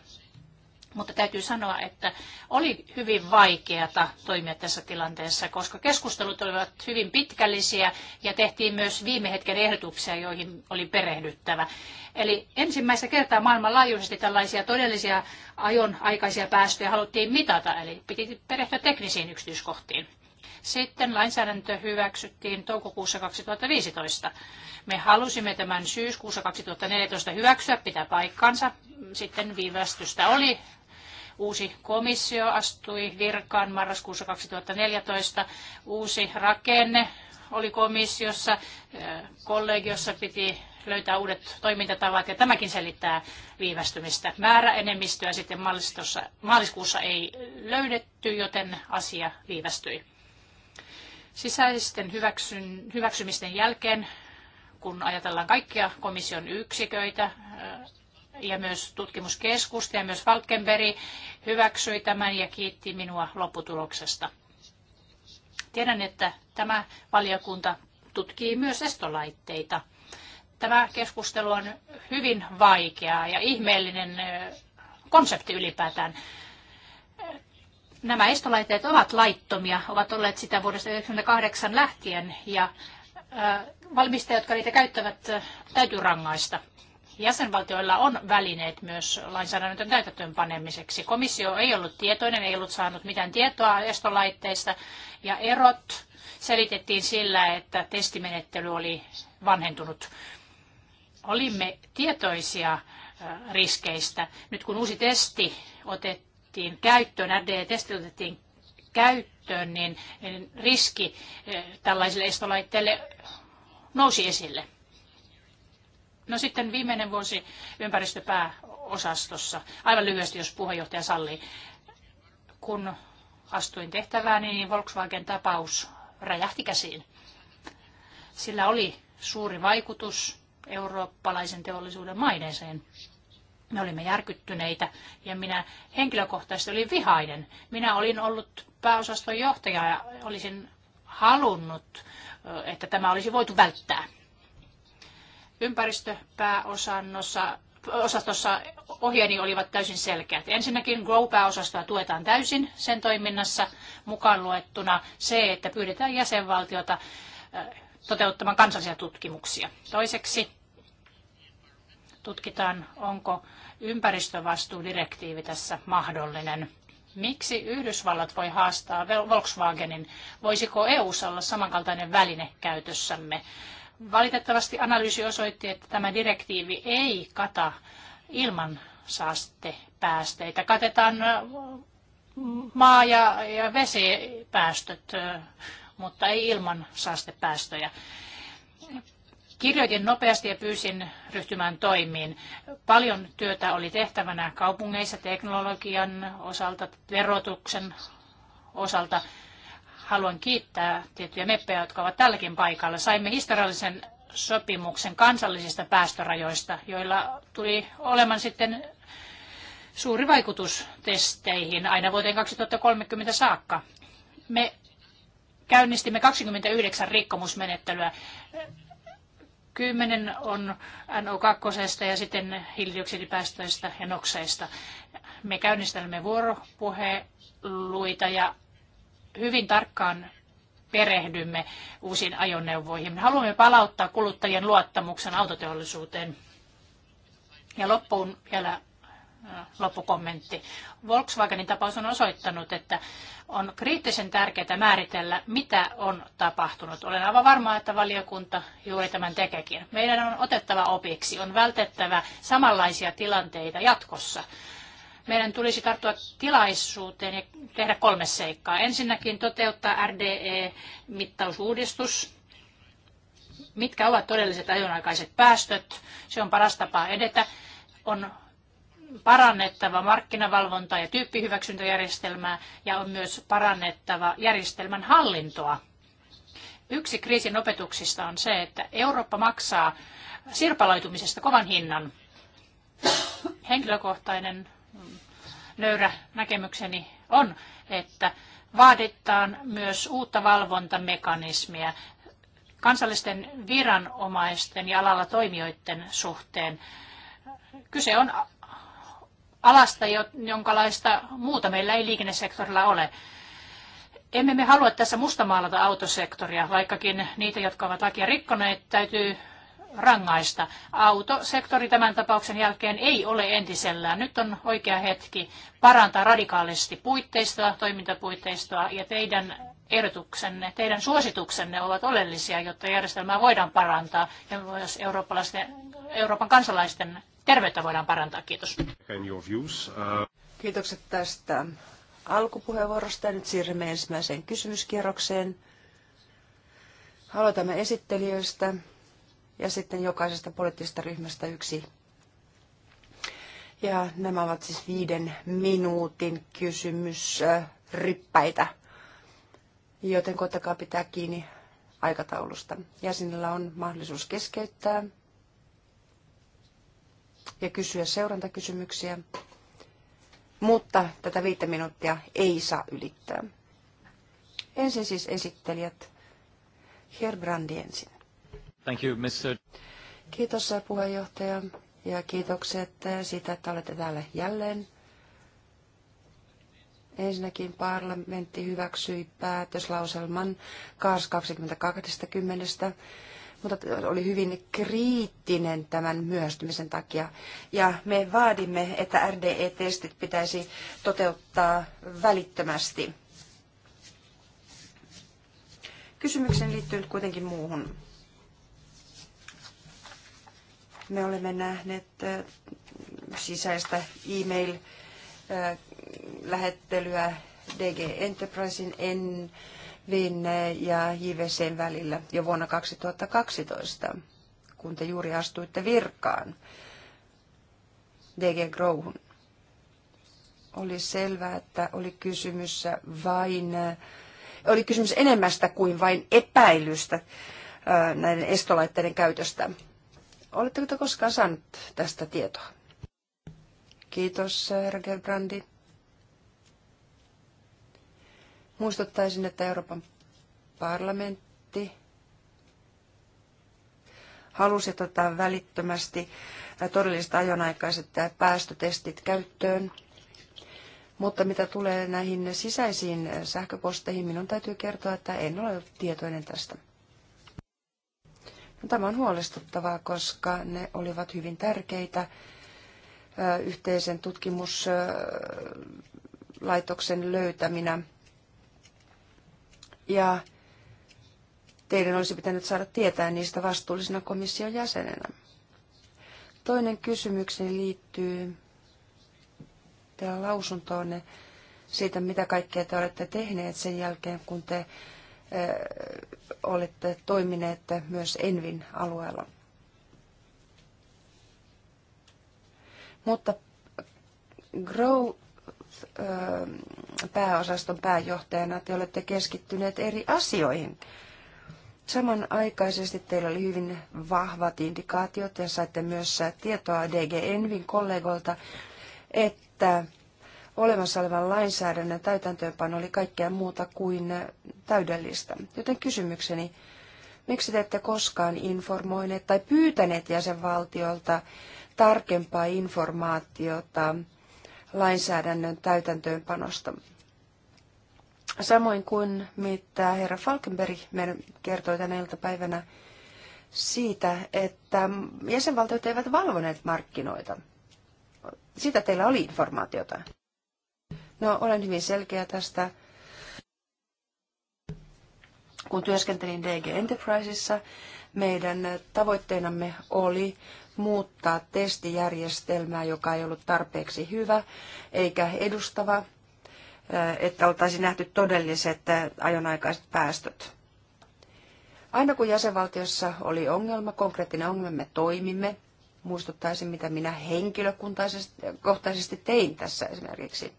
Mutta täytyy sanoa, että oli hyvin vaikeata toimia tässä tilanteessa, koska keskustelut olivat hyvin pitkällisiä ja tehtiin myös viime hetken ehdotuksia, joihin oli perehdyttävä. Eli ensimmäistä kertaa maailmanlaajuisesti tällaisia todellisia ajon aikaisia päästöjä haluttiin mitata, eli piti perehtyä teknisiin yksityiskohtiin. Sitten lainsäädäntö hyväksyttiin toukokuussa 2015. Me halusimme tämän syyskuussa 2014 hyväksyä, pitää paikkansa. Sitten viivästystä oli Uusi komissio astui virkaan marraskuussa 2014. Uusi rakenne oli komissiossa, kollegiossa piti löytää uudet toimintatavat ja tämäkin selittää viivästymistä. Määräenemmistöä sitten maaliskuussa ei löydetty, joten asia viivästyi. Sisäisten hyväksymisten jälkeen, kun ajatellaan kaikkia komission yksiköitä, ja myös tutkimuskeskusta ja myös Falkenberg hyväksyi tämän ja kiitti minua lopputuloksesta. Tiedän, että tämä valiokunta tutkii myös estolaitteita. Tämä keskustelu on hyvin vaikeaa ja ihmeellinen konsepti ylipäätään. Nämä estolaitteet ovat laittomia, ovat olleet sitä vuodesta 1998 lähtien ja valmistajat, jotka niitä käyttävät, täytyy rangaista. Jäsenvaltioilla on välineet myös lainsäädännön täytäntöönpanemiseksi. Komissio ei ollut tietoinen, ei ollut saanut mitään tietoa estolaitteista ja erot selitettiin sillä, että testimenettely oli vanhentunut. Olimme tietoisia riskeistä. Nyt kun uusi testi otettiin käyttöön, RDE-testi otettiin käyttöön, niin, niin riski tällaisille estolaitteille nousi esille. No sitten viimeinen vuosi ympäristöpääosastossa. Aivan lyhyesti, jos puheenjohtaja sallii. Kun astuin tehtävään, niin Volkswagen-tapaus räjähti käsiin. Sillä oli suuri vaikutus eurooppalaisen teollisuuden maineeseen. Me olimme järkyttyneitä ja minä henkilökohtaisesti olin vihainen. Minä olin ollut pääosaston johtaja ja olisin halunnut, että tämä olisi voitu välttää ympäristöpääosannossa osastossa ohjeeni olivat täysin selkeät. Ensinnäkin Grow-pääosastoa tuetaan täysin sen toiminnassa mukaan luettuna se, että pyydetään jäsenvaltiota toteuttamaan kansallisia tutkimuksia. Toiseksi tutkitaan, onko ympäristövastuudirektiivi tässä mahdollinen. Miksi Yhdysvallat voi haastaa Volkswagenin? Voisiko EU olla samankaltainen väline käytössämme? Valitettavasti analyysi osoitti, että tämä direktiivi ei kata ilman saastepäästeitä. Katetaan maa- ja, ja vesipäästöt, mutta ei ilman saastepäästöjä. Kirjoitin nopeasti ja pyysin ryhtymään toimiin. Paljon työtä oli tehtävänä kaupungeissa teknologian osalta, verotuksen osalta haluan kiittää tiettyjä meppejä, jotka ovat tälläkin paikalla. Saimme historiallisen sopimuksen kansallisista päästörajoista, joilla tuli olemaan sitten suuri vaikutus testeihin aina vuoteen 2030 saakka. Me käynnistimme 29 rikkomusmenettelyä. Kymmenen on NO2 ja sitten hiilidioksidipäästöistä ja nokseista. Me käynnistämme vuoropuheluita ja hyvin tarkkaan perehdymme uusiin ajoneuvoihin. Me haluamme palauttaa kuluttajien luottamuksen autoteollisuuteen. Ja loppuun vielä loppukommentti. Volkswagenin tapaus on osoittanut, että on kriittisen tärkeää määritellä, mitä on tapahtunut. Olen aivan varma, että valiokunta juuri tämän tekekin. Meidän on otettava opiksi, on vältettävä samanlaisia tilanteita jatkossa meidän tulisi tarttua tilaisuuteen ja tehdä kolme seikkaa. Ensinnäkin toteuttaa RDE-mittausuudistus. Mitkä ovat todelliset ajonaikaiset päästöt? Se on paras tapa edetä. On parannettava markkinavalvonta ja tyyppihyväksyntäjärjestelmää ja on myös parannettava järjestelmän hallintoa. Yksi kriisin opetuksista on se, että Eurooppa maksaa sirpaloitumisesta kovan hinnan. Henkilökohtainen Mm. nöyrä näkemykseni on, että vaaditaan myös uutta valvontamekanismia kansallisten viranomaisten ja alalla toimijoiden suhteen. Kyse on alasta, jonkalaista muuta meillä ei liikennesektorilla ole. Emme me halua tässä mustamaalata autosektoria, vaikkakin niitä, jotka ovat lakia rikkoneet, täytyy rangaista. Autosektori tämän tapauksen jälkeen ei ole entisellään. Nyt on oikea hetki parantaa radikaalisti puitteistoa, toimintapuitteistoa ja teidän ehdotuksenne, teidän suosituksenne ovat oleellisia, jotta järjestelmää voidaan parantaa ja myös eurooppalaisten, Euroopan kansalaisten terveyttä voidaan parantaa. Kiitos.
Uh, Kiitokset tästä alkupuheenvuorosta. Nyt siirrymme ensimmäiseen kysymyskierrokseen. Aloitamme esittelijöistä ja sitten jokaisesta poliittisesta ryhmästä yksi. Ja nämä ovat siis viiden minuutin kysymysryppäitä, joten koittakaa pitää kiinni aikataulusta. Jäsenillä on mahdollisuus keskeyttää ja kysyä seurantakysymyksiä, mutta tätä viittä minuuttia ei saa ylittää. Ensin siis esittelijät. Herbrandi ensin.
Thank you, Mr.
Kiitos puheenjohtaja ja kiitokset eh, siitä, että olette täällä jälleen. Ensinnäkin parlamentti hyväksyi päätöslauselman KAAS 2020, mutta oli hyvin kriittinen tämän myöhästymisen takia. Ja me vaadimme, että RDE-testit pitäisi toteuttaa välittömästi. Kysymykseni liittyy nyt kuitenkin muuhun me olemme nähneet sisäistä e-mail-lähettelyä DG Enterprisein, Envin ja JVCn välillä jo vuonna 2012, kun te juuri astuitte virkaan DG Growhun. Oli selvää, että oli kysymys vain, oli kysymys enemmästä kuin vain epäilystä näiden estolaitteiden käytöstä. Oletteko te koskaan saanut tästä tietoa? Kiitos, herra Gerbrandi. Muistuttaisin, että Euroopan parlamentti halusi ottaa välittömästi todelliset ajonaikaiset päästötestit käyttöön. Mutta mitä tulee näihin sisäisiin sähköposteihin, minun täytyy kertoa, että en ole tietoinen tästä. Tämä on huolestuttavaa, koska ne olivat hyvin tärkeitä yhteisen tutkimuslaitoksen löytäminä. Ja teidän olisi pitänyt saada tietää niistä vastuullisena komission jäsenenä. Toinen kysymykseni liittyy teidän lausuntoonne siitä, mitä kaikkea te olette tehneet sen jälkeen, kun te olette toimineet myös Envin alueella. Mutta Grow pääosaston pääjohtajana te olette keskittyneet eri asioihin. Samanaikaisesti teillä oli hyvin vahvat indikaatiot ja saitte myös tietoa DG Envin kollegoilta, että olemassa olevan lainsäädännön täytäntöönpano oli kaikkea muuta kuin täydellistä. Joten kysymykseni, miksi te ette koskaan informoineet tai pyytäneet jäsenvaltiolta tarkempaa informaatiota lainsäädännön täytäntöönpanosta? Samoin kuin mitä herra Falkenberg kertoi tänä iltapäivänä siitä, että jäsenvaltiot eivät valvoneet markkinoita. Sitä teillä oli informaatiota. No, olen hyvin selkeä tästä. Kun työskentelin DG Enterprisessa, meidän tavoitteenamme oli muuttaa testijärjestelmää, joka ei ollut tarpeeksi hyvä eikä edustava, eh, että oltaisiin nähty todelliset eh, ajonaikaiset päästöt. Aina kun jäsenvaltiossa oli ongelma, konkreettinen ongelma, me toimimme. Muistuttaisin, mitä minä henkilökohtaisesti tein tässä esimerkiksi.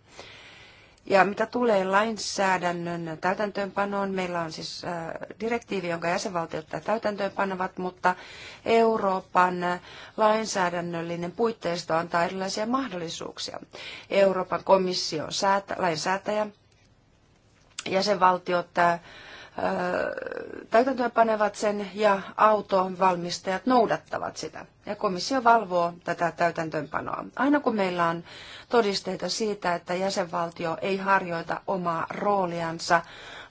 Ja mitä tulee lainsäädännön täytäntöönpanoon, meillä on siis äh, direktiivi, jonka jäsenvaltiot täytäntöönpanovat, mutta Euroopan lainsäädännöllinen puitteisto antaa erilaisia mahdollisuuksia. Euroopan komissio on säätä, lainsäätäjä, jäsenvaltiot äh, Täytäntöönpanevat sen ja auton valmistajat noudattavat sitä. Ja komissio valvoo tätä täytäntöönpanoa. Aina kun meillä on todisteita siitä, että jäsenvaltio ei harjoita omaa rooliansa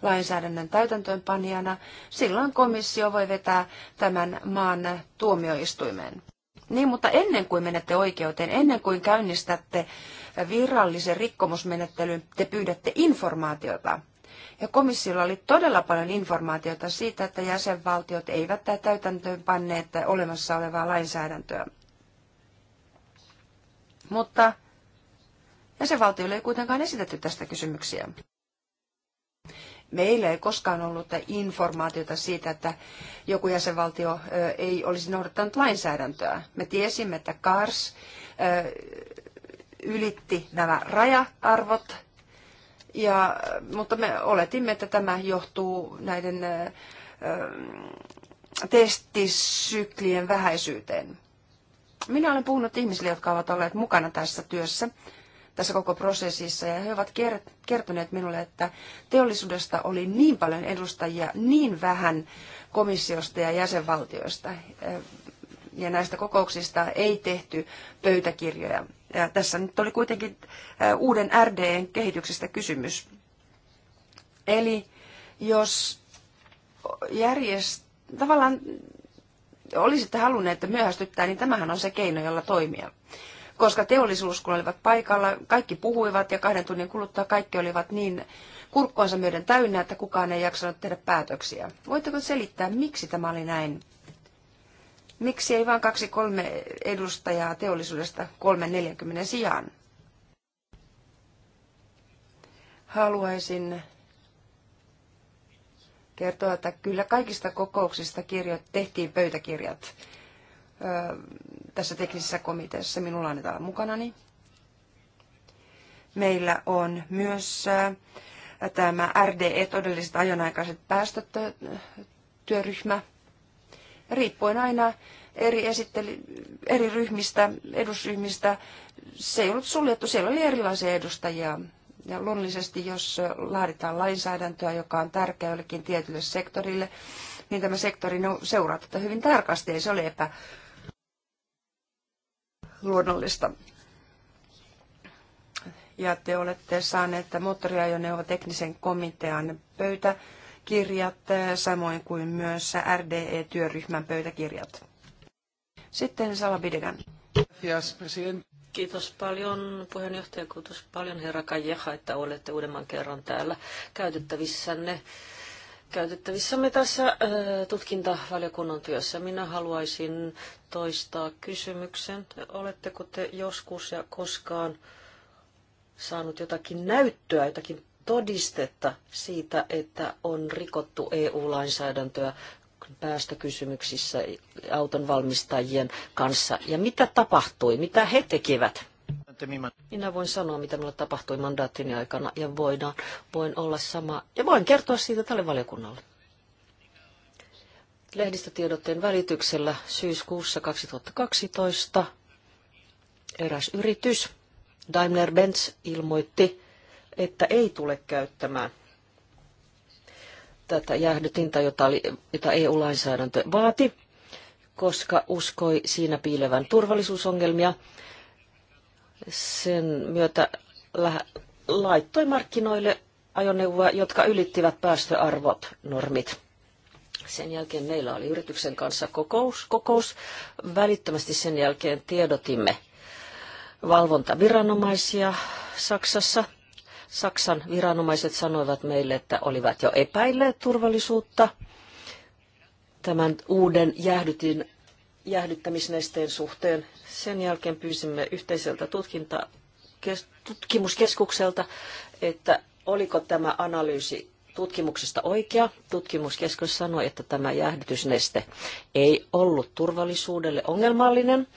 lainsäädännön täytäntöönpanijana, silloin komissio voi vetää tämän maan tuomioistuimeen. Niin, mutta ennen kuin menette oikeuteen, ennen kuin käynnistätte virallisen rikkomusmenettelyn, te pyydätte informaatiota ja komissiolla oli todella paljon informaatiota siitä, että jäsenvaltiot eivät täytäntöön panneet olemassa olevaa lainsäädäntöä. Mutta jäsenvaltioille ei kuitenkaan esitetty tästä kysymyksiä. Meillä ei koskaan ollut informaatiota siitä, että joku jäsenvaltio ei olisi noudattanut lainsäädäntöä. Me tiesimme, että CARS ylitti nämä raja-arvot ja, mutta me oletimme, että tämä johtuu näiden ö, testisyklien vähäisyyteen. Minä olen puhunut ihmisille, jotka ovat olleet mukana tässä työssä, tässä koko prosessissa, ja he ovat kertoneet minulle, että teollisuudesta oli niin paljon edustajia, niin vähän komissiosta ja jäsenvaltioista ja näistä kokouksista ei tehty pöytäkirjoja. Ja tässä nyt oli kuitenkin uuden RDn kehityksestä kysymys. Eli jos järjest... tavallaan olisitte halunneet myöhästyttää, niin tämähän on se keino, jolla toimia. Koska teollisuus, kun olivat paikalla, kaikki puhuivat ja kahden tunnin kuluttua kaikki olivat niin kurkkoansa myöden täynnä, että kukaan ei jaksanut tehdä päätöksiä. Voitteko selittää, miksi tämä oli näin? Miksi ei vain kaksi kolme edustajaa teollisuudesta kolme neljänkymmenen sijaan? Haluaisin kertoa, että kyllä kaikista kokouksista kirjo- tehtiin pöytäkirjat öö, tässä teknisessä komiteassa. Minulla on ne täällä mukanani. Meillä on myös tämä RDE, todelliset ajonaikaiset päästöt työryhmä, riippuen aina eri, esitteli, eri ryhmistä, edusryhmistä. Se ei ollut suljettu, siellä oli erilaisia edustajia. Ja luonnollisesti, jos laaditaan lainsäädäntöä, joka on tärkeä jollekin tietylle sektorille, niin tämä sektori seuraa tätä hyvin tarkasti, ei se ole epäluonnollista. Ja te olette saaneet moottoriajoneuvoteknisen komitean pöytä kirjat, samoin kuin myös RDE-työryhmän pöytäkirjat. Sitten Bidegan.
Kiitos paljon puheenjohtaja, kiitos paljon herra Kajeha, että olette uudemman kerran täällä käytettävissänne käytettävissämme tässä äh, tutkintavaliokunnan työssä. Minä haluaisin toistaa kysymyksen. Oletteko te joskus ja koskaan saanut jotakin näyttöä, jotakin todistetta siitä, että on rikottu EU-lainsäädäntöä päästökysymyksissä auton valmistajien kanssa. Ja mitä tapahtui? Mitä he tekivät? Minä voin sanoa, mitä minulle tapahtui mandaattini aikana ja voidaan, voin olla sama. Ja voin kertoa siitä tälle valiokunnalle. Lehdistötiedotteen välityksellä syyskuussa 2012 eräs yritys, Daimler-Benz, ilmoitti että ei tule käyttämään tätä jäähdytintä, jota, oli, jota EU-lainsäädäntö vaati, koska uskoi siinä piilevän turvallisuusongelmia. Sen myötä laittoi markkinoille ajoneuvoja, jotka ylittivät päästöarvot, normit. Sen jälkeen meillä oli yrityksen kanssa kokous. kokous. Välittömästi sen jälkeen tiedotimme valvontaviranomaisia Saksassa – Saksan viranomaiset sanoivat meille, että olivat jo epäilleet turvallisuutta tämän uuden jäähdytin, jäähdyttämisnesteen suhteen. Sen jälkeen pyysimme yhteiseltä tutkinta, tutkimuskeskukselta, että oliko tämä analyysi tutkimuksesta oikea. Tutkimuskeskus sanoi, että tämä jäähdytysneste ei ollut turvallisuudelle ongelmallinen.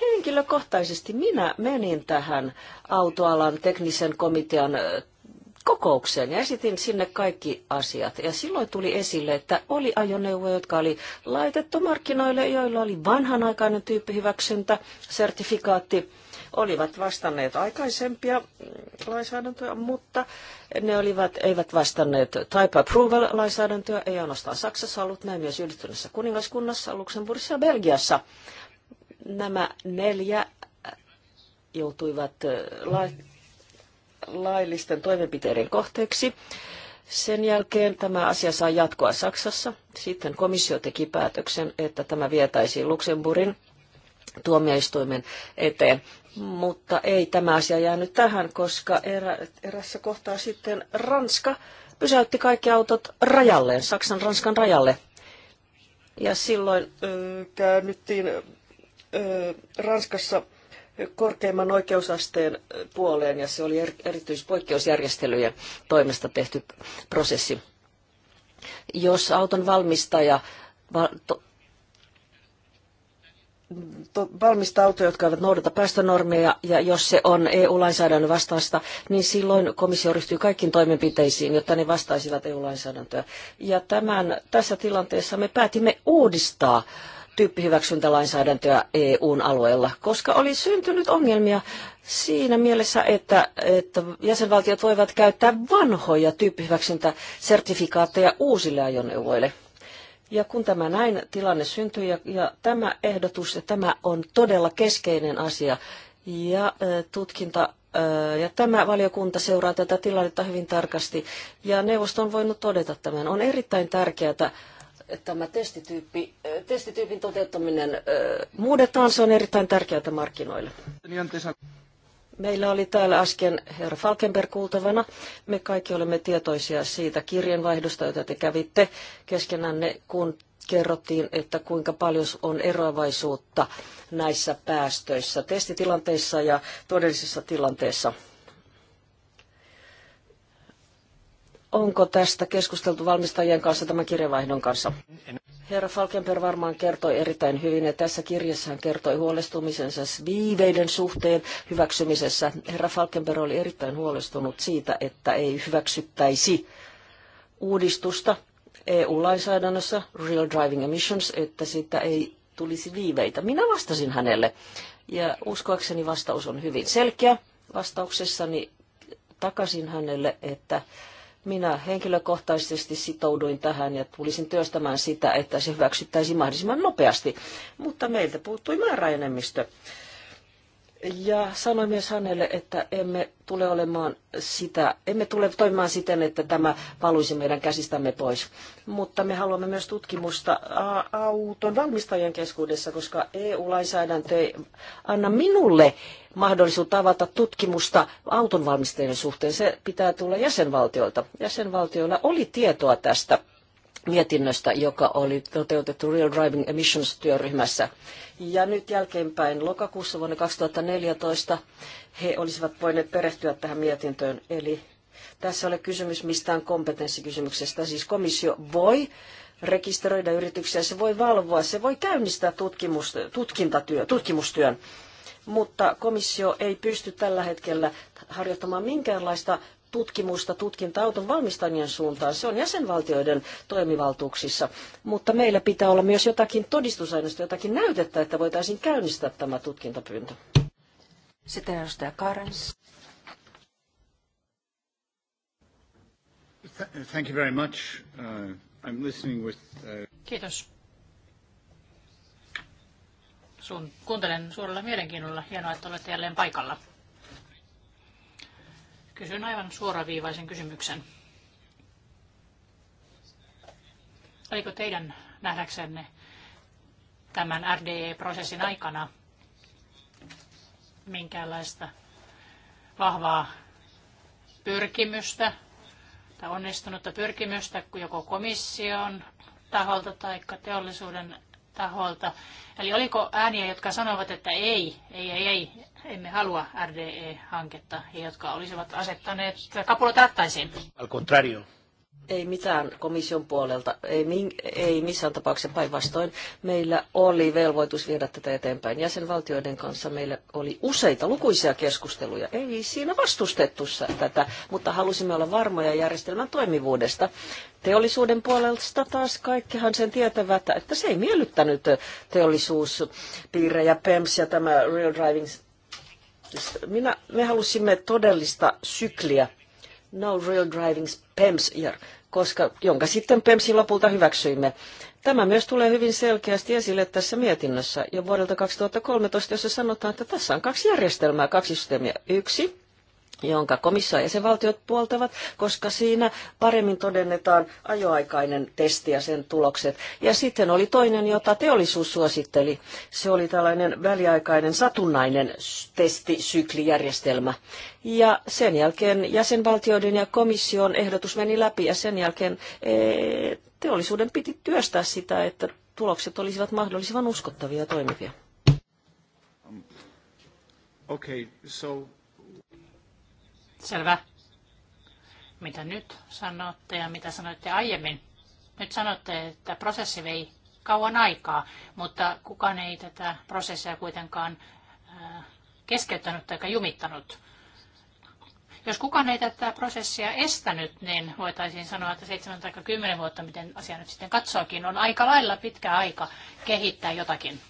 Henkilökohtaisesti minä menin tähän autoalan teknisen komitean kokoukseen ja esitin sinne kaikki asiat. Ja silloin tuli esille, että oli ajoneuvoja, jotka oli laitettu markkinoille, joilla oli vanhanaikainen tyyppihyväksyntä, sertifikaatti olivat vastanneet aikaisempia lainsäädäntöjä, mutta ne olivat, eivät vastanneet type approval-lainsäädäntöä, ei ainoastaan Saksassa ollut, näin myös yhdistyneessä kuningaskunnassa, Luxemburgissa ja Belgiassa. Nämä neljä joutuivat la- laillisten toimenpiteiden kohteeksi. Sen jälkeen tämä asia saa jatkoa Saksassa. Sitten komissio teki päätöksen, että tämä vietäisiin Luxemburgin tuomioistuimen eteen. Mutta ei tämä asia jäänyt tähän, koska erä, erässä kohtaa sitten Ranska pysäytti kaikki autot rajalleen, Saksan-Ranskan rajalle. Ja silloin käännyttiin Ranskassa korkeimman oikeusasteen puoleen, ja se oli er, erityispoikkeusjärjestelyjen toimesta tehty prosessi. Jos auton valmistaja valmistaa autoja, jotka eivät noudata päästönormeja, ja jos se on EU-lainsäädännön vastaista, niin silloin komissio ryhtyy kaikkiin toimenpiteisiin, jotta ne vastaisivat EU-lainsäädäntöä. Ja tämän, tässä tilanteessa me päätimme uudistaa tyyppihyväksyntälainsäädäntöä EUn alueella, koska oli syntynyt ongelmia siinä mielessä, että, että jäsenvaltiot voivat käyttää vanhoja tyyppihyväksyntäsertifikaatteja uusille ajoneuvoille. Ja kun tämä näin tilanne syntyi ja, ja tämä ehdotus, ja tämä on todella keskeinen asia, ja tutkinta ja tämä valiokunta seuraa tätä tilannetta hyvin tarkasti, ja neuvosto on voinut todeta tämän. On erittäin tärkeää, tämä testityyppi, testityypin toteuttaminen muudetaan, se on erittäin tärkeää markkinoille. Meillä oli täällä äsken herra Falkenberg kuultavana. Me kaikki olemme tietoisia siitä kirjanvaihdosta, jota te kävitte keskenänne, kun kerrottiin, että kuinka paljon on eroavaisuutta näissä päästöissä, testitilanteissa ja todellisissa tilanteissa. Onko tästä keskusteltu valmistajien kanssa tämän kirjanvaihdon kanssa? En... Herra Falkenberg varmaan kertoi erittäin hyvin, ja tässä kirjassa hän kertoi huolestumisensa viiveiden suhteen hyväksymisessä. Herra Falkenberg oli erittäin huolestunut siitä, että ei hyväksyttäisi uudistusta EU-lainsäädännössä, Real Driving Emissions, että siitä ei tulisi viiveitä. Minä vastasin hänelle, ja uskoakseni vastaus on hyvin selkeä. Vastauksessani takasin hänelle, että minä henkilökohtaisesti sitouduin tähän ja tulisin työstämään sitä, että se hyväksyttäisiin mahdollisimman nopeasti, mutta meiltä puuttui määräenemmistö. Ja sanoin myös hänelle, että emme tule olemaan sitä, emme tule toimimaan siten, että tämä valuisi meidän käsistämme pois. Mutta me haluamme myös tutkimusta auton valmistajien keskuudessa, koska EU-lainsäädäntö ei anna minulle mahdollisuutta avata tutkimusta auton valmistajien suhteen. Se pitää tulla jäsenvaltioilta. Jäsenvaltioilla oli tietoa tästä mietinnöstä, joka oli toteutettu Real Driving Emissions-työryhmässä. Ja nyt jälkeenpäin lokakuussa vuonna 2014 he olisivat voineet perehtyä tähän mietintöön. Eli tässä ole kysymys mistään kompetenssikysymyksestä. Siis komissio voi rekisteröidä yrityksiä, se voi valvoa, se voi käynnistää tutkimus, tutkintatyö, tutkimustyön mutta komissio ei pysty tällä hetkellä harjoittamaan minkäänlaista tutkimusta, tutkintaa auton valmistajien suuntaan. Se on jäsenvaltioiden toimivaltuuksissa, mutta meillä pitää olla myös jotakin todistusaineistoa, jotakin näytettä, että voitaisiin käynnistää tämä tutkintapyyntö. Sitten edustaja Karens.
Thank you very much. Uh, I'm listening with, uh...
Kiitos. Sun, kuuntelen suurella mielenkiinnolla. Hienoa, että olette jälleen paikalla. Kysyn aivan suoraviivaisen kysymyksen. Oliko teidän nähdäksenne tämän RDE-prosessin aikana minkäänlaista vahvaa pyrkimystä tai onnistunutta pyrkimystä joko komission taholta tai teollisuuden taholta. Eli oliko ääniä, jotka sanovat, että ei, ei, ei, ei, emme halua RDE-hanketta, ja jotka olisivat asettaneet kapulot rattaisiin? Al contrario ei mitään
komission puolelta, ei, ei missään tapauksessa päinvastoin. Meillä oli velvoitus viedä tätä eteenpäin jäsenvaltioiden kanssa. Meillä oli useita lukuisia keskusteluja. Ei siinä vastustettu tätä, mutta halusimme olla varmoja järjestelmän toimivuudesta. Teollisuuden puolelta taas kaikkihan sen tietävät, että se ei miellyttänyt teollisuuspiirejä, PEMS ja tämä Real Driving. Minä, me halusimme todellista sykliä No Real Driving PEMS Year, koska, jonka sitten PEMSin lopulta hyväksyimme. Tämä myös tulee hyvin selkeästi esille tässä mietinnössä jo vuodelta 2013, jossa sanotaan, että tässä on kaksi järjestelmää, kaksi systeemiä. Yksi, jonka komissio ja jäsenvaltiot puoltavat, koska siinä paremmin todennetaan ajoaikainen testi ja sen tulokset. Ja sitten oli toinen, jota teollisuus suositteli. Se oli tällainen väliaikainen satunnainen testisyklijärjestelmä. Ja sen jälkeen jäsenvaltioiden ja komission ehdotus meni läpi ja sen jälkeen e, teollisuuden piti työstää sitä, että tulokset olisivat mahdollisimman uskottavia ja toimivia.
Um, okay, so
Selvä. Mitä nyt sanotte ja mitä sanoitte aiemmin? Nyt sanotte, että prosessi vei kauan aikaa, mutta kukaan ei tätä prosessia kuitenkaan äh, keskeyttänyt tai jumittanut. Jos kukaan ei tätä prosessia estänyt, niin voitaisiin sanoa, että 7 tai 10 vuotta, miten asia nyt sitten katsoakin, on aika lailla pitkä aika kehittää jotakin.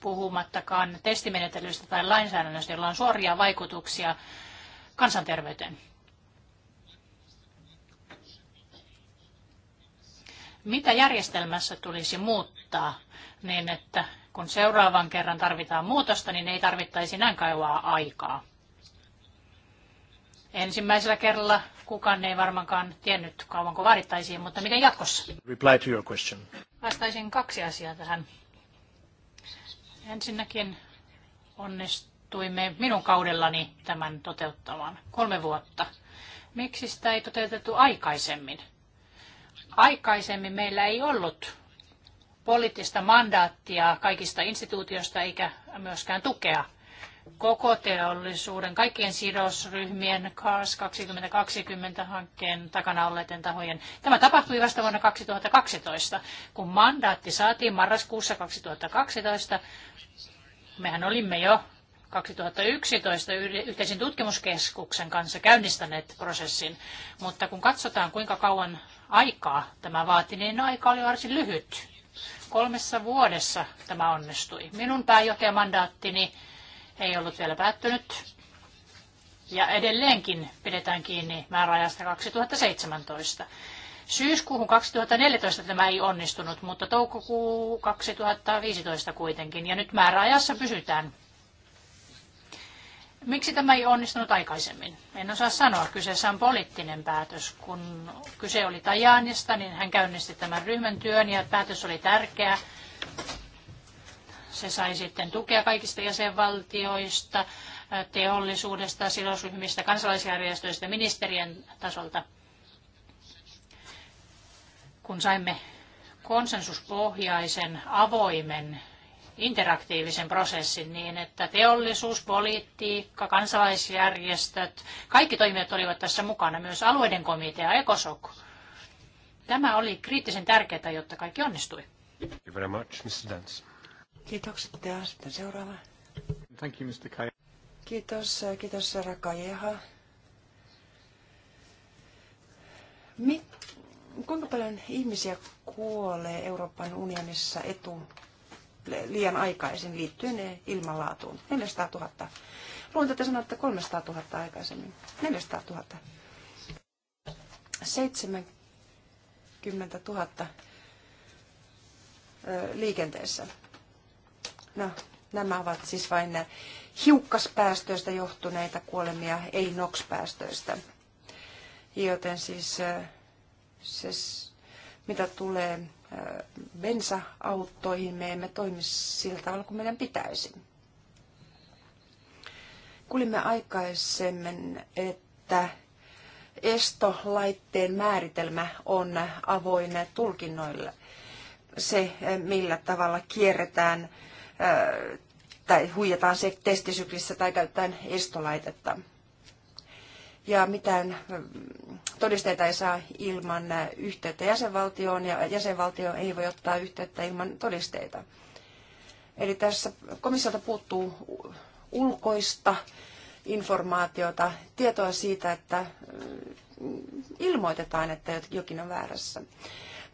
Puhumattakaan testimenetelystä tai lainsäädännöstä, jolla on suoria vaikutuksia kansanterveyteen. Mitä järjestelmässä tulisi muuttaa niin, että kun seuraavan kerran tarvitaan muutosta, niin ei tarvittaisi näin kauaa aikaa? Ensimmäisellä kerralla kukaan ei varmaankaan tiennyt kauanko vaadittaisiin, mutta miten jatkossa?
Reply to your question.
Vastaisin kaksi asiaa tähän. Ensinnäkin onnistuu onnistuimme minun kaudellani tämän toteuttamaan. Kolme vuotta. Miksi sitä ei toteutettu aikaisemmin? Aikaisemmin meillä ei ollut poliittista mandaattia kaikista instituutioista eikä myöskään tukea. Koko teollisuuden, kaikkien sidosryhmien, CARS 2020-hankkeen takana olleiden tahojen. Tämä tapahtui vasta vuonna 2012, kun mandaatti saatiin marraskuussa 2012. Mehän olimme jo 2011 yhteisen tutkimuskeskuksen kanssa käynnistäneet prosessin, mutta kun katsotaan kuinka kauan aikaa tämä vaati, niin aika oli varsin lyhyt. Kolmessa vuodessa tämä onnistui. Minun pääjohtajamandaattini ei ollut vielä päättynyt ja edelleenkin pidetään kiinni määräajasta 2017. Syyskuuhun 2014 tämä ei onnistunut, mutta toukokuu 2015 kuitenkin. Ja nyt määräajassa pysytään. Miksi tämä ei onnistunut aikaisemmin? En osaa sanoa. Kyseessä on poliittinen päätös. Kun kyse oli Tajanista, niin hän käynnisti tämän ryhmän työn ja päätös oli tärkeä. Se sai sitten tukea kaikista jäsenvaltioista, teollisuudesta, sidosryhmistä, kansalaisjärjestöistä, ministerien tasolta. Kun saimme konsensuspohjaisen, avoimen interaktiivisen prosessin niin, että teollisuus, politiikka, kansalaisjärjestöt, kaikki toimijat olivat tässä mukana, myös alueiden komitea, ECOSOC. Tämä oli kriittisen tärkeää, jotta kaikki onnistui.
Thank you very much, Mr. Dance.
Kiitokset ja sitten seuraava.
Thank you, Mr. Kai.
Kiitos, eh,
kiitos Sara Kajeha. Mit, kuinka paljon ihmisiä kuolee Euroopan unionissa etu liian aikaisin liittyen ilmanlaatuun. 400 000. Luin tätä sanoa, että 300 000 aikaisemmin. 400 000. 70 000 liikenteessä. No, nämä ovat siis vain hiukkaspäästöistä johtuneita kuolemia, ei NOx-päästöistä. Joten siis se, mitä tulee bensa-auttoihin, me emme toimi sillä tavalla kuin meidän pitäisi. Kuulimme aikaisemmin, että estolaitteen määritelmä on avoin tulkinnoille. Se, millä tavalla kierretään tai huijataan se testisyklissä tai käyttäen estolaitetta ja mitään mm, todisteita ei saa ilman äh, yhteyttä jäsenvaltioon ja jäsenvaltio ei voi ottaa yhteyttä ilman todisteita. Eli tässä komissiolta puuttuu ulkoista informaatiota, tietoa siitä, että mm, ilmoitetaan, että jokin on väärässä.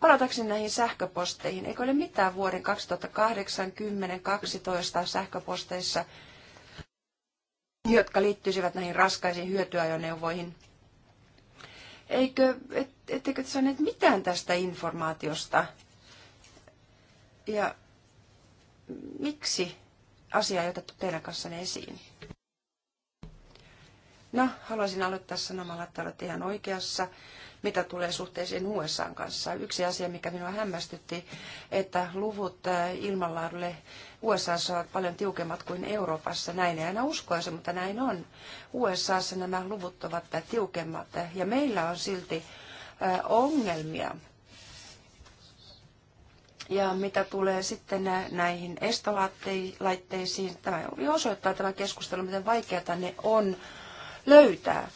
Palatakseni näihin sähköposteihin. Eikö ole mitään vuoden 2008, 10, 12 sähköposteissa, jotka liittyisivät näihin raskaisiin hyötyajoneuvoihin. Eikö, et, ettekö te saaneet mitään tästä informaatiosta? Ja miksi asia ei otettu teidän kanssanne esiin? No, haluaisin aloittaa sanomalla, että olette ihan oikeassa mitä tulee suhteisiin USA kanssa. Yksi asia, mikä minua hämmästytti, että luvut äh, ilmanlaadulle USAssa ovat paljon tiukemmat kuin Euroopassa. Näin ei aina uskoisi, mutta näin on. USAssa nämä luvut ovat tiukemmat ja meillä on silti äh, ongelmia. Ja mitä tulee sitten äh, näihin estolaitteisiin, tämä osoittaa tämä keskustelu, miten vaikeata ne on löytää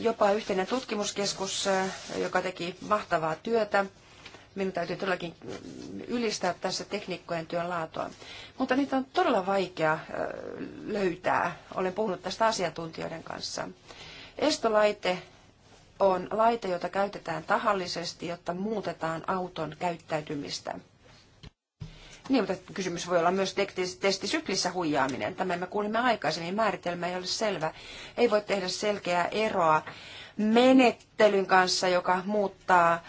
jopa yhteinen tutkimuskeskus, joka teki mahtavaa työtä. Minun täytyy todellakin ylistää tässä tekniikkojen työn laatua. Mutta niitä on todella vaikea löytää. Olen puhunut tästä asiantuntijoiden kanssa. Estolaite on laite, jota käytetään tahallisesti, jotta muutetaan auton käyttäytymistä. Niin, mutta kysymys voi olla myös testisyklissä huijaaminen. Tämä me kuulimme aikaisemmin. Määritelmä ei ole selvä. Ei voi tehdä selkeää eroa menettelyn kanssa, joka muuttaa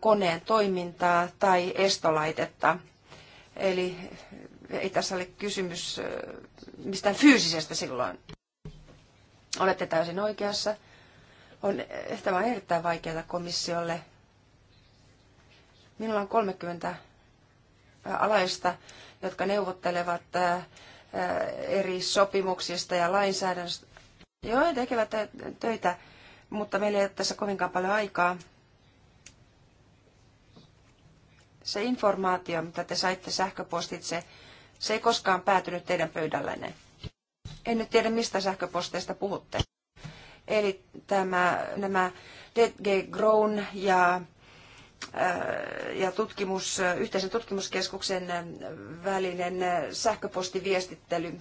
koneen toimintaa tai estolaitetta. Eli ei tässä ole kysymys mistään fyysisestä silloin. Olette täysin oikeassa. On, tämä on erittäin vaikeaa komissiolle. Minulla on 30 alaista, jotka neuvottelevat eri sopimuksista ja lainsäädännöstä. Joo, tekevät töitä, mutta meillä ei ole tässä kovinkaan paljon aikaa. Se informaatio, mitä te saitte sähköpostitse, se ei koskaan päätynyt teidän pöydällenne. En nyt tiedä, mistä sähköposteista puhutte. Eli tämä, nämä dead Grown ja ja tutkimus, yhteisen tutkimuskeskuksen välinen sähköpostiviestittely.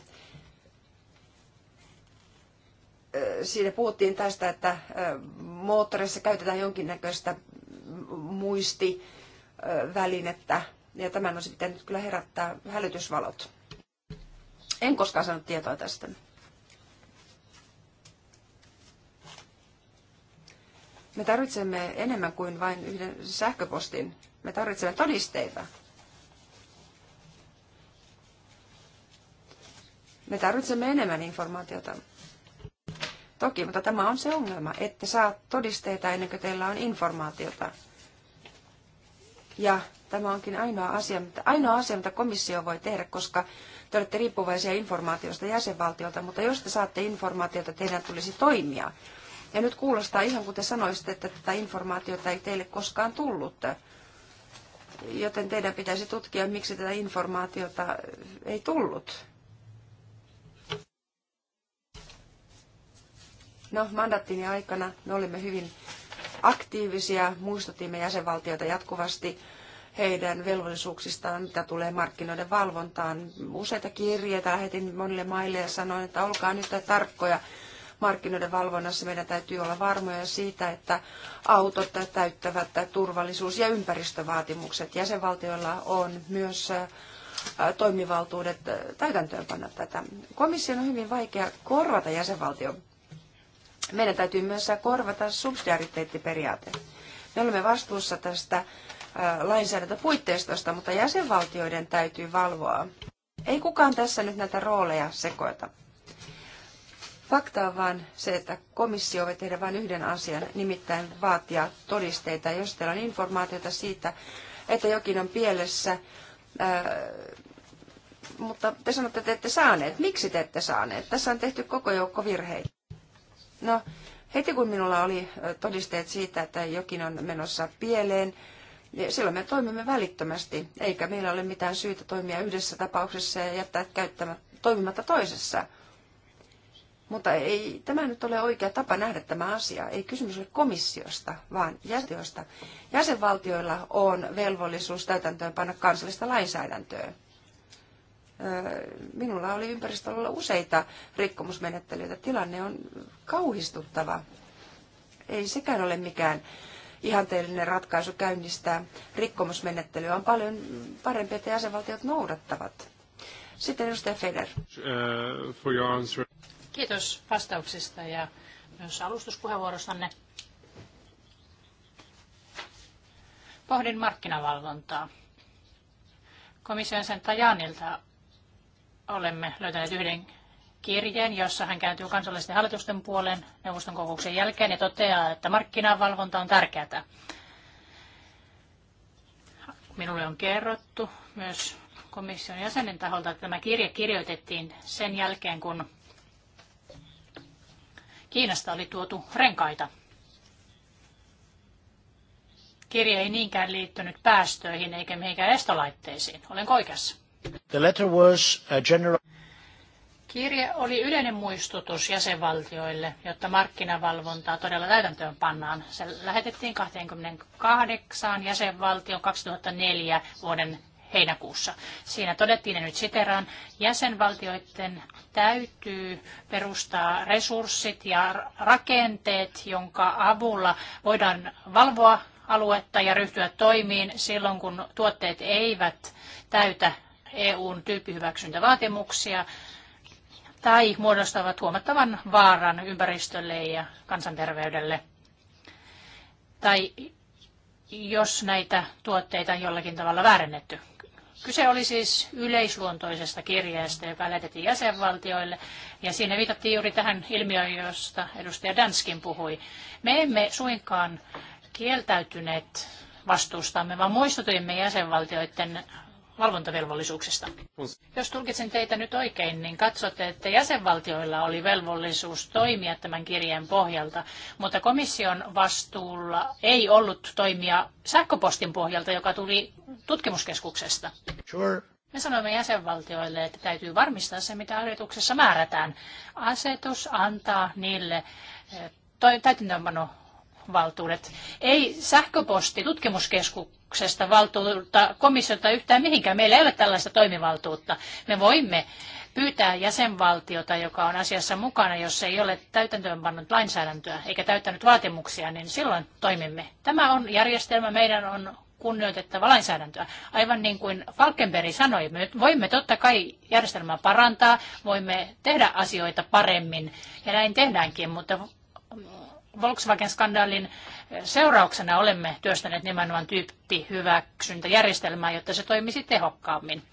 Siinä puhuttiin tästä, että moottorissa käytetään jonkinnäköistä muistivälinettä, ja tämän on sitten kyllä herättää hälytysvalot. En koskaan saanut tietoa tästä. Me tarvitsemme enemmän kuin vain yhden sähköpostin. Me tarvitsemme todisteita. Me tarvitsemme enemmän informaatiota. Toki, mutta tämä on se ongelma. että saa todisteita ennen kuin teillä on informaatiota. Ja tämä onkin ainoa asia, mitä, ainoa asia, mitä komissio voi tehdä, koska te olette riippuvaisia informaatiosta jäsenvaltiolta, mutta jos te saatte informaatiota, teidän tulisi toimia. Ja nyt kuulostaa ihan kuin te sanoisitte, että tätä informaatiota ei teille koskaan tullut. Joten teidän pitäisi tutkia, miksi tätä informaatiota ei tullut. No, mandattini aikana me olimme hyvin aktiivisia, muistutimme jäsenvaltioita jatkuvasti heidän velvollisuuksistaan, mitä tulee markkinoiden valvontaan. Useita kirjeitä lähetin monille maille ja sanoin, että olkaa nyt tarkkoja markkinoiden valvonnassa meidän täytyy olla varmoja siitä, että autot täyttävät turvallisuus- ja ympäristövaatimukset. Jäsenvaltioilla on myös toimivaltuudet täytäntöönpanna tätä. Komission on hyvin vaikea korvata jäsenvaltio. Meidän täytyy myös korvata subsidiariteettiperiaate. Me olemme vastuussa tästä lainsäädäntöpuitteistosta, mutta jäsenvaltioiden täytyy valvoa. Ei kukaan tässä nyt näitä rooleja sekoita. Fakta on vain se, että komissio voi tehdä vain yhden asian, nimittäin vaatia todisteita. Jos teillä on informaatiota siitä, että jokin on pielessä, ää, mutta te sanotte, että te ette saaneet. Miksi te ette saaneet? Tässä on tehty koko joukko virheitä. No, heti kun minulla oli todisteet siitä, että jokin on menossa pieleen, niin silloin me toimimme välittömästi, eikä meillä ole mitään syytä toimia yhdessä tapauksessa ja jättää käyttämättä, toimimatta toisessa. Mutta ei tämä nyt ole oikea tapa nähdä tämä asia. Ei kysymys ole komissiosta, vaan jäsenvaltioista. Jäsenvaltioilla on velvollisuus panna kansallista lainsäädäntöä. Minulla oli ympäristöllä useita rikkomusmenettelyitä. Tilanne on kauhistuttava. Ei sekään ole mikään ihanteellinen ratkaisu käynnistää rikkomusmenettelyä. On paljon parempi, että jäsenvaltiot noudattavat. Sitten edustaja Feder.
Uh,
Kiitos vastauksista ja myös alustuspuheenvuorostanne. Pohdin markkinavalvontaa. Komission sen Tajanilta olemme löytäneet yhden kirjeen, jossa hän kääntyy kansallisten hallitusten puoleen neuvoston kokouksen jälkeen ja toteaa, että markkinavalvonta on tärkeää. Minulle on kerrottu myös komission jäsenen taholta, että tämä kirje kirjoitettiin sen jälkeen, kun Kiinasta oli tuotu renkaita. Kirje ei niinkään liittynyt päästöihin eikä mihinkään estolaitteisiin. Olen oikeassa?
The letter was a uh, general...
Kirje oli yleinen muistutus jäsenvaltioille, jotta markkinavalvontaa todella täytäntöön pannaan. Se lähetettiin 28 jäsenvaltion 2004 vuoden heinäkuussa. Siinä todettiin, että nyt siteraan, jäsenvaltioiden täytyy perustaa resurssit ja rakenteet, jonka avulla voidaan valvoa aluetta ja ryhtyä toimiin silloin, kun tuotteet eivät täytä EUn tyyppihyväksyntävaatimuksia tai muodostavat huomattavan vaaran ympäristölle ja kansanterveydelle. Tai jos näitä tuotteita on jollakin tavalla väärennetty. Kyse oli siis yleisluontoisesta kirjeestä, joka lähetettiin jäsenvaltioille, ja siinä viitattiin juuri tähän ilmiöön, josta edustaja Danskin puhui. Me emme suinkaan kieltäytyneet vastuustamme, vaan muistutimme jäsenvaltioiden valvontavelvollisuuksista. Jos tulkitsen teitä nyt oikein, niin katsotte, että jäsenvaltioilla oli velvollisuus toimia tämän kirjeen pohjalta, mutta komission vastuulla ei ollut toimia sähköpostin pohjalta, joka tuli tutkimuskeskuksesta. Sure. Me sanoimme jäsenvaltioille, että täytyy varmistaa se, mitä asetuksessa määrätään. Asetus antaa niille eh, täytäntöönpano valtuudet. Ei sähköposti tutkimuskeskuksesta valtuutta komissiota yhtään mihinkään. Meillä ei ole tällaista toimivaltuutta. Me voimme pyytää jäsenvaltiota, joka on asiassa mukana, jos ei ole täytäntöönpannut lainsäädäntöä eikä täyttänyt vaatimuksia, niin silloin toimimme. Tämä on järjestelmä, meidän on kunnioitettava lainsäädäntöä. Aivan niin kuin Falkenberg sanoi, me voimme totta kai järjestelmää parantaa, voimme tehdä asioita paremmin ja näin tehdäänkin, mutta Volkswagen-skandaalin eh, seurauksena olemme työstäneet nimenomaan tyyppihyväksyntäjärjestelmää, jotta se toimisi tehokkaammin.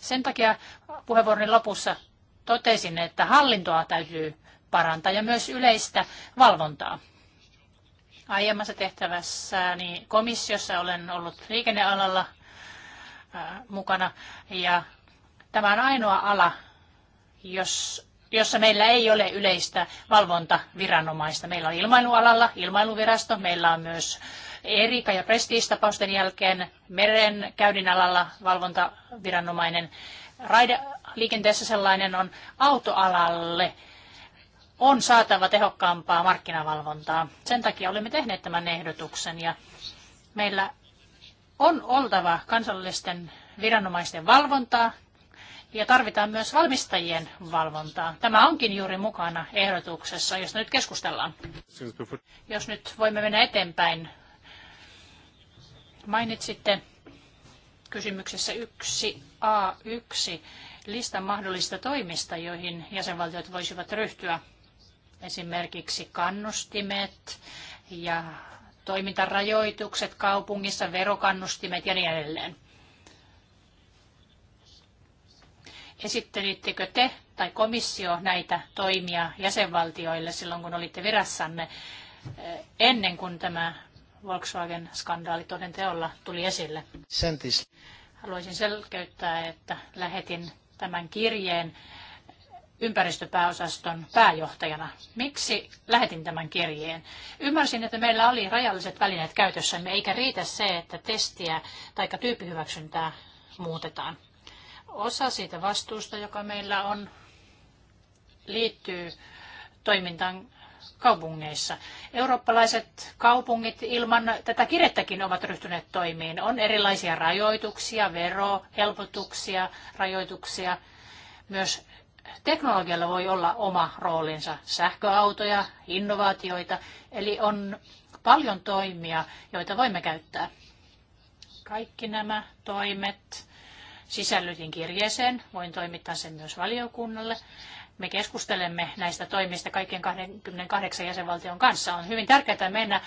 Sen takia puheenvuoron lopussa totesin, että hallintoa täytyy parantaa ja myös yleistä valvontaa. Aiemmassa tehtävässäni komissiossa olen ollut liikennealalla eh, mukana ja tämä on ainoa ala, jos jossa meillä ei ole yleistä valvontaviranomaista. Meillä on ilmailualalla ilmailuvirasto, meillä on myös Erika ja Prestige-tapausten jälkeen meren käydin alalla valvontaviranomainen. Raideliikenteessä sellainen on autoalalle on saatava tehokkaampaa markkinavalvontaa. Sen takia olemme tehneet tämän ehdotuksen ja meillä on oltava kansallisten viranomaisten valvontaa ja tarvitaan myös valmistajien valvontaa. Tämä onkin juuri mukana ehdotuksessa, josta nyt keskustellaan. Jos nyt voimme mennä eteenpäin. Mainitsitte kysymyksessä 1A1 listan mahdollisista toimista, joihin jäsenvaltiot voisivat ryhtyä. Esimerkiksi kannustimet ja toimintarajoitukset kaupungissa, verokannustimet ja niin edelleen. Esittelittekö te tai komissio näitä toimia jäsenvaltioille silloin, kun olitte virassanne eh, ennen kuin tämä Volkswagen-skandaali toden teolla tuli esille? Sentis. Haluaisin selkeyttää, että lähetin tämän kirjeen ympäristöpääosaston pääjohtajana. Miksi lähetin tämän kirjeen? Ymmärsin, että meillä oli rajalliset välineet käytössämme, eikä riitä se, että testiä tai tyyppihyväksyntää muutetaan. Osa siitä vastuusta, joka meillä on, liittyy toimintaan kaupungeissa. Eurooppalaiset kaupungit ilman tätä kirjettäkin ovat ryhtyneet toimiin. On erilaisia rajoituksia, verohelpotuksia, rajoituksia. Myös teknologialla voi olla oma roolinsa, sähköautoja, innovaatioita, eli on paljon toimia, joita voimme käyttää. Kaikki nämä toimet sisällytin kirjeeseen. Voin toimittaa sen myös valiokunnalle. Me keskustelemme näistä toimista kaikkien 28 jäsenvaltion kanssa. On hyvin tärkeää mennä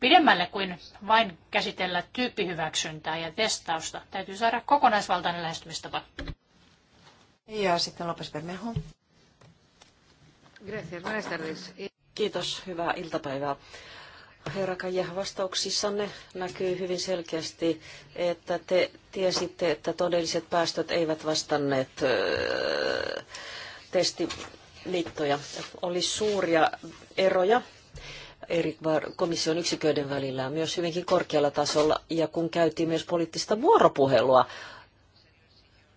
pidemmälle kuin vain käsitellä tyyppihyväksyntää ja testausta. Täytyy saada kokonaisvaltainen lähestymistapa.
Ja sitten Lopes Bermejo.
Kiitos, hyvää iltapäivää. Herra Kaja, vastauksissanne näkyy hyvin selkeästi, että te tiesitte, että todelliset päästöt eivät vastanneet testimittoja. Oli suuria eroja eri komission yksiköiden välillä myös hyvinkin korkealla tasolla. Ja kun käytiin myös poliittista vuoropuhelua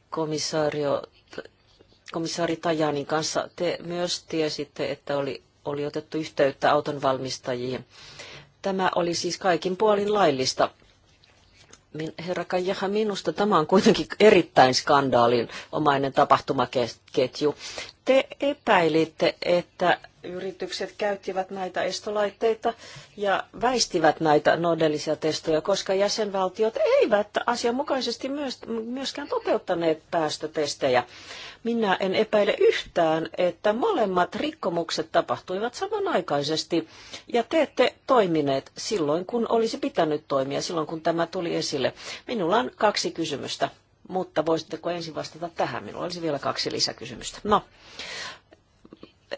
komissaario, komissaari Tajanin kanssa, te myös tiesitte, että oli, oli otettu yhteyttä auton valmistajiin Tämä oli siis kaikin puolin laillista. Herra Kajaha, minusta tämä on kuitenkin erittäin skandaalin omainen tapahtumaketju te epäilitte, että yritykset käyttivät näitä estolaitteita ja väistivät näitä nodellisia testoja, koska jäsenvaltiot eivät asianmukaisesti myöskään toteuttaneet päästötestejä. Minä en epäile yhtään, että molemmat rikkomukset tapahtuivat samanaikaisesti ja te ette toimineet silloin, kun olisi pitänyt toimia, silloin kun tämä tuli esille. Minulla on kaksi kysymystä mutta voisitteko ensin vastata tähän? Minulla olisi vielä kaksi lisäkysymystä. No,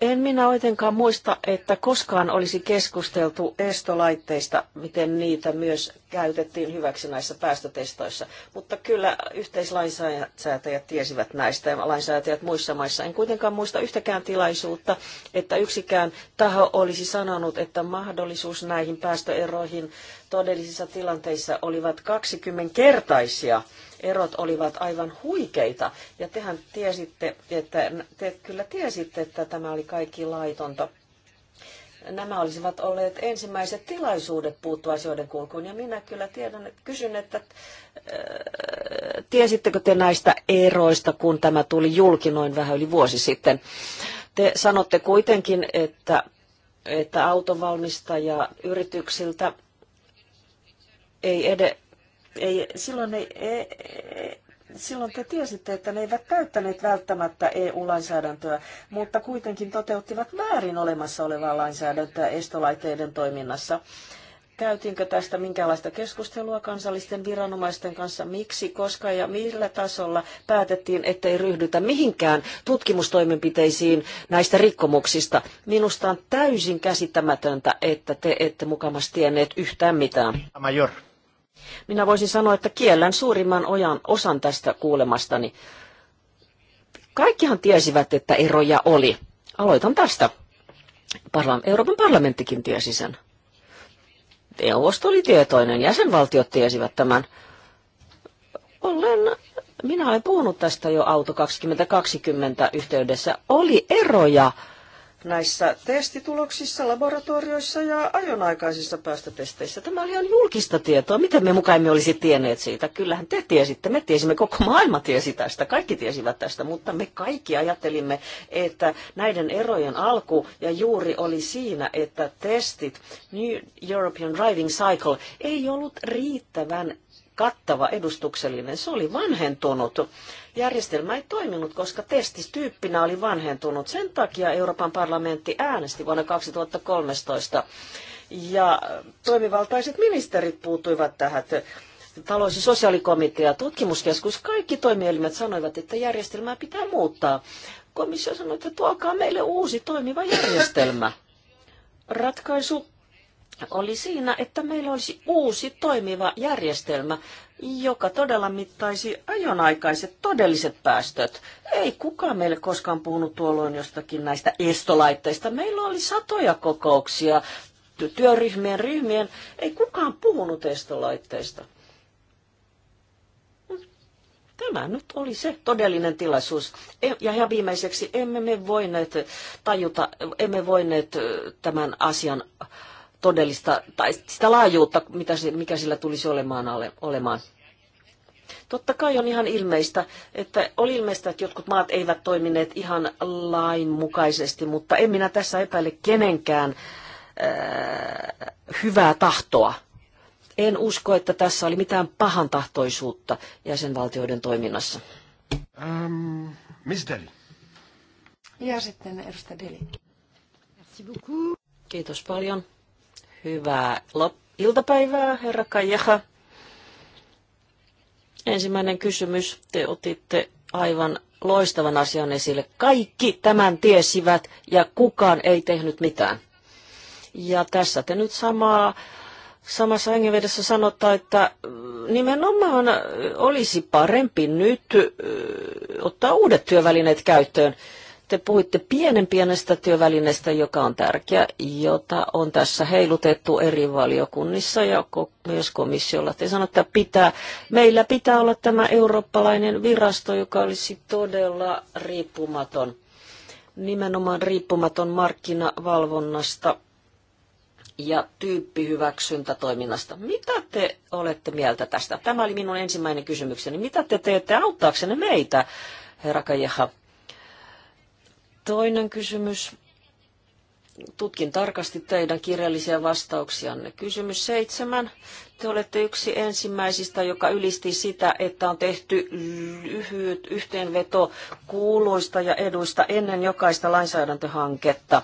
en minä oitenkaan muista, että koskaan olisi keskusteltu estolaitteista, miten niitä myös käytettiin hyväksi näissä päästötestoissa. Mutta kyllä yhteislainsäätäjät tiesivät näistä ja lainsäätäjät muissa maissa. En kuitenkaan muista yhtäkään tilaisuutta, että yksikään taho olisi sanonut, että mahdollisuus näihin päästöeroihin todellisissa tilanteissa olivat 20-kertaisia erot olivat aivan huikeita. Ja tehän tiesitte, että te kyllä tiesitte, että tämä oli kaikki laitonta. Nämä olisivat olleet ensimmäiset tilaisuudet puuttua asioiden kulkuun. Ja minä kyllä tiedän, kysyn, että äh, tiesittekö te näistä eroista, kun tämä tuli julki noin vähän yli vuosi sitten. Te sanotte kuitenkin, että, että autovalmistaja yrityksiltä ei ede, ei, silloin, ei, ei, e, silloin te tiesitte, että ne eivät täyttäneet välttämättä EU-lainsäädäntöä, mutta kuitenkin toteuttivat väärin olemassa olevaa lainsäädäntöä estolaitteiden toiminnassa. Käytiinkö tästä minkälaista keskustelua kansallisten viranomaisten kanssa, miksi, koska ja millä tasolla päätettiin, ettei ryhdytä mihinkään tutkimustoimenpiteisiin näistä rikkomuksista? Minusta on täysin käsittämätöntä, että te ette mukamassa tienneet yhtään mitään. Major. Minä voisin sanoa, että kiellän suurimman ojan, osan tästä kuulemastani. Kaikkihan tiesivät, että eroja oli. Aloitan tästä. Euroopan parlamenttikin tiesi sen. Neuvosto oli tietoinen, jäsenvaltiot tiesivät tämän. Olen, minä olen puhunut tästä jo Auto 2020 yhteydessä. Oli eroja näissä testituloksissa, laboratorioissa ja ajonaikaisissa päästötesteissä. Tämä on ihan julkista tietoa. Miten me mukaan emme olisi tienneet siitä? Kyllähän te tiesitte, me tiesimme, koko maailma tiesi tästä, kaikki tiesivät tästä, mutta me kaikki ajattelimme, että näiden erojen alku ja juuri oli siinä, että testit, New European Driving Cycle, ei ollut riittävän kattava edustuksellinen. Se oli vanhentunut. Järjestelmä ei toiminut, koska testityyppinä oli vanhentunut. Sen takia Euroopan parlamentti äänesti vuonna 2013. Ja toimivaltaiset ministerit puutuivat tähän talous- ja sosiaalikomitea, tutkimuskeskus, kaikki toimielimet sanoivat, että järjestelmää pitää muuttaa. Komissio sanoi, että tuokaa meille uusi toimiva järjestelmä. Ratkaisu oli siinä, että meillä olisi uusi toimiva järjestelmä, joka todella mittaisi ajonaikaiset todelliset päästöt. Ei kukaan meille koskaan puhunut tuolloin jostakin näistä estolaitteista. Meillä oli satoja kokouksia työryhmien ryhmien. Ei kukaan puhunut estolaitteista. Tämä nyt oli se todellinen tilaisuus. E- ja ihan viimeiseksi emme me voineet tajuta, emme voineet tämän asian todellista, tai sitä laajuutta, mitä se, mikä sillä tulisi olemaan. olemaan. Totta kai on ihan ilmeistä, että oli ilmeistä, että jotkut maat eivät toimineet ihan lainmukaisesti, mutta en minä tässä epäile kenenkään äh, hyvää tahtoa. En usko, että tässä oli mitään pahan tahtoisuutta jäsenvaltioiden toiminnassa. Ähm, Miss Deli.
Ja sitten edustaja Deli.
Kiitos paljon. Hyvää iltapäivää, herra Kajaha. Ensimmäinen kysymys. Te otitte aivan loistavan asian esille. Kaikki tämän tiesivät ja kukaan ei tehnyt mitään. Ja tässä te nyt samaa, samassa hengenvedessä sanotaan, että mm, nimenomaan olisi parempi nyt mm, ottaa uudet työvälineet käyttöön te puhuitte pienen pienestä työvälineestä, joka on tärkeä, jota on tässä heilutettu eri valiokunnissa ja myös komissiolla. Te sanotte, että pitää, meillä pitää olla tämä eurooppalainen virasto, joka olisi todella riippumaton, nimenomaan riippumaton markkinavalvonnasta ja tyyppihyväksyntätoiminnasta. Mitä te olette mieltä tästä? Tämä oli minun ensimmäinen kysymykseni. Mitä te teette auttaaksenne meitä, herra Kajeha? Toinen kysymys. Tutkin tarkasti teidän kirjallisia vastauksianne. Kysymys seitsemän. Te olette yksi ensimmäisistä, joka ylisti sitä, että on tehty lyhyt yhteenveto kuuluista ja eduista ennen jokaista lainsäädäntöhanketta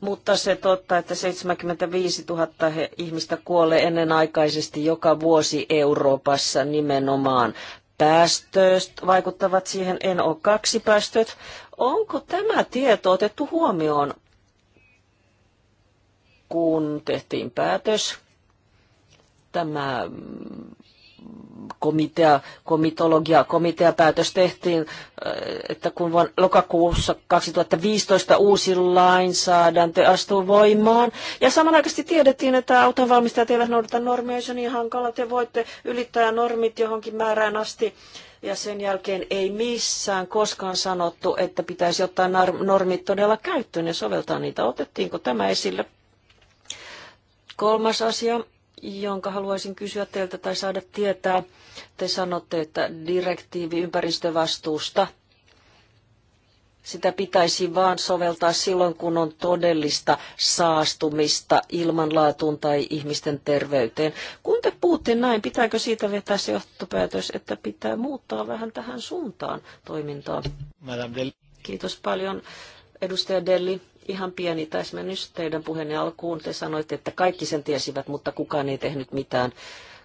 mutta se totta, että 75 000 ihmistä kuolee ennenaikaisesti joka vuosi Euroopassa nimenomaan päästöistä, vaikuttavat siihen NO2-päästöt, Onko tämä tieto otettu huomioon, kun tehtiin päätös? Tämä mm, komitea, komitologia, komiteapäätös tehtiin, äh, että kun vuonna, lokakuussa 2015 uusi lainsäädäntö astuu voimaan. Ja samanaikaisesti tiedettiin, että autonvalmistajat eivät noudata normeja, jos on niin hankala, te voitte ylittää normit johonkin määrään asti. Ja sen jälkeen ei missään koskaan sanottu, että pitäisi ottaa normit todella käyttöön ja soveltaa niitä. Otettiinko tämä esille? Kolmas asia, jonka haluaisin kysyä teiltä tai saada tietää. Te sanotte, että direktiivi ympäristövastuusta sitä pitäisi vaan soveltaa silloin, kun on todellista saastumista ilmanlaatuun tai ihmisten terveyteen. Kun te puhutte näin, pitääkö siitä vetää se johtopäätös, että pitää muuttaa vähän tähän suuntaan toimintaa? Kiitos paljon, edustaja Delli. Ihan pieni täsmennys teidän puheenne alkuun. Te sanoitte, että kaikki sen tiesivät, mutta kukaan ei tehnyt mitään.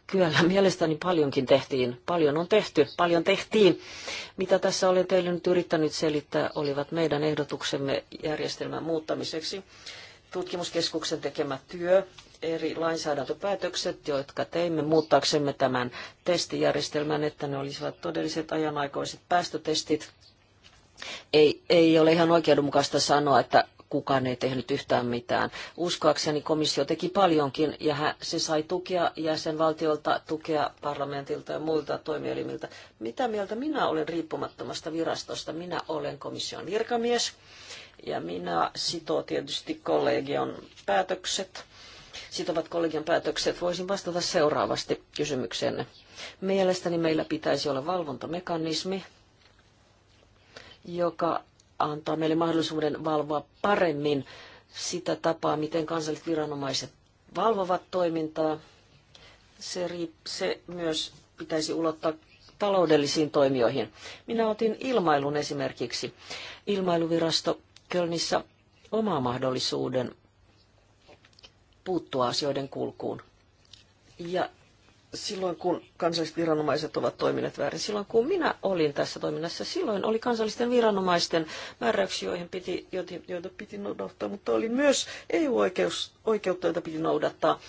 Kyllä, <laughs> mielestäni paljonkin tehtiin. Paljon on tehty, paljon tehtiin. Mitä tässä olen teille nyt yrittänyt selittää, olivat meidän ehdotuksemme järjestelmän muuttamiseksi. Tutkimuskeskuksen tekemä työ, eri lainsäädäntöpäätökset, jotka teimme muuttaaksemme tämän testijärjestelmän, että ne olisivat todelliset ajanaikoiset päästötestit. Ei, ei ole ihan oikeudenmukaista sanoa, että kukaan ei tehnyt yhtään mitään. Uskoakseni komissio teki paljonkin ja se sai tukea jäsenvaltiolta, tukea parlamentilta ja muilta toimielimiltä. Mitä mieltä minä olen riippumattomasta virastosta? Minä olen komission virkamies ja minä sitoo tietysti kollegion päätökset sitovat kollegian päätökset, voisin vastata seuraavasti kysymykseenne. Mielestäni meillä pitäisi olla valvontamekanismi, joka antaa meille mahdollisuuden valvoa paremmin sitä tapaa, miten kansalliset viranomaiset valvovat toimintaa. Se, se myös pitäisi ulottaa taloudellisiin toimijoihin. Minä otin ilmailun esimerkiksi. Ilmailuvirasto Kölnissä omaa mahdollisuuden puuttua asioiden kulkuun. Ja silloin, kun kansalliset viranomaiset ovat toimineet väärin. Silloin, kun minä olin tässä toiminnassa, silloin oli kansallisten viranomaisten määräyksiä, joihin piti, joita piti noudattaa, mutta oli myös e EU-oikeutta, joita piti noudattaa.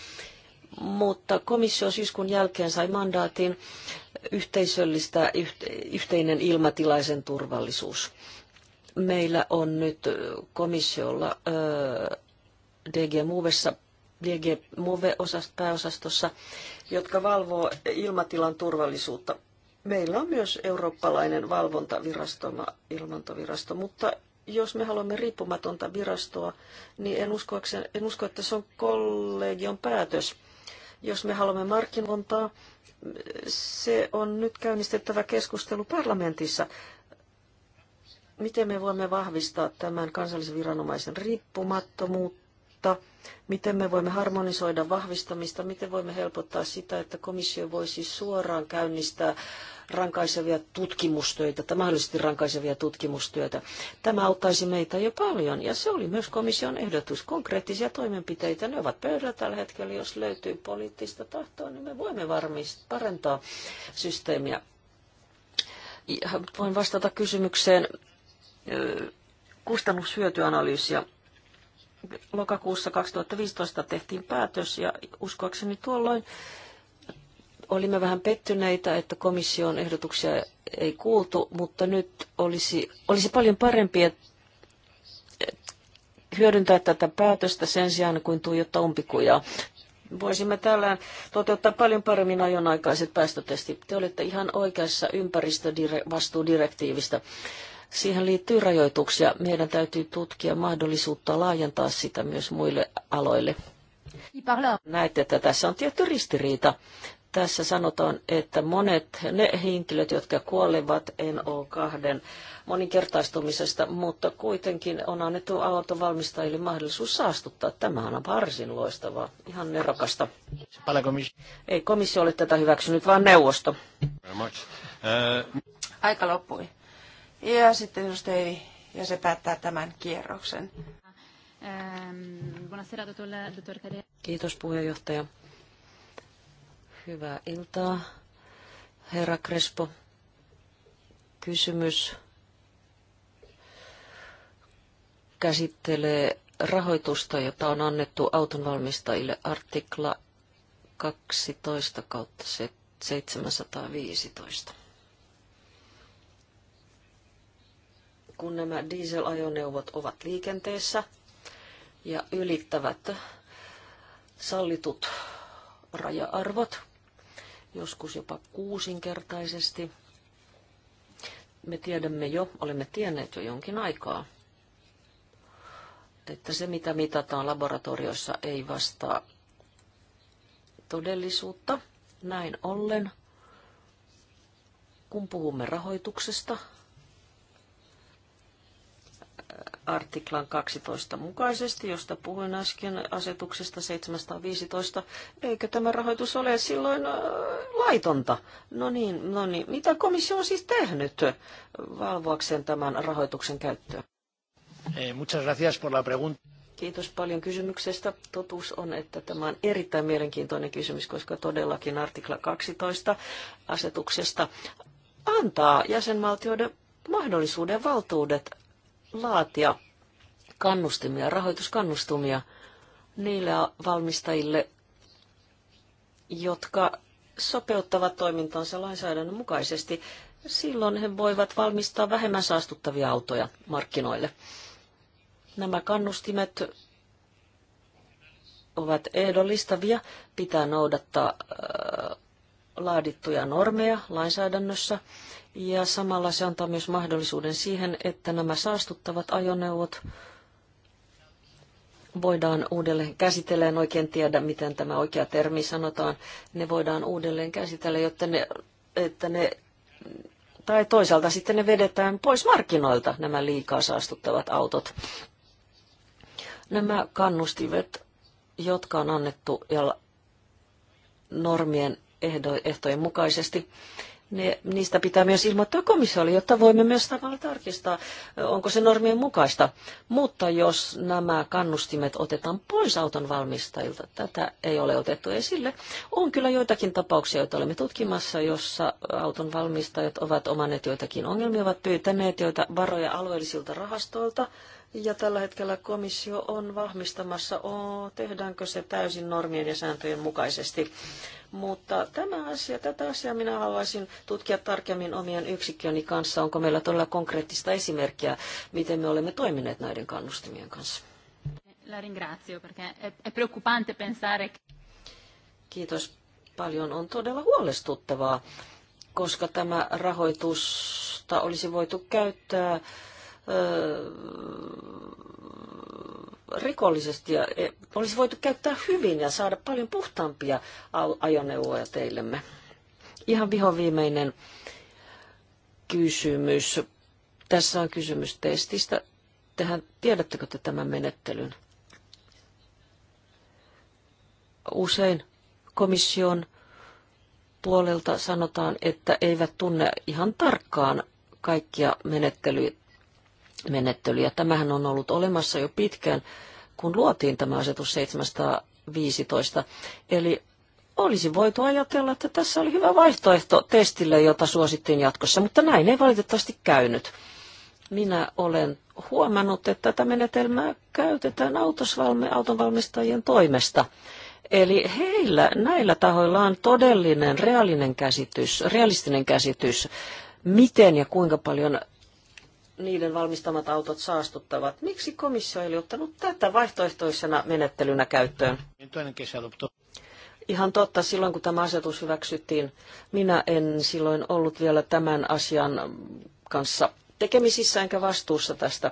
Mutta komissio syyskuun jälkeen sai mandaatin yhteisöllistä yhteinen ilmatilaisen turvallisuus. Meillä on nyt komissiolla DG Movessa DG Move-pääosastossa, jotka valvoo ilmatilan turvallisuutta. Meillä on myös eurooppalainen valvontavirasto, ilmantovirasto, mutta jos me haluamme riippumatonta virastoa, niin en usko, en usko että se on kollegion päätös. Jos me haluamme markkinvontaa, se on nyt käynnistettävä keskustelu parlamentissa. Miten me voimme vahvistaa tämän kansallisen viranomaisen riippumattomuutta? Miten me voimme harmonisoida vahvistamista, miten voimme helpottaa sitä, että komissio voisi suoraan käynnistää rankaisevia tutkimustöitä tai mahdollisesti rankaisevia tutkimustyötä. Tämä auttaisi meitä jo paljon ja se oli myös komission ehdotus. Konkreettisia toimenpiteitä, ne ovat pöydällä tällä hetkellä, jos löytyy poliittista tahtoa, niin me voimme varmistaa, parantaa systeemiä. Ja voin vastata kysymykseen kustannushyötyanalyysiä lokakuussa 2015 tehtiin päätös ja uskoakseni tuolloin olimme vähän pettyneitä, että komission ehdotuksia ei kuultu, mutta nyt olisi, olisi paljon parempi hyödyntää tätä päätöstä sen sijaan kuin tuijottaa umpikujaa. Voisimme tällä toteuttaa paljon paremmin ajonaikaiset päästötestit. Te olette ihan oikeassa ympäristövastuudirektiivistä. Ympäristödire- Siihen liittyy rajoituksia. Meidän täytyy tutkia mahdollisuutta laajentaa sitä myös muille aloille. Näette, että tässä on tietty ristiriita. Tässä sanotaan, että monet ne henkilöt, jotka kuolevat NO2 moninkertaistumisesta, mutta kuitenkin on annettu autovalmistajille mahdollisuus saastuttaa. Tämä on varsin loistavaa, ihan nerokasta. Ei komissio ole tätä hyväksynyt, vaan neuvosto.
Uh,
Aika loppui.
Ja sitten just Eivi, ja se päättää tämän kierroksen.
Ähm,
Kiitos puheenjohtaja. Hyvää iltaa. Herra Crespo, kysymys käsittelee rahoitusta, jota on annettu autonvalmistajille artikla 12 kautta 715. kun nämä dieselajoneuvot ovat liikenteessä ja ylittävät sallitut raja-arvot, joskus jopa kuusinkertaisesti. Me tiedämme jo, olemme tienneet jo jonkin aikaa, että se mitä mitataan laboratorioissa, ei vastaa todellisuutta. Näin ollen, kun puhumme rahoituksesta, artiklan 12 mukaisesti, josta puhuin äsken asetuksesta 715. Eikö tämä rahoitus ole silloin äh, laitonta? No niin, no niin. Mitä komissio on siis tehnyt valvoakseen tämän rahoituksen käyttöä? Eh, muchas gracias por la pregunta. Kiitos paljon kysymyksestä. Totuus on, että tämä on erittäin mielenkiintoinen kysymys, koska todellakin artikla 12 asetuksesta antaa jäsenvaltioiden mahdollisuuden valtuudet laatia kannustimia, rahoituskannustumia niille valmistajille, jotka sopeuttavat toimintansa lainsäädännön mukaisesti. Silloin he voivat valmistaa vähemmän saastuttavia autoja markkinoille. Nämä kannustimet ovat ehdollistavia, pitää noudattaa äh, laadittuja normeja lainsäädännössä ja samalla se antaa myös mahdollisuuden siihen, että nämä saastuttavat ajoneuvot voidaan uudelleen käsitellä. En oikein tiedä, miten tämä oikea termi sanotaan. Ne voidaan uudelleen käsitellä, jotta ne, että ne tai toisaalta sitten ne vedetään pois markkinoilta, nämä liikaa saastuttavat autot. Nämä kannustivet, jotka on annettu ja normien ehtojen mukaisesti, ne, niistä pitää myös ilmoittaa komissiolle, jotta voimme myös tavalla tarkistaa, onko se normien mukaista. Mutta jos nämä kannustimet otetaan pois auton valmistajilta, tätä ei ole otettu esille. On kyllä joitakin tapauksia, joita olemme tutkimassa, jossa auton valmistajat ovat omanneet joitakin ongelmia, ovat pyytäneet joita varoja alueellisilta rahastoilta, ja tällä hetkellä komissio on vahvistamassa, oo, tehdäänkö se täysin normien ja sääntöjen mukaisesti. Mutta tämä asia, tätä asiaa minä haluaisin tutkia tarkemmin omien yksikköni kanssa. Onko meillä todella konkreettista esimerkkiä, miten me olemme toimineet näiden kannustimien kanssa?
La ringrazio perché è preoccupante pensare
Kiitos paljon. On todella huolestuttavaa, koska tämä rahoitusta olisi voitu käyttää rikollisesti ja e, olisi voitu käyttää hyvin ja saada paljon puhtaampia ajoneuvoja teillemme. Ihan vihoviimeinen kysymys. Tässä on kysymys testistä. Tehän tiedättekö te tämän menettelyn? Usein komission puolelta sanotaan, että eivät tunne ihan tarkkaan kaikkia menettelyitä ja Tämähän on ollut olemassa jo pitkään, kun luotiin tämä asetus 715. Eli olisi voitu ajatella, että tässä oli hyvä vaihtoehto testille, jota suosittiin jatkossa, mutta näin ei valitettavasti käynyt. Minä olen huomannut, että tätä menetelmää käytetään autonvalmistajien toimesta. Eli heillä, näillä tahoilla on todellinen, reaalinen käsitys, realistinen käsitys, miten ja kuinka paljon niiden valmistamat autot saastuttavat. Miksi komissio ei ottanut tätä vaihtoehtoisena menettelynä käyttöön? Ihan totta, silloin kun tämä asetus hyväksyttiin, minä en silloin ollut vielä tämän asian kanssa tekemisissä enkä vastuussa tästä.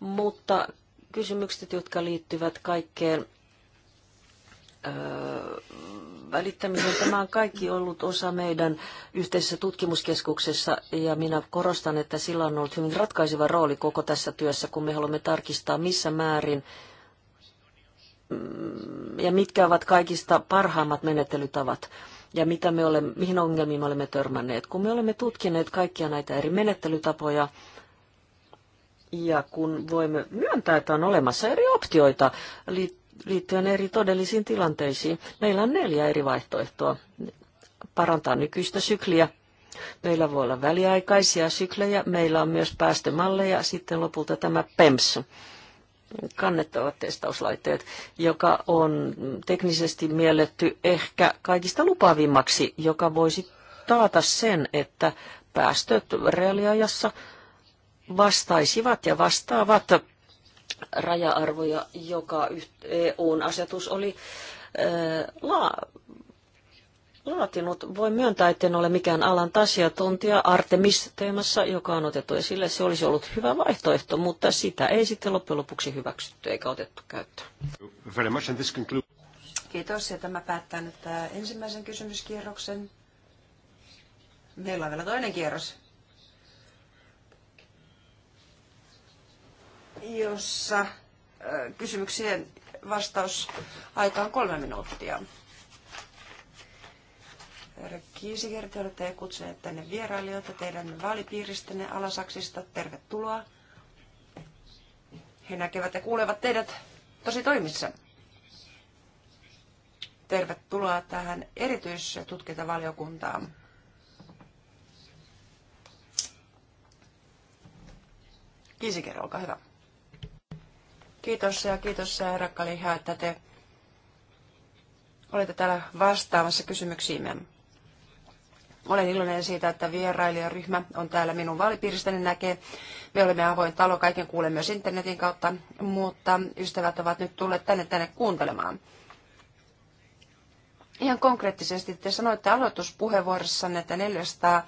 Mutta kysymykset, jotka liittyvät kaikkeen öö, välittämisen. Tämä on kaikki ollut osa meidän yhteisessä tutkimuskeskuksessa ja minä korostan, että sillä on ollut hyvin ratkaiseva rooli koko tässä työssä, kun me haluamme tarkistaa missä määrin mm, ja mitkä ovat kaikista parhaimmat menettelytavat ja mitä me olemme, mihin ongelmiin me olemme törmänneet. Kun me olemme tutkineet kaikkia näitä eri menettelytapoja, ja kun voimme myöntää, että on olemassa eri optioita liittyen eri todellisiin tilanteisiin. Meillä on neljä eri vaihtoehtoa parantaa nykyistä sykliä. Meillä voi olla väliaikaisia syklejä, meillä on myös päästömalleja, sitten lopulta tämä PEMS, kannettavat testauslaitteet, joka on teknisesti mielletty ehkä kaikista lupaavimmaksi, joka voisi taata sen, että päästöt reaaliajassa vastaisivat ja vastaavat raja-arvoja, joka EUn asetus oli laatinut. Voin myöntää, etten ole mikään alan asiantuntija Artemis-teemassa, joka on otettu esille. Se olisi ollut hyvä vaihtoehto, mutta sitä ei sitten loppujen lopuksi hyväksytty eikä otettu käyttöön.
Kiitos. Ja tämä päättää nyt tämä äh, ensimmäisen kysymyskierroksen. Meillä on vielä toinen kierros. jossa kysymyksien vastaus aikaan kolme minuuttia. Kiisi te olette kutsuneet tänne vierailijoita teidän vaalipiiristänne Alasaksista. Tervetuloa. He näkevät ja kuulevat teidät tosi toimissa. Tervetuloa tähän erityistutkintavaliokuntaan. Kiisiker, olkaa hyvä. Kiitos ja kiitos äh, herra Kaliha, että te olette täällä vastaamassa kysymyksiimme. Olen iloinen siitä, että vierailijaryhmä on täällä minun vaalipiiristäni näkee. Me olemme avoin talo, kaiken kuulemme myös internetin kautta, mutta ystävät ovat nyt tulleet tänne tänne kuuntelemaan. Ihan konkreettisesti te sanoitte aloituspuheenvuorossanne, että 400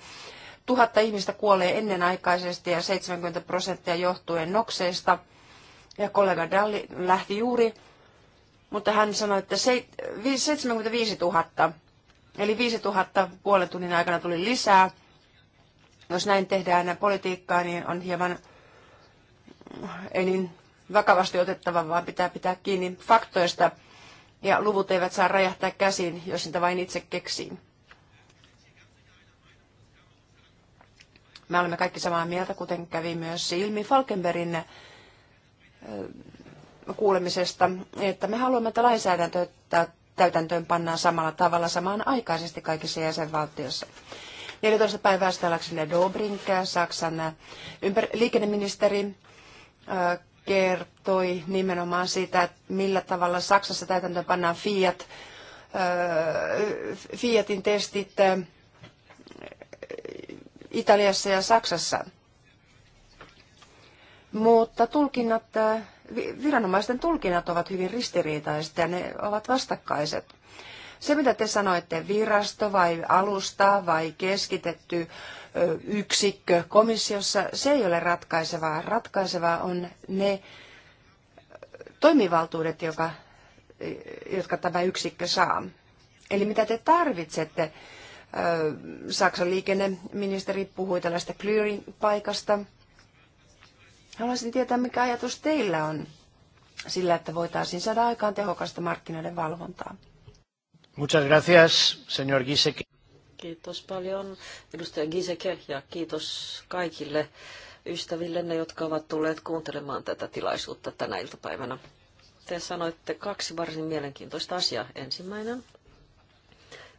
000 ihmistä kuolee ennenaikaisesti ja 70 prosenttia johtuen nokseista – ja kollega Dalli lähti juuri, mutta hän sanoi, että 75 000, eli 5 000 puolen tunnin aikana tuli lisää. Jos näin tehdään politiikkaa, niin on hieman mm, ei niin vakavasti otettava, vaan pitää pitää kiinni faktoista. Ja luvut eivät saa räjähtää käsiin, jos niitä vain itse keksii. Me olemme kaikki samaa mieltä, kuten kävi myös ilmi Falkenbergin kuulemisesta, että me haluamme, että lainsäädäntö täytäntöön pannaan samalla tavalla samaan aikaisesti kaikissa jäsenvaltioissa. 14. päivää Stalaksille Dobrink, Saksan ympär- liikenneministeri, kertoi nimenomaan siitä, että millä tavalla Saksassa täytäntöön pannaan Fiat, Fiatin testit Italiassa ja Saksassa. Mutta tulkinnat, viranomaisten tulkinnat ovat hyvin ristiriitaiset ja ne ovat vastakkaiset. Se, mitä te sanoitte, virasto vai alusta vai keskitetty yksikkö komissiossa, se ei ole ratkaisevaa. Ratkaisevaa on ne toimivaltuudet, joka, jotka tämä yksikkö saa. Eli mitä te tarvitsette? Saksan liikenneministeri puhui tällaista clearing-paikasta – Haluaisin tietää, mikä ajatus teillä on sillä, että voitaisiin saada
aikaan tehokasta markkinoiden valvontaa.
Muchas gracias, señor Gisek.
Kiitos paljon edustaja Giseke ja kiitos kaikille ystävillenne, jotka ovat tulleet kuuntelemaan tätä tilaisuutta tänä iltapäivänä. Te sanoitte kaksi varsin mielenkiintoista asiaa. Ensimmäinen,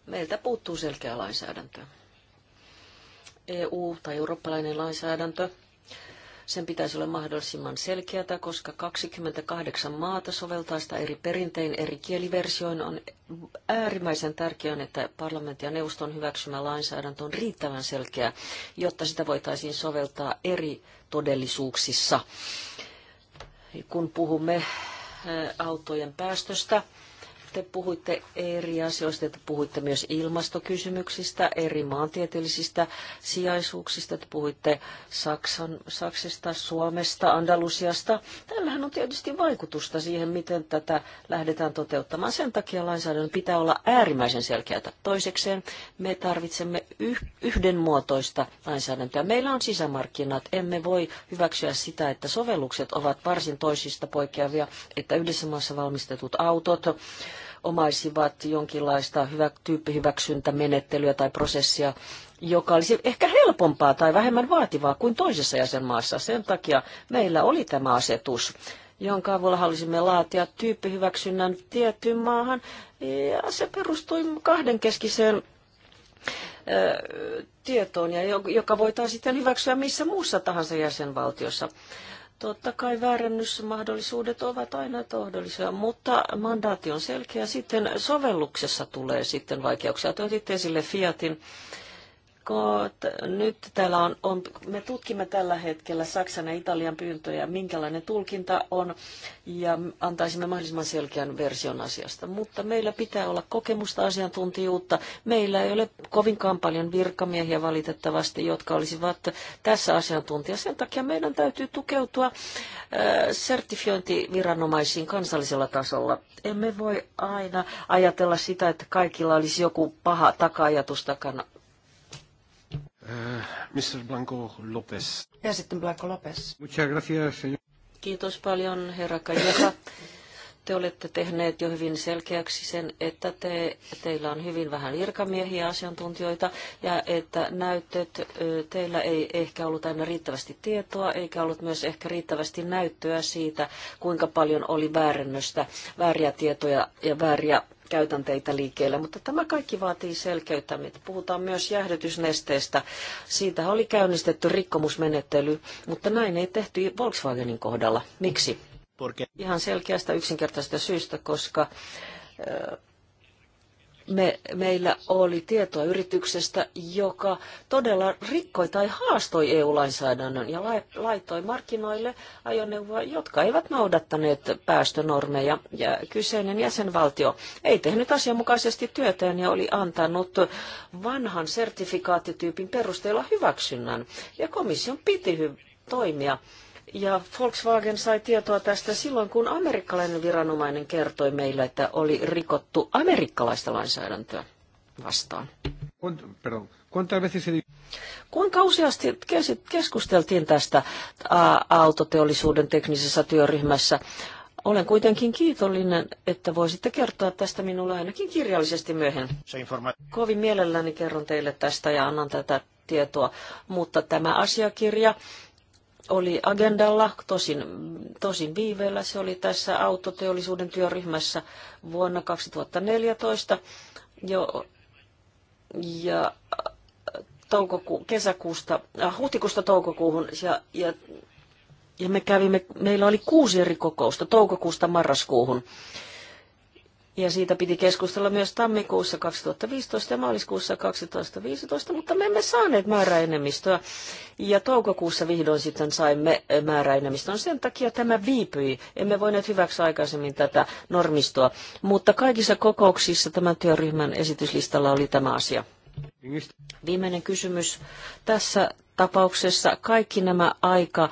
meiltä puuttuu selkeä lainsäädäntö. EU tai eurooppalainen lainsäädäntö, sen pitäisi olla mahdollisimman selkeätä, koska 28 maata soveltaa sitä eri perintein, eri kieliversioin. On äärimmäisen tärkeää, että parlamentin ja neuvoston hyväksymä lainsäädäntö on riittävän selkeä, jotta sitä voitaisiin soveltaa eri todellisuuksissa. Kun puhumme autojen päästöstä, te puhuitte eri asioista, te puhuitte myös ilmastokysymyksistä, eri maantieteellisistä sijaisuuksista, te puhuitte Saksan, Saksasta, Suomesta, Andalusiasta. Tällähän on tietysti vaikutusta siihen, miten tätä lähdetään toteuttamaan. Sen takia lainsäädännön pitää olla äärimmäisen selkeää. Toisekseen me tarvitsemme yhdenmuotoista lainsäädäntöä. Meillä on sisämarkkinat, emme voi hyväksyä sitä, että sovellukset ovat varsin toisista poikkeavia, että yhdessä maassa valmistetut autot, omaisivat jonkinlaista hyvä, tyyppihyväksyntämenettelyä tai prosessia, joka olisi ehkä helpompaa tai vähemmän vaativaa kuin toisessa jäsenmaassa. Sen takia meillä oli tämä asetus, jonka avulla halusimme laatia tyyppihyväksynnän tiettyyn maahan. Ja se perustui kahdenkeskiseen tietoon, ja joka voitaisiin sitten hyväksyä missä muussa tahansa jäsenvaltiossa. Totta kai väärennysmahdollisuudet ovat aina tohdollisia, mutta mandaatti on selkeä. Sitten sovelluksessa tulee sitten vaikeuksia. Tuotitte esille Fiatin nyt täällä on, on, me tutkimme tällä hetkellä Saksan ja Italian pyyntöjä, minkälainen tulkinta on, ja antaisimme mahdollisimman selkeän version asiasta. Mutta meillä pitää olla kokemusta, asiantuntijuutta. Meillä ei ole kovinkaan paljon virkamiehiä valitettavasti, jotka olisivat tässä asiantuntija. Sen takia meidän täytyy tukeutua sertifiointiviranomaisiin kansallisella tasolla. Emme voi aina ajatella sitä, että kaikilla olisi joku paha taka-ajatus takana
Eh, Mr. Blanco Lopez.
Ja sitten Blanco Lopez.
Muchas gracias, señor.
Kiitos paljon, herra te olette tehneet jo hyvin selkeäksi sen, että te, teillä on hyvin vähän virkamiehiä, asiantuntijoita ja että näytöt, teillä ei ehkä ollut aina riittävästi tietoa eikä ollut myös ehkä riittävästi näyttöä siitä, kuinka paljon oli väärennöstä, vääriä tietoja ja vääriä käytänteitä liikkeellä, mutta tämä kaikki vaatii selkeyttä. Puhutaan myös jäähdytysnesteestä. Siitä oli käynnistetty rikkomusmenettely, mutta näin ei tehty Volkswagenin kohdalla. Miksi? Ihan selkeästä yksinkertaisesta syystä, koska me, meillä oli tietoa yrityksestä, joka todella rikkoi tai haastoi EU-lainsäädännön ja laittoi markkinoille ajoneuvoja, jotka eivät noudattaneet päästönormeja. Ja kyseinen jäsenvaltio ei tehnyt asianmukaisesti työtään ja oli antanut vanhan sertifikaattityypin perusteella hyväksynnän. Ja komission piti toimia ja Volkswagen sai tietoa tästä silloin, kun amerikkalainen viranomainen kertoi meille, että oli rikottu amerikkalaista lainsäädäntöä vastaan. Kuinka useasti keskusteltiin tästä autoteollisuuden teknisessä työryhmässä? Olen kuitenkin kiitollinen, että voisitte kertoa tästä minulle ainakin kirjallisesti myöhemmin. Kovin mielelläni kerron teille tästä ja annan tätä tietoa, mutta tämä asiakirja oli agendalla, tosin, tosin viiveellä. Se oli tässä autoteollisuuden työryhmässä vuonna 2014 jo, ja toukoku, kesäkuusta, äh, huhtikuusta toukokuuhun ja, ja, ja me kävimme, meillä oli kuusi eri kokousta toukokuusta marraskuuhun. Ja siitä piti keskustella myös tammikuussa 2015 ja maaliskuussa 2015, mutta me emme saaneet määräenemmistöä. Ja toukokuussa vihdoin sitten saimme määräenemmistön. Sen takia tämä viipyi. Emme voineet hyväksyä aikaisemmin tätä normistoa. Mutta kaikissa kokouksissa tämän työryhmän esityslistalla oli tämä asia. Viimeinen kysymys. Tässä tapauksessa kaikki nämä aika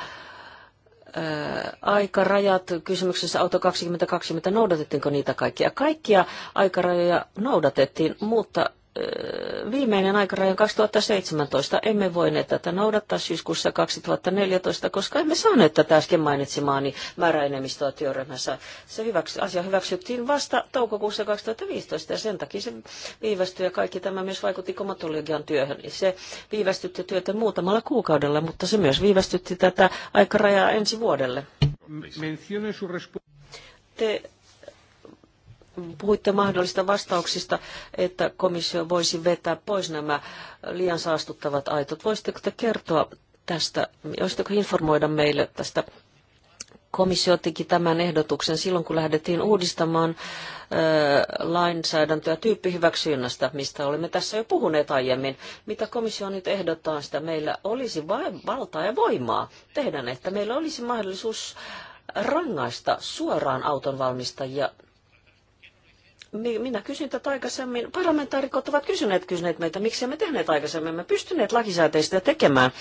aikarajat kysymyksessä auto 2020, noudatettiinko niitä kaikkia? Kaikkia aikarajoja noudatettiin, mutta viimeinen aikaraja 2017. Emme voineet tätä noudattaa syyskuussa 2014, koska emme saaneet tätä äsken mainitsemaani määräenemmistöä työryhmässä. Se hyväksy, asia hyväksyttiin vasta toukokuussa 2015 ja sen takia se viivästyi ja kaikki tämä myös vaikutti komatologian työhön. Se viivästytti työtä muutamalla kuukaudella, mutta se myös viivästytti tätä aikarajaa ensi vuodelle. Te Puhuitte mahdollista vastauksista, että komissio voisi vetää pois nämä liian saastuttavat aitot. Voisitteko te kertoa tästä, voisitteko informoida meille tästä komissio teki tämän ehdotuksen silloin, kun lähdettiin uudistamaan ö, lainsäädäntöä tyyppihyväksynnästä, mistä olemme tässä jo puhuneet aiemmin. Mitä komissio nyt ehdottaa, että meillä olisi valtaa ja voimaa tehdä, että meillä olisi mahdollisuus rangaista suoraan autonvalmistajia niin, minä kysyin tätä aikaisemmin. Parlamentaarikot ovat kysyneet, kysyneet meitä, miksi emme tehneet aikaisemmin. Me pystyneet lakisääteistä tekemään.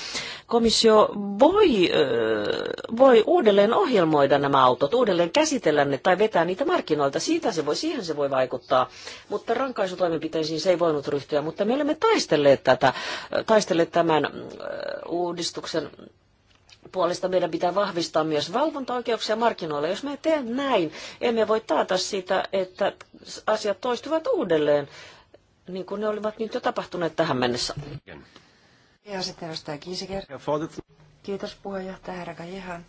Komissio voi, voi uudelleen ohjelmoida nämä autot, uudelleen käsitellä ne tai vetää niitä markkinoilta. Siitä se voi, siihen se voi vaikuttaa. Mutta rankaisutoimenpiteisiin se ei voinut ryhtyä. Mutta me olemme taistelleet, tätä, taistelleet tämän uudistuksen puolesta meidän pitää vahvistaa myös valvontaoikeuksia markkinoilla. Jos me teemme näin, emme voi taata sitä, että asiat toistuvat uudelleen, niin kuin ne olivat nyt jo tapahtuneet tähän mennessä.
Ja sitten edustaja Kiisiker. Kiitos puheenjohtaja herra Kajehan.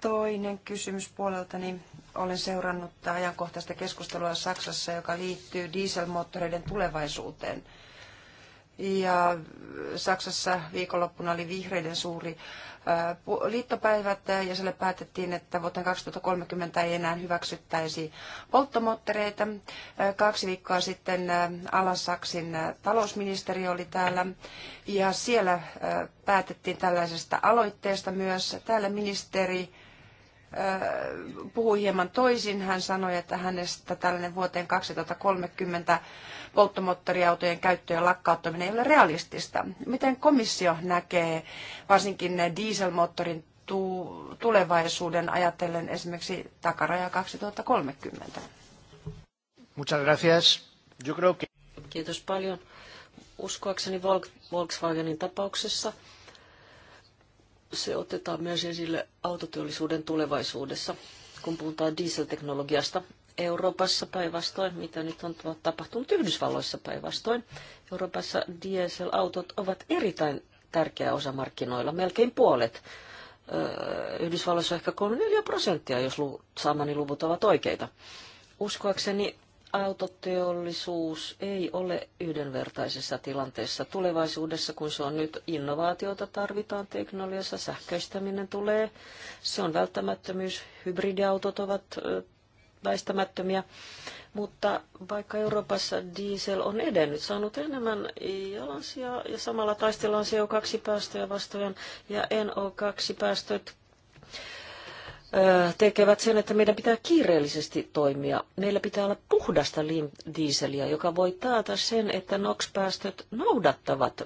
Toinen kysymys puolelta, niin olen seurannut ajankohtaista keskustelua Saksassa, joka liittyy dieselmoottoreiden tulevaisuuteen – ja Saksassa viikonloppuna oli vihreiden suuri liittopäivät ja sille päätettiin, että vuoteen 2030 ei enää hyväksyttäisi polttomoottoreita. Kaksi viikkoa sitten Alasaksin talousministeri oli täällä ja siellä päätettiin tällaisesta aloitteesta myös. Täällä ministeri puhui hieman toisin. Hän sanoi, että hänestä tällainen vuoteen 2030 polttomoottoriautojen käyttöön lakkauttaminen ei ole realistista. Miten komissio näkee varsinkin dieselmoottorin tulevaisuuden ajatellen esimerkiksi takaraja
2030?
Muchas gracias.
Yo creo que... Kiitos paljon. Uskoakseni Volkswagenin tapauksessa se otetaan myös esille autoteollisuuden tulevaisuudessa, kun puhutaan dieselteknologiasta Euroopassa päinvastoin, mitä nyt on tapahtunut Yhdysvalloissa päinvastoin. Euroopassa dieselautot ovat erittäin tärkeä osa markkinoilla, melkein puolet. Öö, Yhdysvalloissa ehkä 34 prosenttia, jos saamani luvut ovat oikeita. Uskoakseni autoteollisuus ei ole yhdenvertaisessa tilanteessa tulevaisuudessa, kun se on nyt. Innovaatiota tarvitaan teknologiassa, sähköistäminen tulee, se on välttämättömyys, hybridiautot ovat väistämättömiä, mutta vaikka Euroopassa diesel on edennyt, saanut enemmän jalansia ja samalla taistellaan CO2-päästöjä vastaan ja NO2-päästöt tekevät sen, että meidän pitää kiireellisesti toimia. Meillä pitää olla puhdasta dieseliä, joka voi taata sen, että NOx-päästöt noudattavat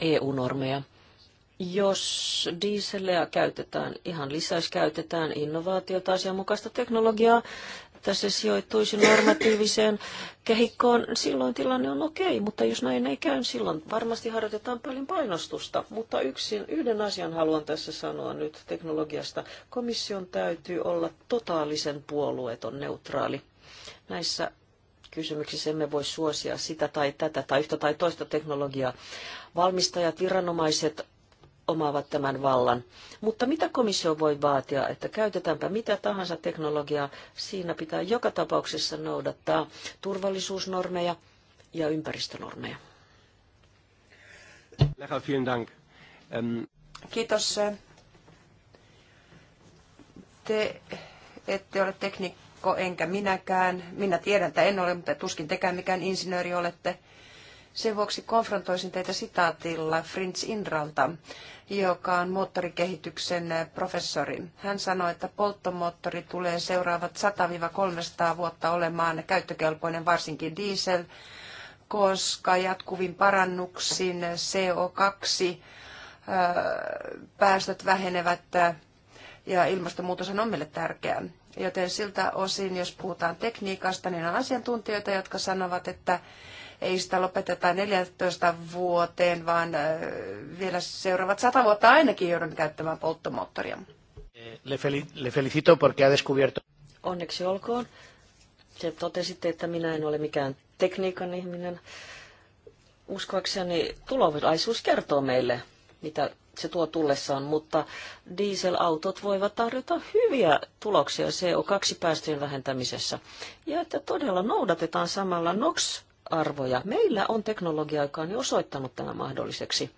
EU-normeja. Jos dieseliä käytetään, ihan lisäys käytetään innovaatiota, asianmukaista teknologiaa, että se sijoittuisi normatiiviseen kehikkoon, silloin tilanne on okei, mutta jos näin ei käy, silloin varmasti harjoitetaan paljon painostusta. Mutta yksin, yhden asian haluan tässä sanoa nyt teknologiasta. Komission täytyy olla totaalisen puolueeton neutraali. Näissä kysymyksissä emme voi suosia sitä tai tätä tai yhtä tai toista teknologiaa. Valmistajat, viranomaiset omaavat tämän vallan. Mutta mitä komissio voi vaatia, että käytetäänpä mitä tahansa teknologiaa, siinä pitää joka tapauksessa noudattaa turvallisuusnormeja ja ympäristönormeja. Ähm, Kiitos. Te
ette ole teknikko, enkä minäkään. Minä tiedän, että en ole, mutta tuskin tekään mikään insinööri olette. Sen vuoksi konfrontoisin teitä sitaatilla Fritz Inralta, joka on moottorikehityksen professori. Hän sanoi, että polttomoottori tulee seuraavat 100-300 vuotta olemaan käyttökelpoinen, varsinkin diesel, koska jatkuvin parannuksin CO2 päästöt vähenevät ja ilmastonmuutos on meille tärkeää. Joten siltä osin, jos puhutaan tekniikasta, niin on asiantuntijoita, jotka sanovat, että ei sitä lopeteta 14 vuoteen, vaan äh, vielä seuraavat
100 vuotta ainakin joudun käyttämään polttomoottoria.
Le felicito porque ha descubierto.
Onneksi olkoon. Se totesitte, että minä en ole mikään tekniikan ihminen. Uskoakseni tulevaisuus kertoo meille, mitä se tuo tullessaan, mutta dieselautot voivat tarjota hyviä tuloksia CO2-päästöjen vähentämisessä. Ja että todella noudatetaan samalla NOx arvoja. Meillä on teknologia, joka on jo osoittanut tämän mahdolliseksi.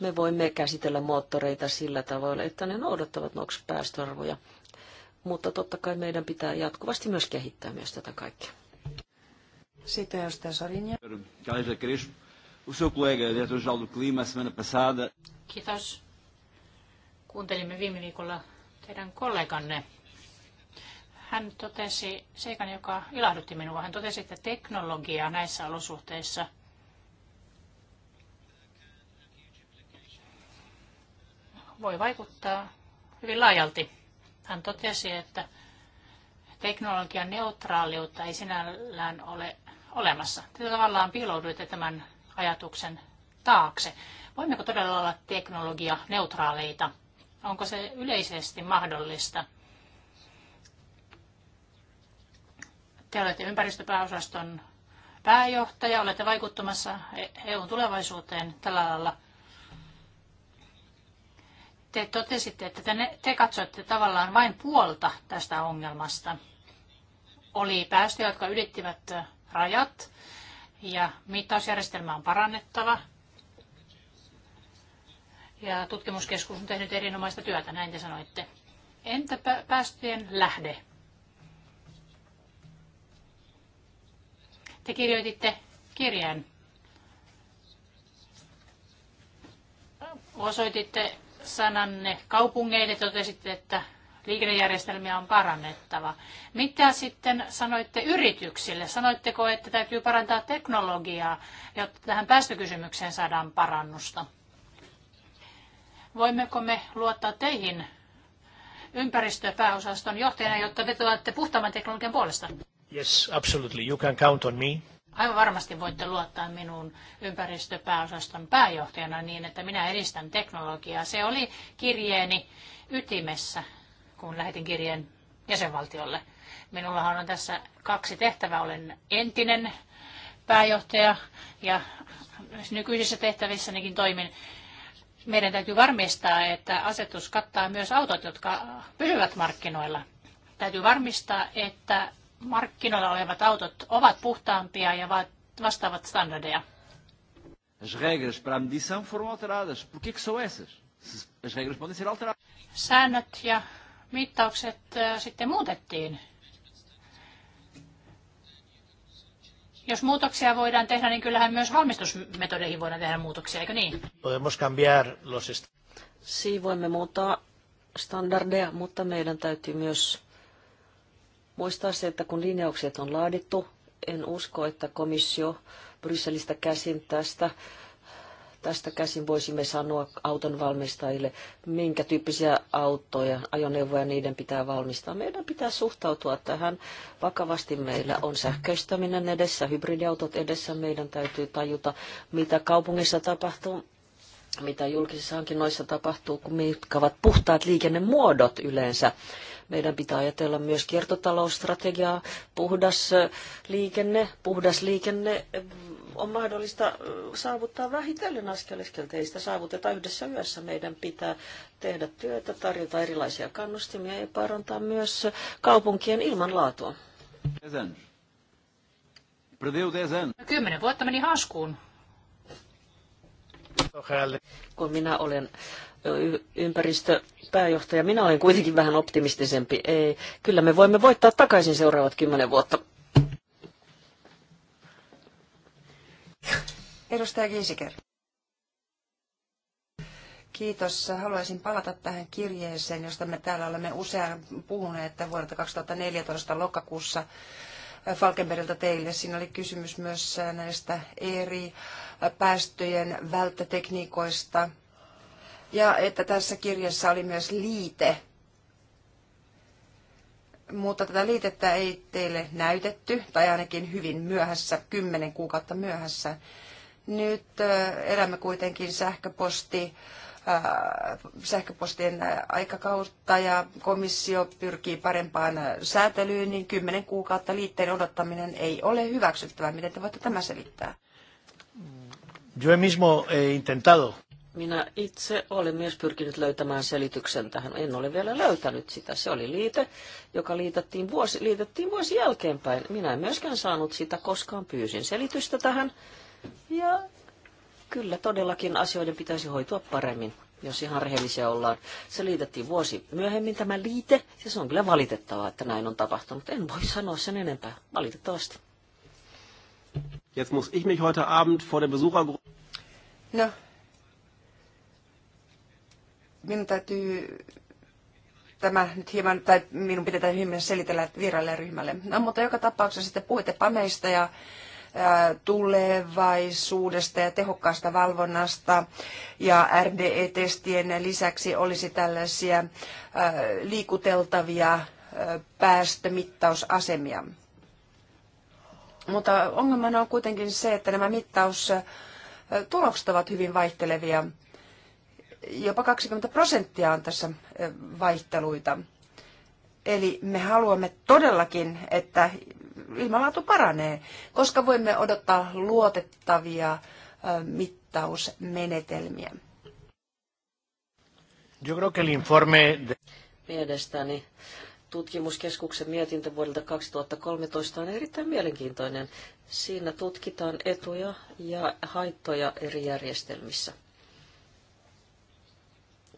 Me voimme käsitellä moottoreita sillä tavoin, että ne noudattavat NOx-päästöarvoja. Mutta totta kai meidän pitää jatkuvasti myös kehittää myös tätä kaikkea. Sitten edustaja
Sorinja.
O
Kiitos. Kuuntelimme viime viikolla teidän kolleganne hän totesi seikan, joka ilahdutti minua. Hän totesi, että teknologia näissä olosuhteissa voi vaikuttaa hyvin laajalti. Hän totesi, että teknologian neutraaliutta ei sinällään ole olemassa. Te tavallaan piilouduitte tämän ajatuksen taakse. Voimmeko todella olla teknologia neutraaleita? Onko se yleisesti mahdollista? Te olette ympäristöpääosaston pääjohtaja, olette vaikuttamassa e- EUn tulevaisuuteen tällä alalla. Te totesitte, että te, te katsoitte tavallaan vain puolta tästä ongelmasta. Oli päästöjä, jotka ylittivät rajat ja mittausjärjestelmä on parannettava. Ja tutkimuskeskus on tehnyt erinomaista työtä, näin te sanoitte. Entä päästöjen lähde? Te kirjoititte kirjan. Osoititte sananne kaupungeille, totesitte, että liikennejärjestelmiä on parannettava. Mitä sitten sanoitte yrityksille? Sanoitteko, että täytyy parantaa teknologiaa, jotta tähän päästökysymykseen saadaan parannusta? Voimmeko me luottaa teihin ympäristöpääosaston johtajana, jotta vetoatte puhtaamman teknologian puolesta?
Yes, absolutely. You can count on me.
Aivan varmasti voitte luottaa minun ympäristöpääosaston pääjohtajana niin, että minä edistän teknologiaa. Se oli kirjeeni ytimessä, kun lähetin kirjeen jäsenvaltiolle. Minullahan on tässä kaksi tehtävää. Olen entinen pääjohtaja ja nykyisissä tehtävissäkin toimin. Meidän täytyy varmistaa, että asetus kattaa myös autot, jotka pysyvät markkinoilla. Täytyy varmistaa, että markkinoilla olevat autot ovat puhtaampia ja vastaavat standardeja?
As regras para a medição foram alteradas. Por que, são
essas? As regras podem ser alteradas. Säännöt ja mittaukset sitten muutettiin. Jos muutoksia voidaan tehdä, niin kyllähän myös valmistusmetodeihin voidaan tehdä muutoksia, eikö niin?
Podemos cambiar los voimme muuttaa standardeja, mutta meidän täytyy myös muistaa se, että kun linjaukset on laadittu, en usko, että komissio Brysselistä käsin tästä tästä käsin voisimme sanoa auton valmistajille, minkä tyyppisiä autoja, ajoneuvoja niiden pitää valmistaa. Meidän pitää suhtautua tähän vakavasti. Meillä on sähköistäminen edessä, hybridiautot edessä. Meidän täytyy tajuta, mitä kaupungissa tapahtuu, mitä julkisissa hankinnoissa tapahtuu, kun mitkä ovat puhtaat liikennemuodot yleensä. Meidän pitää ajatella myös kiertotalousstrategiaa, puhdas liikenne, puhdas liikenne on mahdollista saavuttaa vähitellen askeliskelta, Ei sitä saavuteta yhdessä yössä. Meidän pitää tehdä työtä, tarjota erilaisia kannustimia ja parantaa myös kaupunkien ilmanlaatua.
Kymmenen vuotta meni haskuun
kun minä olen ympäristöpääjohtaja, minä olen kuitenkin vähän optimistisempi. Ei, kyllä me voimme voittaa takaisin seuraavat kymmenen vuotta.
Edustaja Giesiker. Kiitos. Haluaisin palata tähän kirjeeseen, josta me täällä olemme usein puhuneet että vuodelta 2014 lokakuussa Falkenbergiltä teille. Siinä oli kysymys myös äh, näistä eri äh, päästöjen välttötekniikoista. Ja että tässä kirjassa oli myös liite, mutta tätä liitettä ei teille näytetty, tai ainakin hyvin myöhässä, kymmenen kuukautta myöhässä. Nyt äh, elämme kuitenkin sähköposti Äh, sähköpostien äh, aikakautta ja komissio pyrkii parempaan äh, säätelyyn, niin kymmenen kuukautta liitteen odottaminen ei ole hyväksyttävää. Miten te voitte tämä
selittää?
Yo mismo he intentado.
Minä itse olen myös pyrkinyt löytämään selityksen tähän. En ole vielä löytänyt sitä. Se oli liite, joka liitettiin vuosi, liitettiin vuosi jälkeenpäin. Minä en myöskään saanut sitä, koskaan pyysin selitystä tähän. Ja Kyllä, todellakin asioiden pitäisi hoitua paremmin, jos ihan rehellisiä ollaan. Se liitettiin vuosi myöhemmin tämä liite, ja se on kyllä valitettavaa, että näin on tapahtunut. En voi sanoa sen enempää, valitettavasti. Jetzt muss ich mich heute Abend vor der Besuchergruppe... No.
Minun täytyy tämä nyt hieman, tai minun pitää hieman selitellä vieraille ryhmälle. No, mutta joka tapauksessa sitten puhuitte pameista ja tulevaisuudesta ja tehokkaasta valvonnasta. Ja RDE-testien lisäksi olisi tällaisia liikuteltavia päästömittausasemia. Mutta ongelmana on kuitenkin se, että nämä mittaustulokset ovat hyvin vaihtelevia. Jopa 20 prosenttia on tässä vaihteluita. Eli me haluamme todellakin, että ilmanlaatu paranee, koska voimme odottaa luotettavia mittausmenetelmiä.
Yo creo que el informe de... Mielestäni tutkimuskeskuksen mietintö vuodelta 2013 on erittäin mielenkiintoinen. Siinä tutkitaan etuja ja haittoja eri järjestelmissä.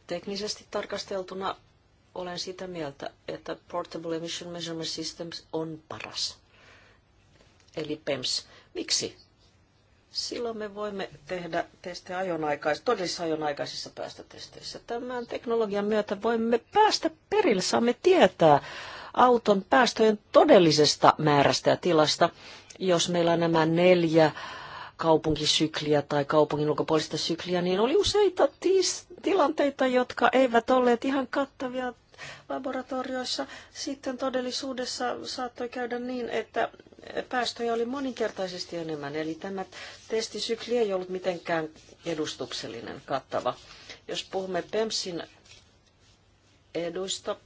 Teknisesti tarkasteltuna olen sitä mieltä, että Portable Emission Measurement Systems on paras eli PEMS. Miksi? Silloin me voimme tehdä testejä ajonaikais, todellisissa ajonaikaisissa päästötesteissä. Tämän teknologian myötä voimme päästä perille, saamme tietää auton päästöjen todellisesta määrästä ja tilasta, jos meillä on nämä neljä kaupunkisykliä tai kaupungin ulkopuolista sykliä, niin oli useita tilanteita, jotka eivät olleet ihan kattavia laboratorioissa. Sitten todellisuudessa saattoi käydä niin, että päästöjä oli moninkertaisesti enemmän, eli tämä testisykli ei ollut mitenkään edustuksellinen, kattava. Jos puhumme PEMSin eduista,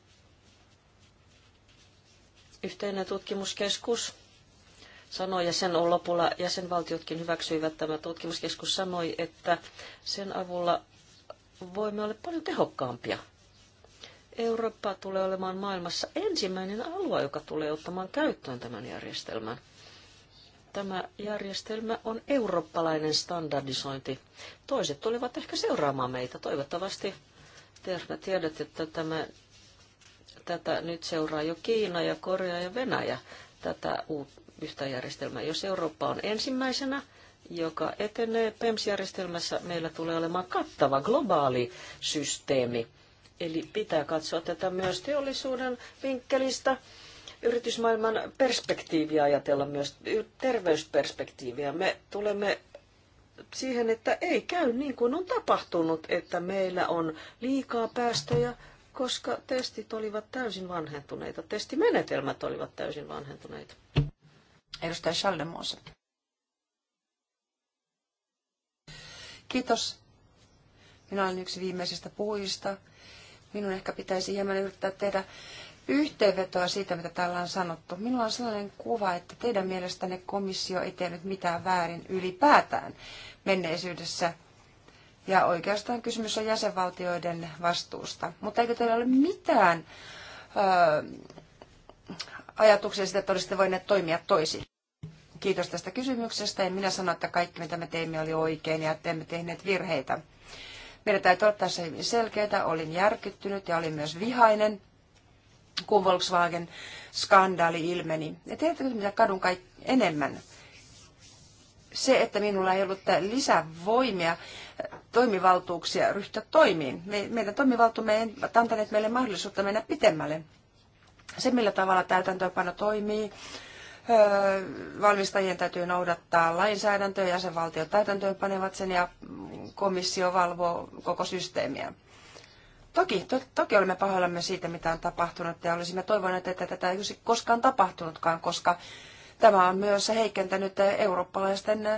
yhteinen tutkimuskeskus sanoi, ja sen lopulla jäsenvaltiotkin hyväksyivät tämä tutkimuskeskus sanoi, että sen avulla voimme olla paljon tehokkaampia Eurooppa tulee olemaan maailmassa ensimmäinen alue, joka tulee ottamaan käyttöön tämän järjestelmän. Tämä järjestelmä on eurooppalainen standardisointi. Toiset tulevat ehkä seuraamaan meitä. Toivottavasti te tiedät, että tämä, tätä nyt seuraa jo Kiina ja Korea ja Venäjä tätä yhtä järjestelmää. Jos Eurooppa on ensimmäisenä, joka etenee PEMS-järjestelmässä, meillä tulee olemaan kattava globaali systeemi Eli pitää katsoa tätä myös teollisuuden vinkkelistä, yritysmaailman perspektiiviä ajatella myös, terveysperspektiiviä. Me tulemme siihen, että ei käy niin kuin on tapahtunut, että meillä on liikaa päästöjä, koska testit olivat täysin vanhentuneita. Testimenetelmät olivat täysin vanhentuneita. Edustaja Schaldemose.
Kiitos. Minä olen yksi viimeisistä puhujista minun ehkä pitäisi hieman yrittää tehdä yhteenvetoa siitä, mitä täällä on sanottu. Minulla on sellainen kuva, että teidän mielestänne komissio ei tehnyt mitään väärin ylipäätään menneisyydessä. Ja oikeastaan kysymys on jäsenvaltioiden vastuusta. Mutta eikö teillä ole mitään ö, ajatuksia siitä, että olisitte voineet toimia toisin? Kiitos tästä kysymyksestä. En minä sano, että kaikki mitä me teimme oli oikein ja että emme tehneet virheitä. Meidän täytyy olla tässä hyvin selkeitä. Olin järkyttynyt ja olin myös vihainen, kun Volkswagen-skandaali ilmeni. Ja tiedättekö, mitä kadun kaik- enemmän? Se, että minulla ei ollut lisävoimia, toimivaltuuksia ryhtyä toimiin. Me, meidän toimivaltuumme ei antaneet meille mahdollisuutta mennä pitemmälle. Se, millä tavalla täytäntöönpano toimii, valmistajien täytyy noudattaa lainsäädäntöä, jäsenvaltiot täytäntöön panevat sen ja komissio valvoo koko systeemiä. Toki, to, toki olemme pahoillamme siitä, mitä on tapahtunut ja olisimme toivoneet, että tätä ei olisi koskaan tapahtunutkaan, koska tämä on myös heikentänyt eurooppalaisten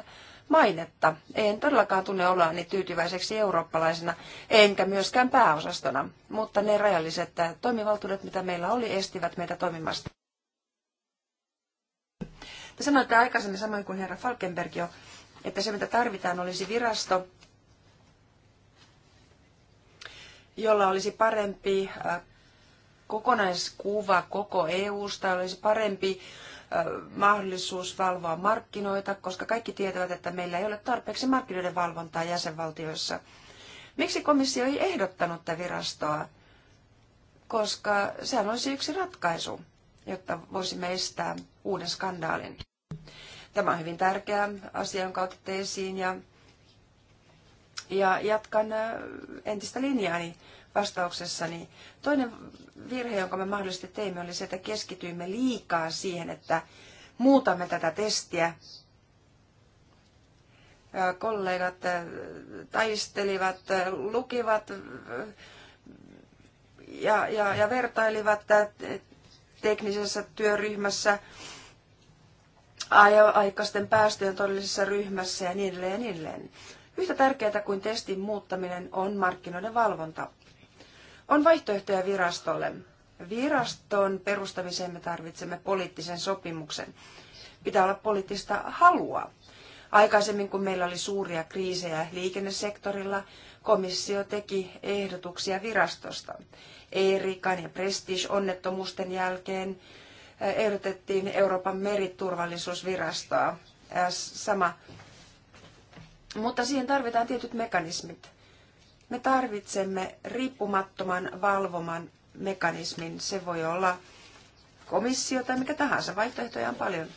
mainetta. En todellakaan tunne olla niin tyytyväiseksi eurooppalaisena, enkä myöskään pääosastona, mutta ne rajalliset toimivaltuudet, mitä meillä oli, estivät meitä toimimasta. Te sanoitte aikaisemmin, samoin kuin herra Falkenberg jo, että se mitä tarvitaan olisi virasto, jolla olisi parempi äh, kokonaiskuva koko EUsta, olisi parempi äh, mahdollisuus valvoa markkinoita, koska kaikki tietävät, että meillä ei ole tarpeeksi markkinoiden valvontaa jäsenvaltioissa. Miksi komissio ei ehdottanut tätä virastoa? Koska sehän olisi yksi ratkaisu jotta voisimme estää uuden skandaalin. Tämä on hyvin tärkeä asia, jonka otitte esiin ja, ja jatkan entistä linjaani vastauksessani. Toinen virhe, jonka me mahdollisesti teimme, oli se, että keskityimme liikaa siihen, että muutamme tätä testiä. Kollegat taistelivat, lukivat ja, ja, ja vertailivat teknisessä työryhmässä, aikaisten päästöjen todellisessa ryhmässä ja niin edelleen ja niin edelleen. Yhtä tärkeää kuin testin muuttaminen on markkinoiden valvonta. On vaihtoehtoja virastolle. Viraston perustamiseen me tarvitsemme poliittisen sopimuksen. Pitää olla poliittista halua. Aikaisemmin, kun meillä oli suuria kriisejä liikennesektorilla, komissio teki ehdotuksia virastosta. Erikan ja Prestige-onnettomuusten jälkeen eh, ehdotettiin Euroopan meriturvallisuusvirastoa. Eh, sama. Mutta siihen tarvitaan tietyt mekanismit. Me tarvitsemme riippumattoman valvoman mekanismin. Se voi olla komissio tai mikä tahansa. Vaihtoehtoja on paljon.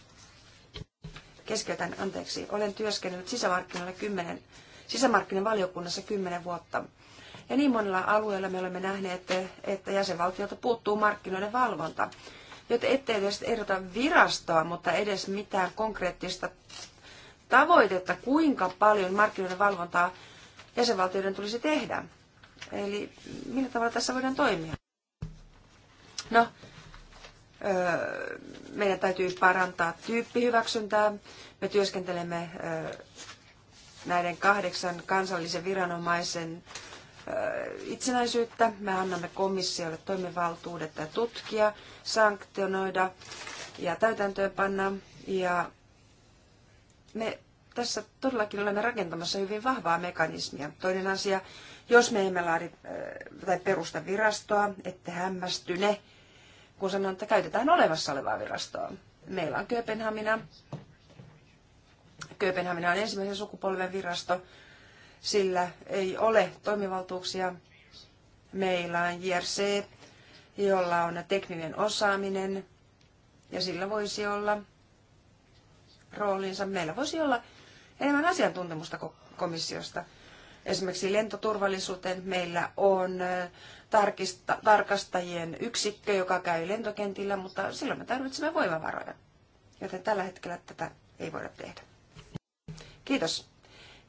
Keskeytän, anteeksi. Olen työskennellyt sisämarkkinoilla kymmenen sisämarkkinavaliokunnassa kymmenen vuotta. Ja niin monilla alueilla me olemme nähneet, että jäsenvaltiolta puuttuu markkinoiden valvonta. Joten ettei edes erota virastoa, mutta edes mitään konkreettista tavoitetta, kuinka paljon markkinoiden valvontaa jäsenvaltioiden tulisi tehdä. Eli millä tavalla tässä voidaan toimia? No, öö, meidän täytyy parantaa tyyppihyväksyntää. Me työskentelemme öö, näiden kahdeksan kansallisen viranomaisen itsenäisyyttä. Me annamme komissiolle toimivaltuudet tutkia, sanktionoida ja täytäntöönpanna. Ja me tässä todellakin olemme rakentamassa hyvin vahvaa mekanismia. Toinen asia, jos me emme laadi tai perusta virastoa, ette hämmästyne, kun sanon, että käytetään olemassa olevaa virastoa. Meillä on Kööpenhamina Kööpenhamina on ensimmäisen sukupolven virasto. Sillä ei ole toimivaltuuksia. Meillä on JRC, jolla on tekninen osaaminen ja sillä voisi olla roolinsa. Meillä voisi olla enemmän asiantuntemusta komissiosta. Esimerkiksi lentoturvallisuuteen meillä on tarkista, tarkastajien yksikkö, joka käy lentokentillä, mutta silloin me tarvitsemme voimavaroja. Joten tällä hetkellä tätä ei voida tehdä. Kiitos.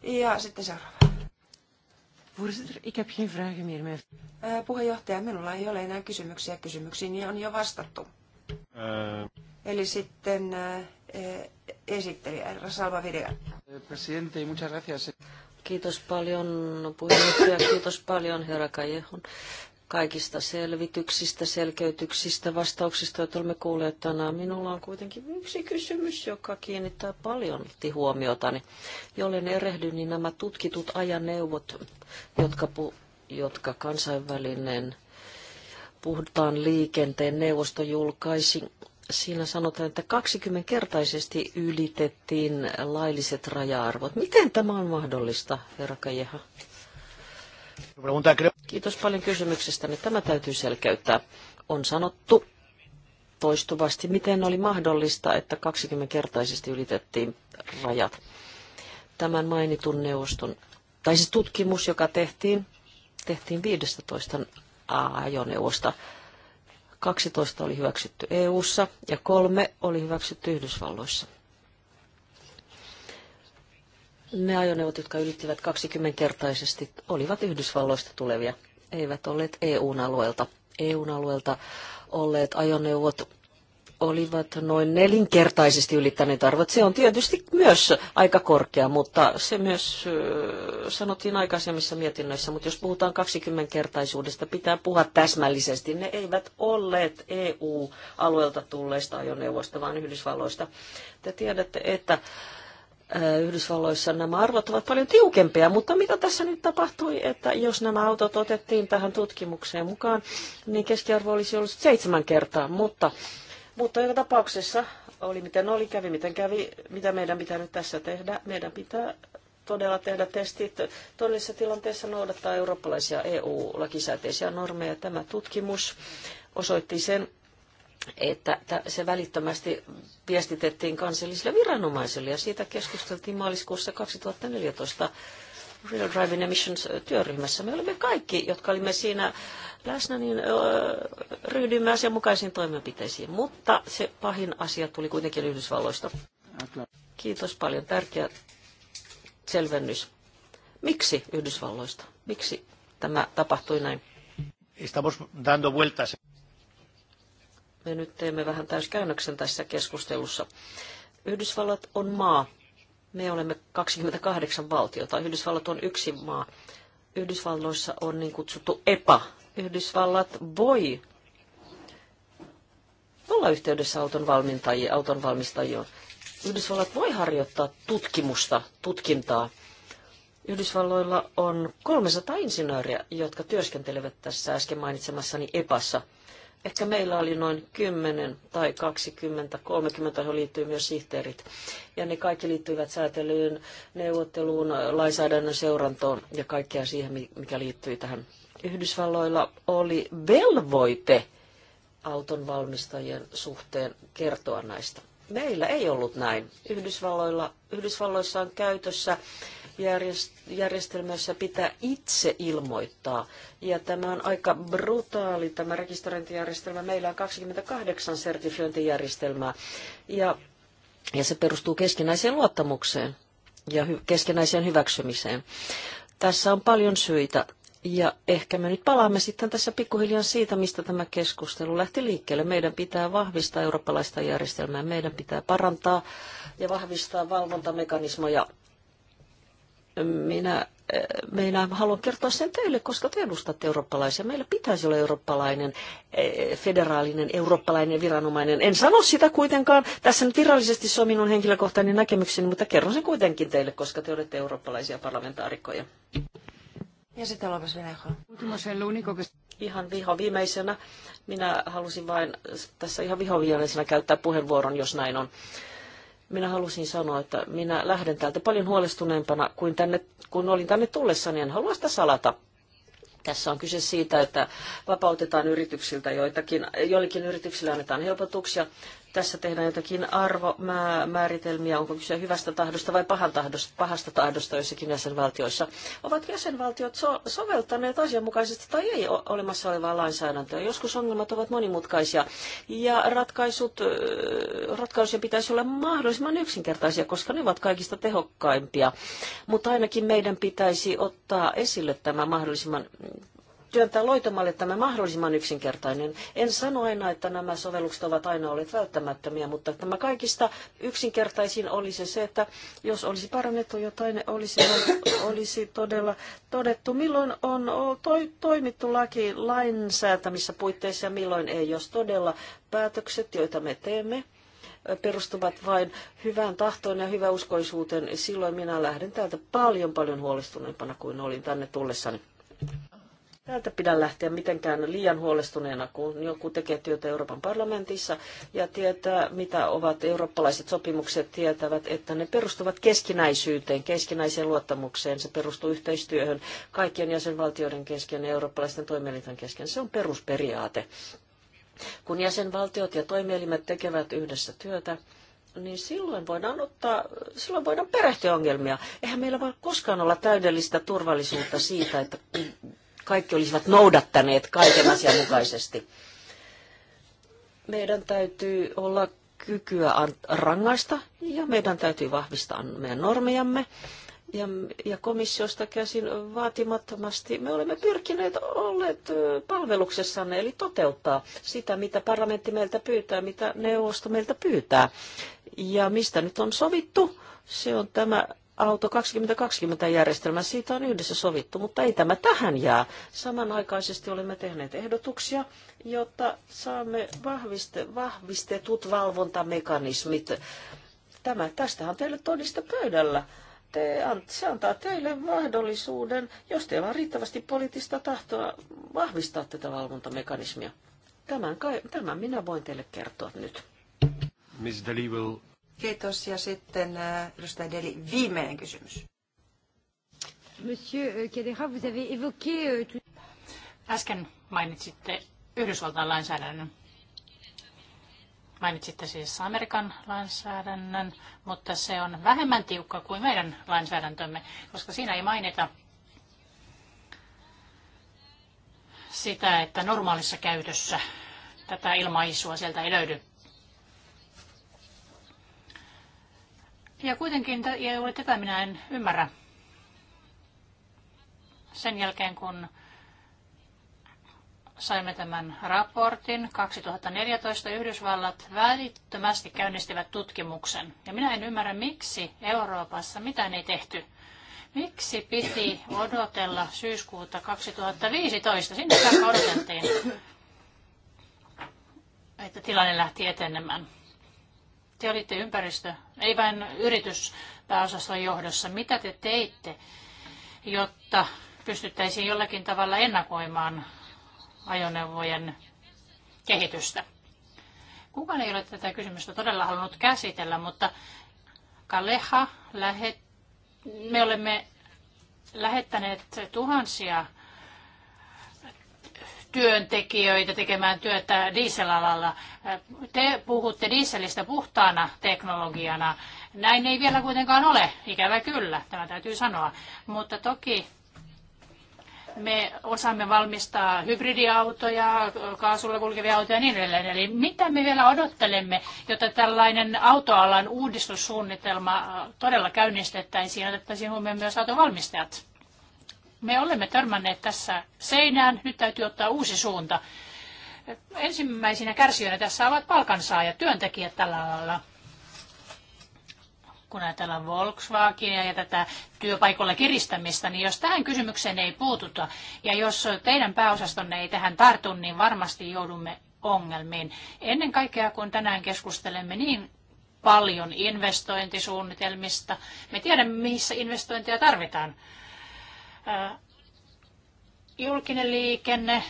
Ja sitten seuraava. Voorzitter, ik heb geen vragen meer. Mijn... Puheenjohtaja, minulla ei ole enää kysymyksiä. Kysymyksiin on jo vastattu. Ää... Eli sitten ää, e, esittelijä Salva Videa.
Eh, presidente, muchas gracias. Kiitos paljon puheenjohtaja, kiitos paljon herra Kajehon kaikista selvityksistä, selkeytyksistä, vastauksista, joita olemme kuulleet tänään. Minulla on kuitenkin yksi kysymys, joka kiinnittää paljon huomiota. Niin Jollen erehdy, niin nämä tutkitut ajaneuvot, jotka, pu, jotka kansainvälinen puhtaan liikenteen neuvosto julkaisi, siinä sanotaan, että 20-kertaisesti ylitettiin lailliset raja-arvot. Miten tämä on mahdollista, herra Kajeha? Kiitos paljon kysymyksestä, Nyt Tämä täytyy selkeyttää. On sanottu toistuvasti, miten oli mahdollista, että 20-kertaisesti ylitettiin rajat. Tämän mainitun neuvoston, tai siis tutkimus, joka tehtiin, tehtiin 15 ajoneuvosta. 12 oli hyväksytty EU:ssa ja kolme oli hyväksytty Yhdysvalloissa. Ne ajoneuvot, jotka ylittivät 20-kertaisesti, olivat Yhdysvalloista tulevia, eivät olleet EU-alueelta. EU-alueelta olleet ajoneuvot olivat noin nelinkertaisesti ylittäneet arvot. Se on tietysti myös aika korkea, mutta se myös sanottiin aikaisemmissa mietinnöissä. Mutta jos puhutaan 20-kertaisuudesta, pitää puhua täsmällisesti. Ne eivät olleet EU-alueelta tulleista ajoneuvoista, vaan Yhdysvalloista. Te tiedätte, että Äh, Yhdysvalloissa nämä arvot ovat paljon tiukempia, mutta mitä tässä nyt tapahtui, että jos nämä autot otettiin tähän tutkimukseen mukaan, niin keskiarvo olisi ollut seitsemän kertaa, mutta, mutta joka tapauksessa oli miten oli, kävi miten kävi, mitä meidän pitää nyt tässä tehdä, meidän pitää todella tehdä testit todellisessa tilanteessa noudattaa eurooppalaisia EU-lakisääteisiä normeja. Tämä tutkimus osoitti sen, että se välittömästi viestitettiin kansallisille viranomaisille ja siitä keskusteltiin maaliskuussa 2014 Real Driving Emissions työryhmässä. Me olimme kaikki, jotka olimme siinä läsnä, niin ryhdyimme asianmukaisiin toimenpiteisiin, mutta se pahin asia tuli kuitenkin Yhdysvalloista. Kiitos paljon. Tärkeä selvennys. Miksi Yhdysvalloista? Miksi tämä tapahtui näin? Me nyt teemme vähän täyskäännöksen tässä keskustelussa. Yhdysvallat on maa. Me olemme 28 valtiota. Yhdysvallat on yksi maa. Yhdysvalloissa on niin kutsuttu EPA. Yhdysvallat voi olla yhteydessä auton, auton valmistajiin. Yhdysvallat voi harjoittaa tutkimusta, tutkintaa. Yhdysvalloilla on 300 insinööriä, jotka työskentelevät tässä äsken mainitsemassani EPassa – Ehkä meillä oli noin 10 tai 20, 30, johon liittyy myös sihteerit. Ja ne kaikki liittyivät säätelyyn, neuvotteluun, lainsäädännön seurantoon ja kaikkea siihen, mikä liittyy tähän. Yhdysvalloilla oli velvoite auton valmistajien suhteen kertoa näistä. Meillä ei ollut näin. Yhdysvalloilla, Yhdysvalloissa on käytössä järjestelmässä pitää itse ilmoittaa. Ja tämä on aika brutaali tämä rekisteröintijärjestelmä. Meillä on 28 sertifiointijärjestelmää ja, ja se perustuu keskinäiseen luottamukseen ja hy- keskinäiseen hyväksymiseen. Tässä on paljon syitä ja ehkä me nyt palaamme sitten tässä pikkuhiljaa siitä, mistä tämä keskustelu lähti liikkeelle. Meidän pitää vahvistaa eurooppalaista järjestelmää, meidän pitää parantaa ja vahvistaa valvontamekanismoja minä eh, minä haluan kertoa sen teille, koska te edustatte eurooppalaisia. Meillä pitäisi olla eurooppalainen, eh, federaalinen, eurooppalainen viranomainen. En sano sitä kuitenkaan. Tässä nyt virallisesti se on minun henkilökohtainen näkemykseni, mutta kerron sen kuitenkin teille, koska te olette eurooppalaisia parlamentaarikkoja. Ja sitten lopas Ihan viho viimeisenä. Minä halusin vain tässä ihan vihoviimeisenä käyttää puheenvuoron, jos näin on minä halusin sanoa, että minä lähden täältä paljon huolestuneempana kuin, tänne, kuin olin tänne tullessani, en halua sitä salata. Tässä on kyse siitä, että vapautetaan yrityksiltä joitakin, joillekin yrityksille annetaan helpotuksia, tässä tehdään jotakin arvomääritelmiä, onko kyse hyvästä tahdosta vai pahan tahdosta, pahasta tahdosta joissakin jäsenvaltioissa. Ovat jäsenvaltiot so- soveltaneet asianmukaisesti tai ei olemassa olevaa lainsäädäntöä. Joskus ongelmat ovat monimutkaisia ja ratkaisut, ratkaisuja pitäisi olla mahdollisimman yksinkertaisia, koska ne ovat kaikista tehokkaimpia. Mutta ainakin meidän pitäisi ottaa esille tämä mahdollisimman työntää loitomalle tämä mahdollisimman yksinkertainen. En sano aina, että nämä sovellukset ovat aina olleet välttämättömiä, mutta tämä kaikista yksinkertaisin olisi se, että jos olisi parannettu jotain, olisi, olisi todella todettu, milloin on toi, toimittu laki lainsäätämissä puitteissa ja milloin ei, jos todella päätökset, joita me teemme, perustuvat vain hyvään tahtoon ja hyväuskoisuuteen, silloin minä lähden täältä paljon paljon huolestuneempana kuin olin tänne tullessani. Täältä pidä lähteä mitenkään liian huolestuneena, kun joku tekee työtä Euroopan parlamentissa ja tietää, mitä ovat eurooppalaiset sopimukset, tietävät, että ne perustuvat keskinäisyyteen, keskinäiseen luottamukseen. Se perustuu yhteistyöhön kaikkien jäsenvaltioiden kesken ja eurooppalaisten toimielinten kesken. Se on perusperiaate. Kun jäsenvaltiot ja toimielimet tekevät yhdessä työtä, niin silloin voidaan ottaa, silloin voidaan perehtyä ongelmia. Eihän meillä voi koskaan olla täydellistä turvallisuutta siitä, että kaikki olisivat noudattaneet kaiken asian mukaisesti. Meidän täytyy olla kykyä rangaista ja meidän täytyy vahvistaa meidän normejamme. Ja, ja komissiosta käsin vaatimattomasti me olemme pyrkineet olleet palveluksessanne, eli toteuttaa sitä, mitä parlamentti meiltä pyytää, mitä neuvosto meiltä pyytää. Ja mistä nyt on sovittu, se on tämä Auto 2020 järjestelmä, siitä on yhdessä sovittu, mutta ei tämä tähän jää. Samanaikaisesti olemme tehneet ehdotuksia, jotta saamme vahviste, vahvistetut valvontamekanismit. Tämä, tästähän on teille todiste pöydällä te, se antaa teille mahdollisuuden, jos teillä on riittävästi poliittista tahtoa, vahvistaa tätä valvontamekanismia. Tämän, tämän minä voin teille kertoa nyt.
Miss will
Kiitos. Ja sitten äh, edustaja Deli, viimeinen
kysymys. Monsieur Cadera, euh, vous avez évoqué... Euh, Äsken mainitsitte Yhdysvaltain lainsäädännön. Mainitsitte siis Amerikan lainsäädännön, mutta se on vähemmän tiukka kuin meidän lainsäädäntömme, koska siinä ei mainita sitä, että normaalissa käytössä tätä ilmaisua sieltä ei löydy. Ja kuitenkin ja tätä minä en ymmärrä. Sen jälkeen kun saimme tämän raportin 2014, Yhdysvallat välittömästi käynnistivät tutkimuksen. Ja minä en ymmärrä, miksi Euroopassa mitään ei tehty. Miksi piti odotella syyskuuta 2015? Sinne saakka odoteltiin, että tilanne lähti etenemään. Te olitte ympäristö, ei vain yrityspääosaston johdossa. Mitä te teitte, jotta pystyttäisiin jollakin tavalla ennakoimaan ajoneuvojen kehitystä? Kukaan ei ole tätä kysymystä todella halunnut käsitellä, mutta Kaleha, lähet, me olemme lähettäneet tuhansia työntekijöitä tekemään työtä dieselalalla. Te puhutte dieselistä puhtaana teknologiana. Näin ei vielä kuitenkaan ole, ikävä kyllä, tämä täytyy sanoa. Mutta toki me osaamme valmistaa hybridiautoja, kaasulla kulkevia autoja ja niin edelleen. Eli mitä me vielä odottelemme, jotta tällainen autoalan uudistussuunnitelma todella käynnistettäisiin ja otettaisiin huomioon myös autovalmistajat? Me olemme törmänneet tässä seinään, nyt täytyy ottaa uusi suunta. Ensimmäisinä kärsijöinä tässä ovat palkansaajat, työntekijät tällä alalla. Kun ajatellaan Volkswagenia ja tätä työpaikalla kiristämistä, niin jos tähän kysymykseen ei puututa ja jos teidän pääosastonne ei tähän tartu, niin varmasti joudumme ongelmiin. Ennen kaikkea kun tänään keskustelemme niin paljon investointisuunnitelmista. Me tiedämme, missä investointeja tarvitaan julkinen liikenne,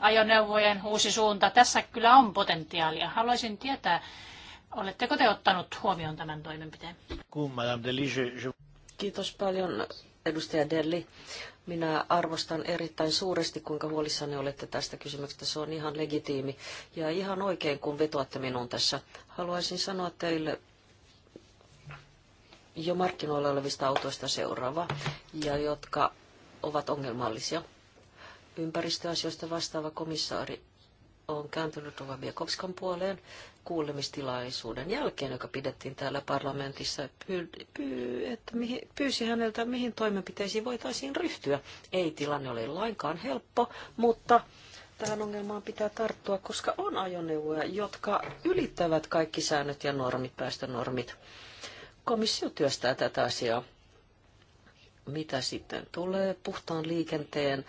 ajoneuvojen uusi suunta. Tässä kyllä on potentiaalia. Haluaisin tietää, oletteko te ottanut huomioon tämän toimenpiteen?
Kiitos paljon, edustaja Delli. Minä arvostan erittäin suuresti, kuinka huolissanne olette tästä kysymyksestä. Se on ihan legitiimi ja ihan oikein, kun vetoatte minuun tässä. Haluaisin sanoa teille jo markkinoilla olevista autoista seuraava, ja jotka ovat ongelmallisia. Ympäristöasioista vastaava komissaari on kääntynyt Rova Biekovskan puoleen kuulemistilaisuuden jälkeen, joka pidettiin täällä parlamentissa, pyy, että mihin, pyysi häneltä, mihin toimenpiteisiin voitaisiin ryhtyä. Ei tilanne ole lainkaan helppo, mutta tähän ongelmaan pitää tarttua, koska on ajoneuvoja, jotka ylittävät kaikki säännöt ja normit, päästönormit. Komissio työstää tätä asiaa. Mitä sitten tulee puhtaan liikenteen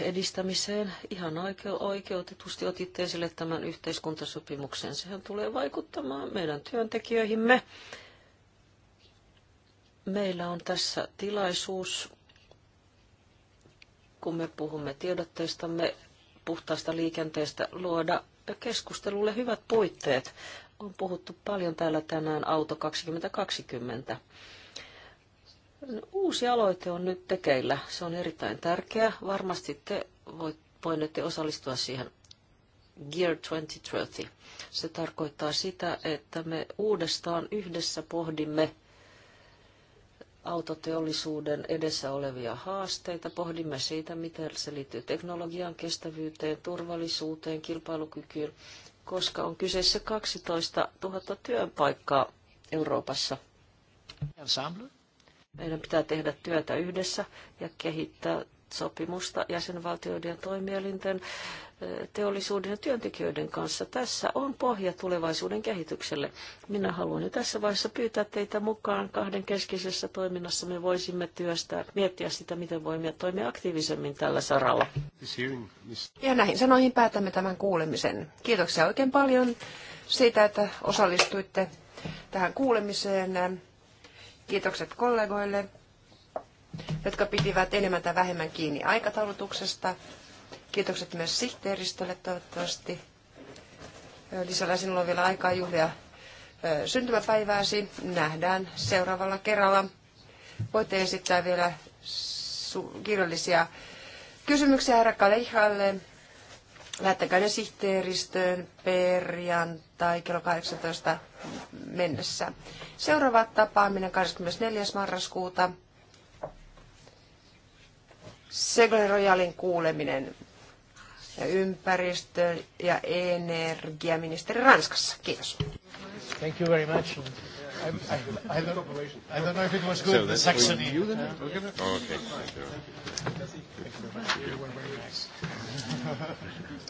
edistämiseen. Ihan oikeutetusti otitte esille tämän yhteiskuntasopimuksen. Sehän tulee vaikuttamaan meidän työntekijöihimme. Meillä on tässä tilaisuus, kun me puhumme tiedotteistamme puhtaasta liikenteestä, luoda keskustelulle hyvät puitteet. On puhuttu paljon täällä tänään Auto 2020. Uusi aloite on nyt tekeillä. Se on erittäin tärkeä. Varmasti te voitte osallistua siihen Gear 2030. Se tarkoittaa sitä, että me uudestaan yhdessä pohdimme autoteollisuuden edessä olevia haasteita. Pohdimme siitä, miten se liittyy teknologian kestävyyteen, turvallisuuteen, kilpailukykyyn koska on kyseessä 12 000 työpaikkaa Euroopassa. Ensemble. Meidän pitää tehdä työtä yhdessä ja kehittää sopimusta jäsenvaltioiden ja toimielinten teollisuuden ja työntekijöiden kanssa. Tässä on pohja tulevaisuuden kehitykselle. Minä haluan jo tässä vaiheessa pyytää teitä mukaan kahden keskisessä toiminnassa. Me voisimme työstää, miettiä sitä, miten voimme toimia aktiivisemmin tällä
saralla. Ja näihin
sanoihin päätämme tämän kuulemisen.
Kiitoksia oikein paljon
siitä, että osallistuitte tähän kuulemiseen. Kiitokset kollegoille jotka pitivät enemmän tai vähemmän kiinni aikataulutuksesta. Kiitokset myös sihteeristölle toivottavasti. Lisällä sinulla on vielä aikaa juhlia syntymäpäivääsi. Nähdään seuraavalla kerralla. Voitte esittää vielä kirjallisia kysymyksiä herra Kalehalle. Lähettäkää ne sihteeristöön perjantai kello 18 mennessä. Seuraava tapaaminen 24. marraskuuta. Segle Royalin kuuleminen ja ympäristö- ja energiaministeri
Ranskassa. Kiitos. Thank you very much. Um, I, I, I, don't, I don't know if it was good, so the Saxony. You then? Uh, okay. Thank you.
Thank you very much. You were very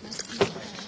nice. <laughs>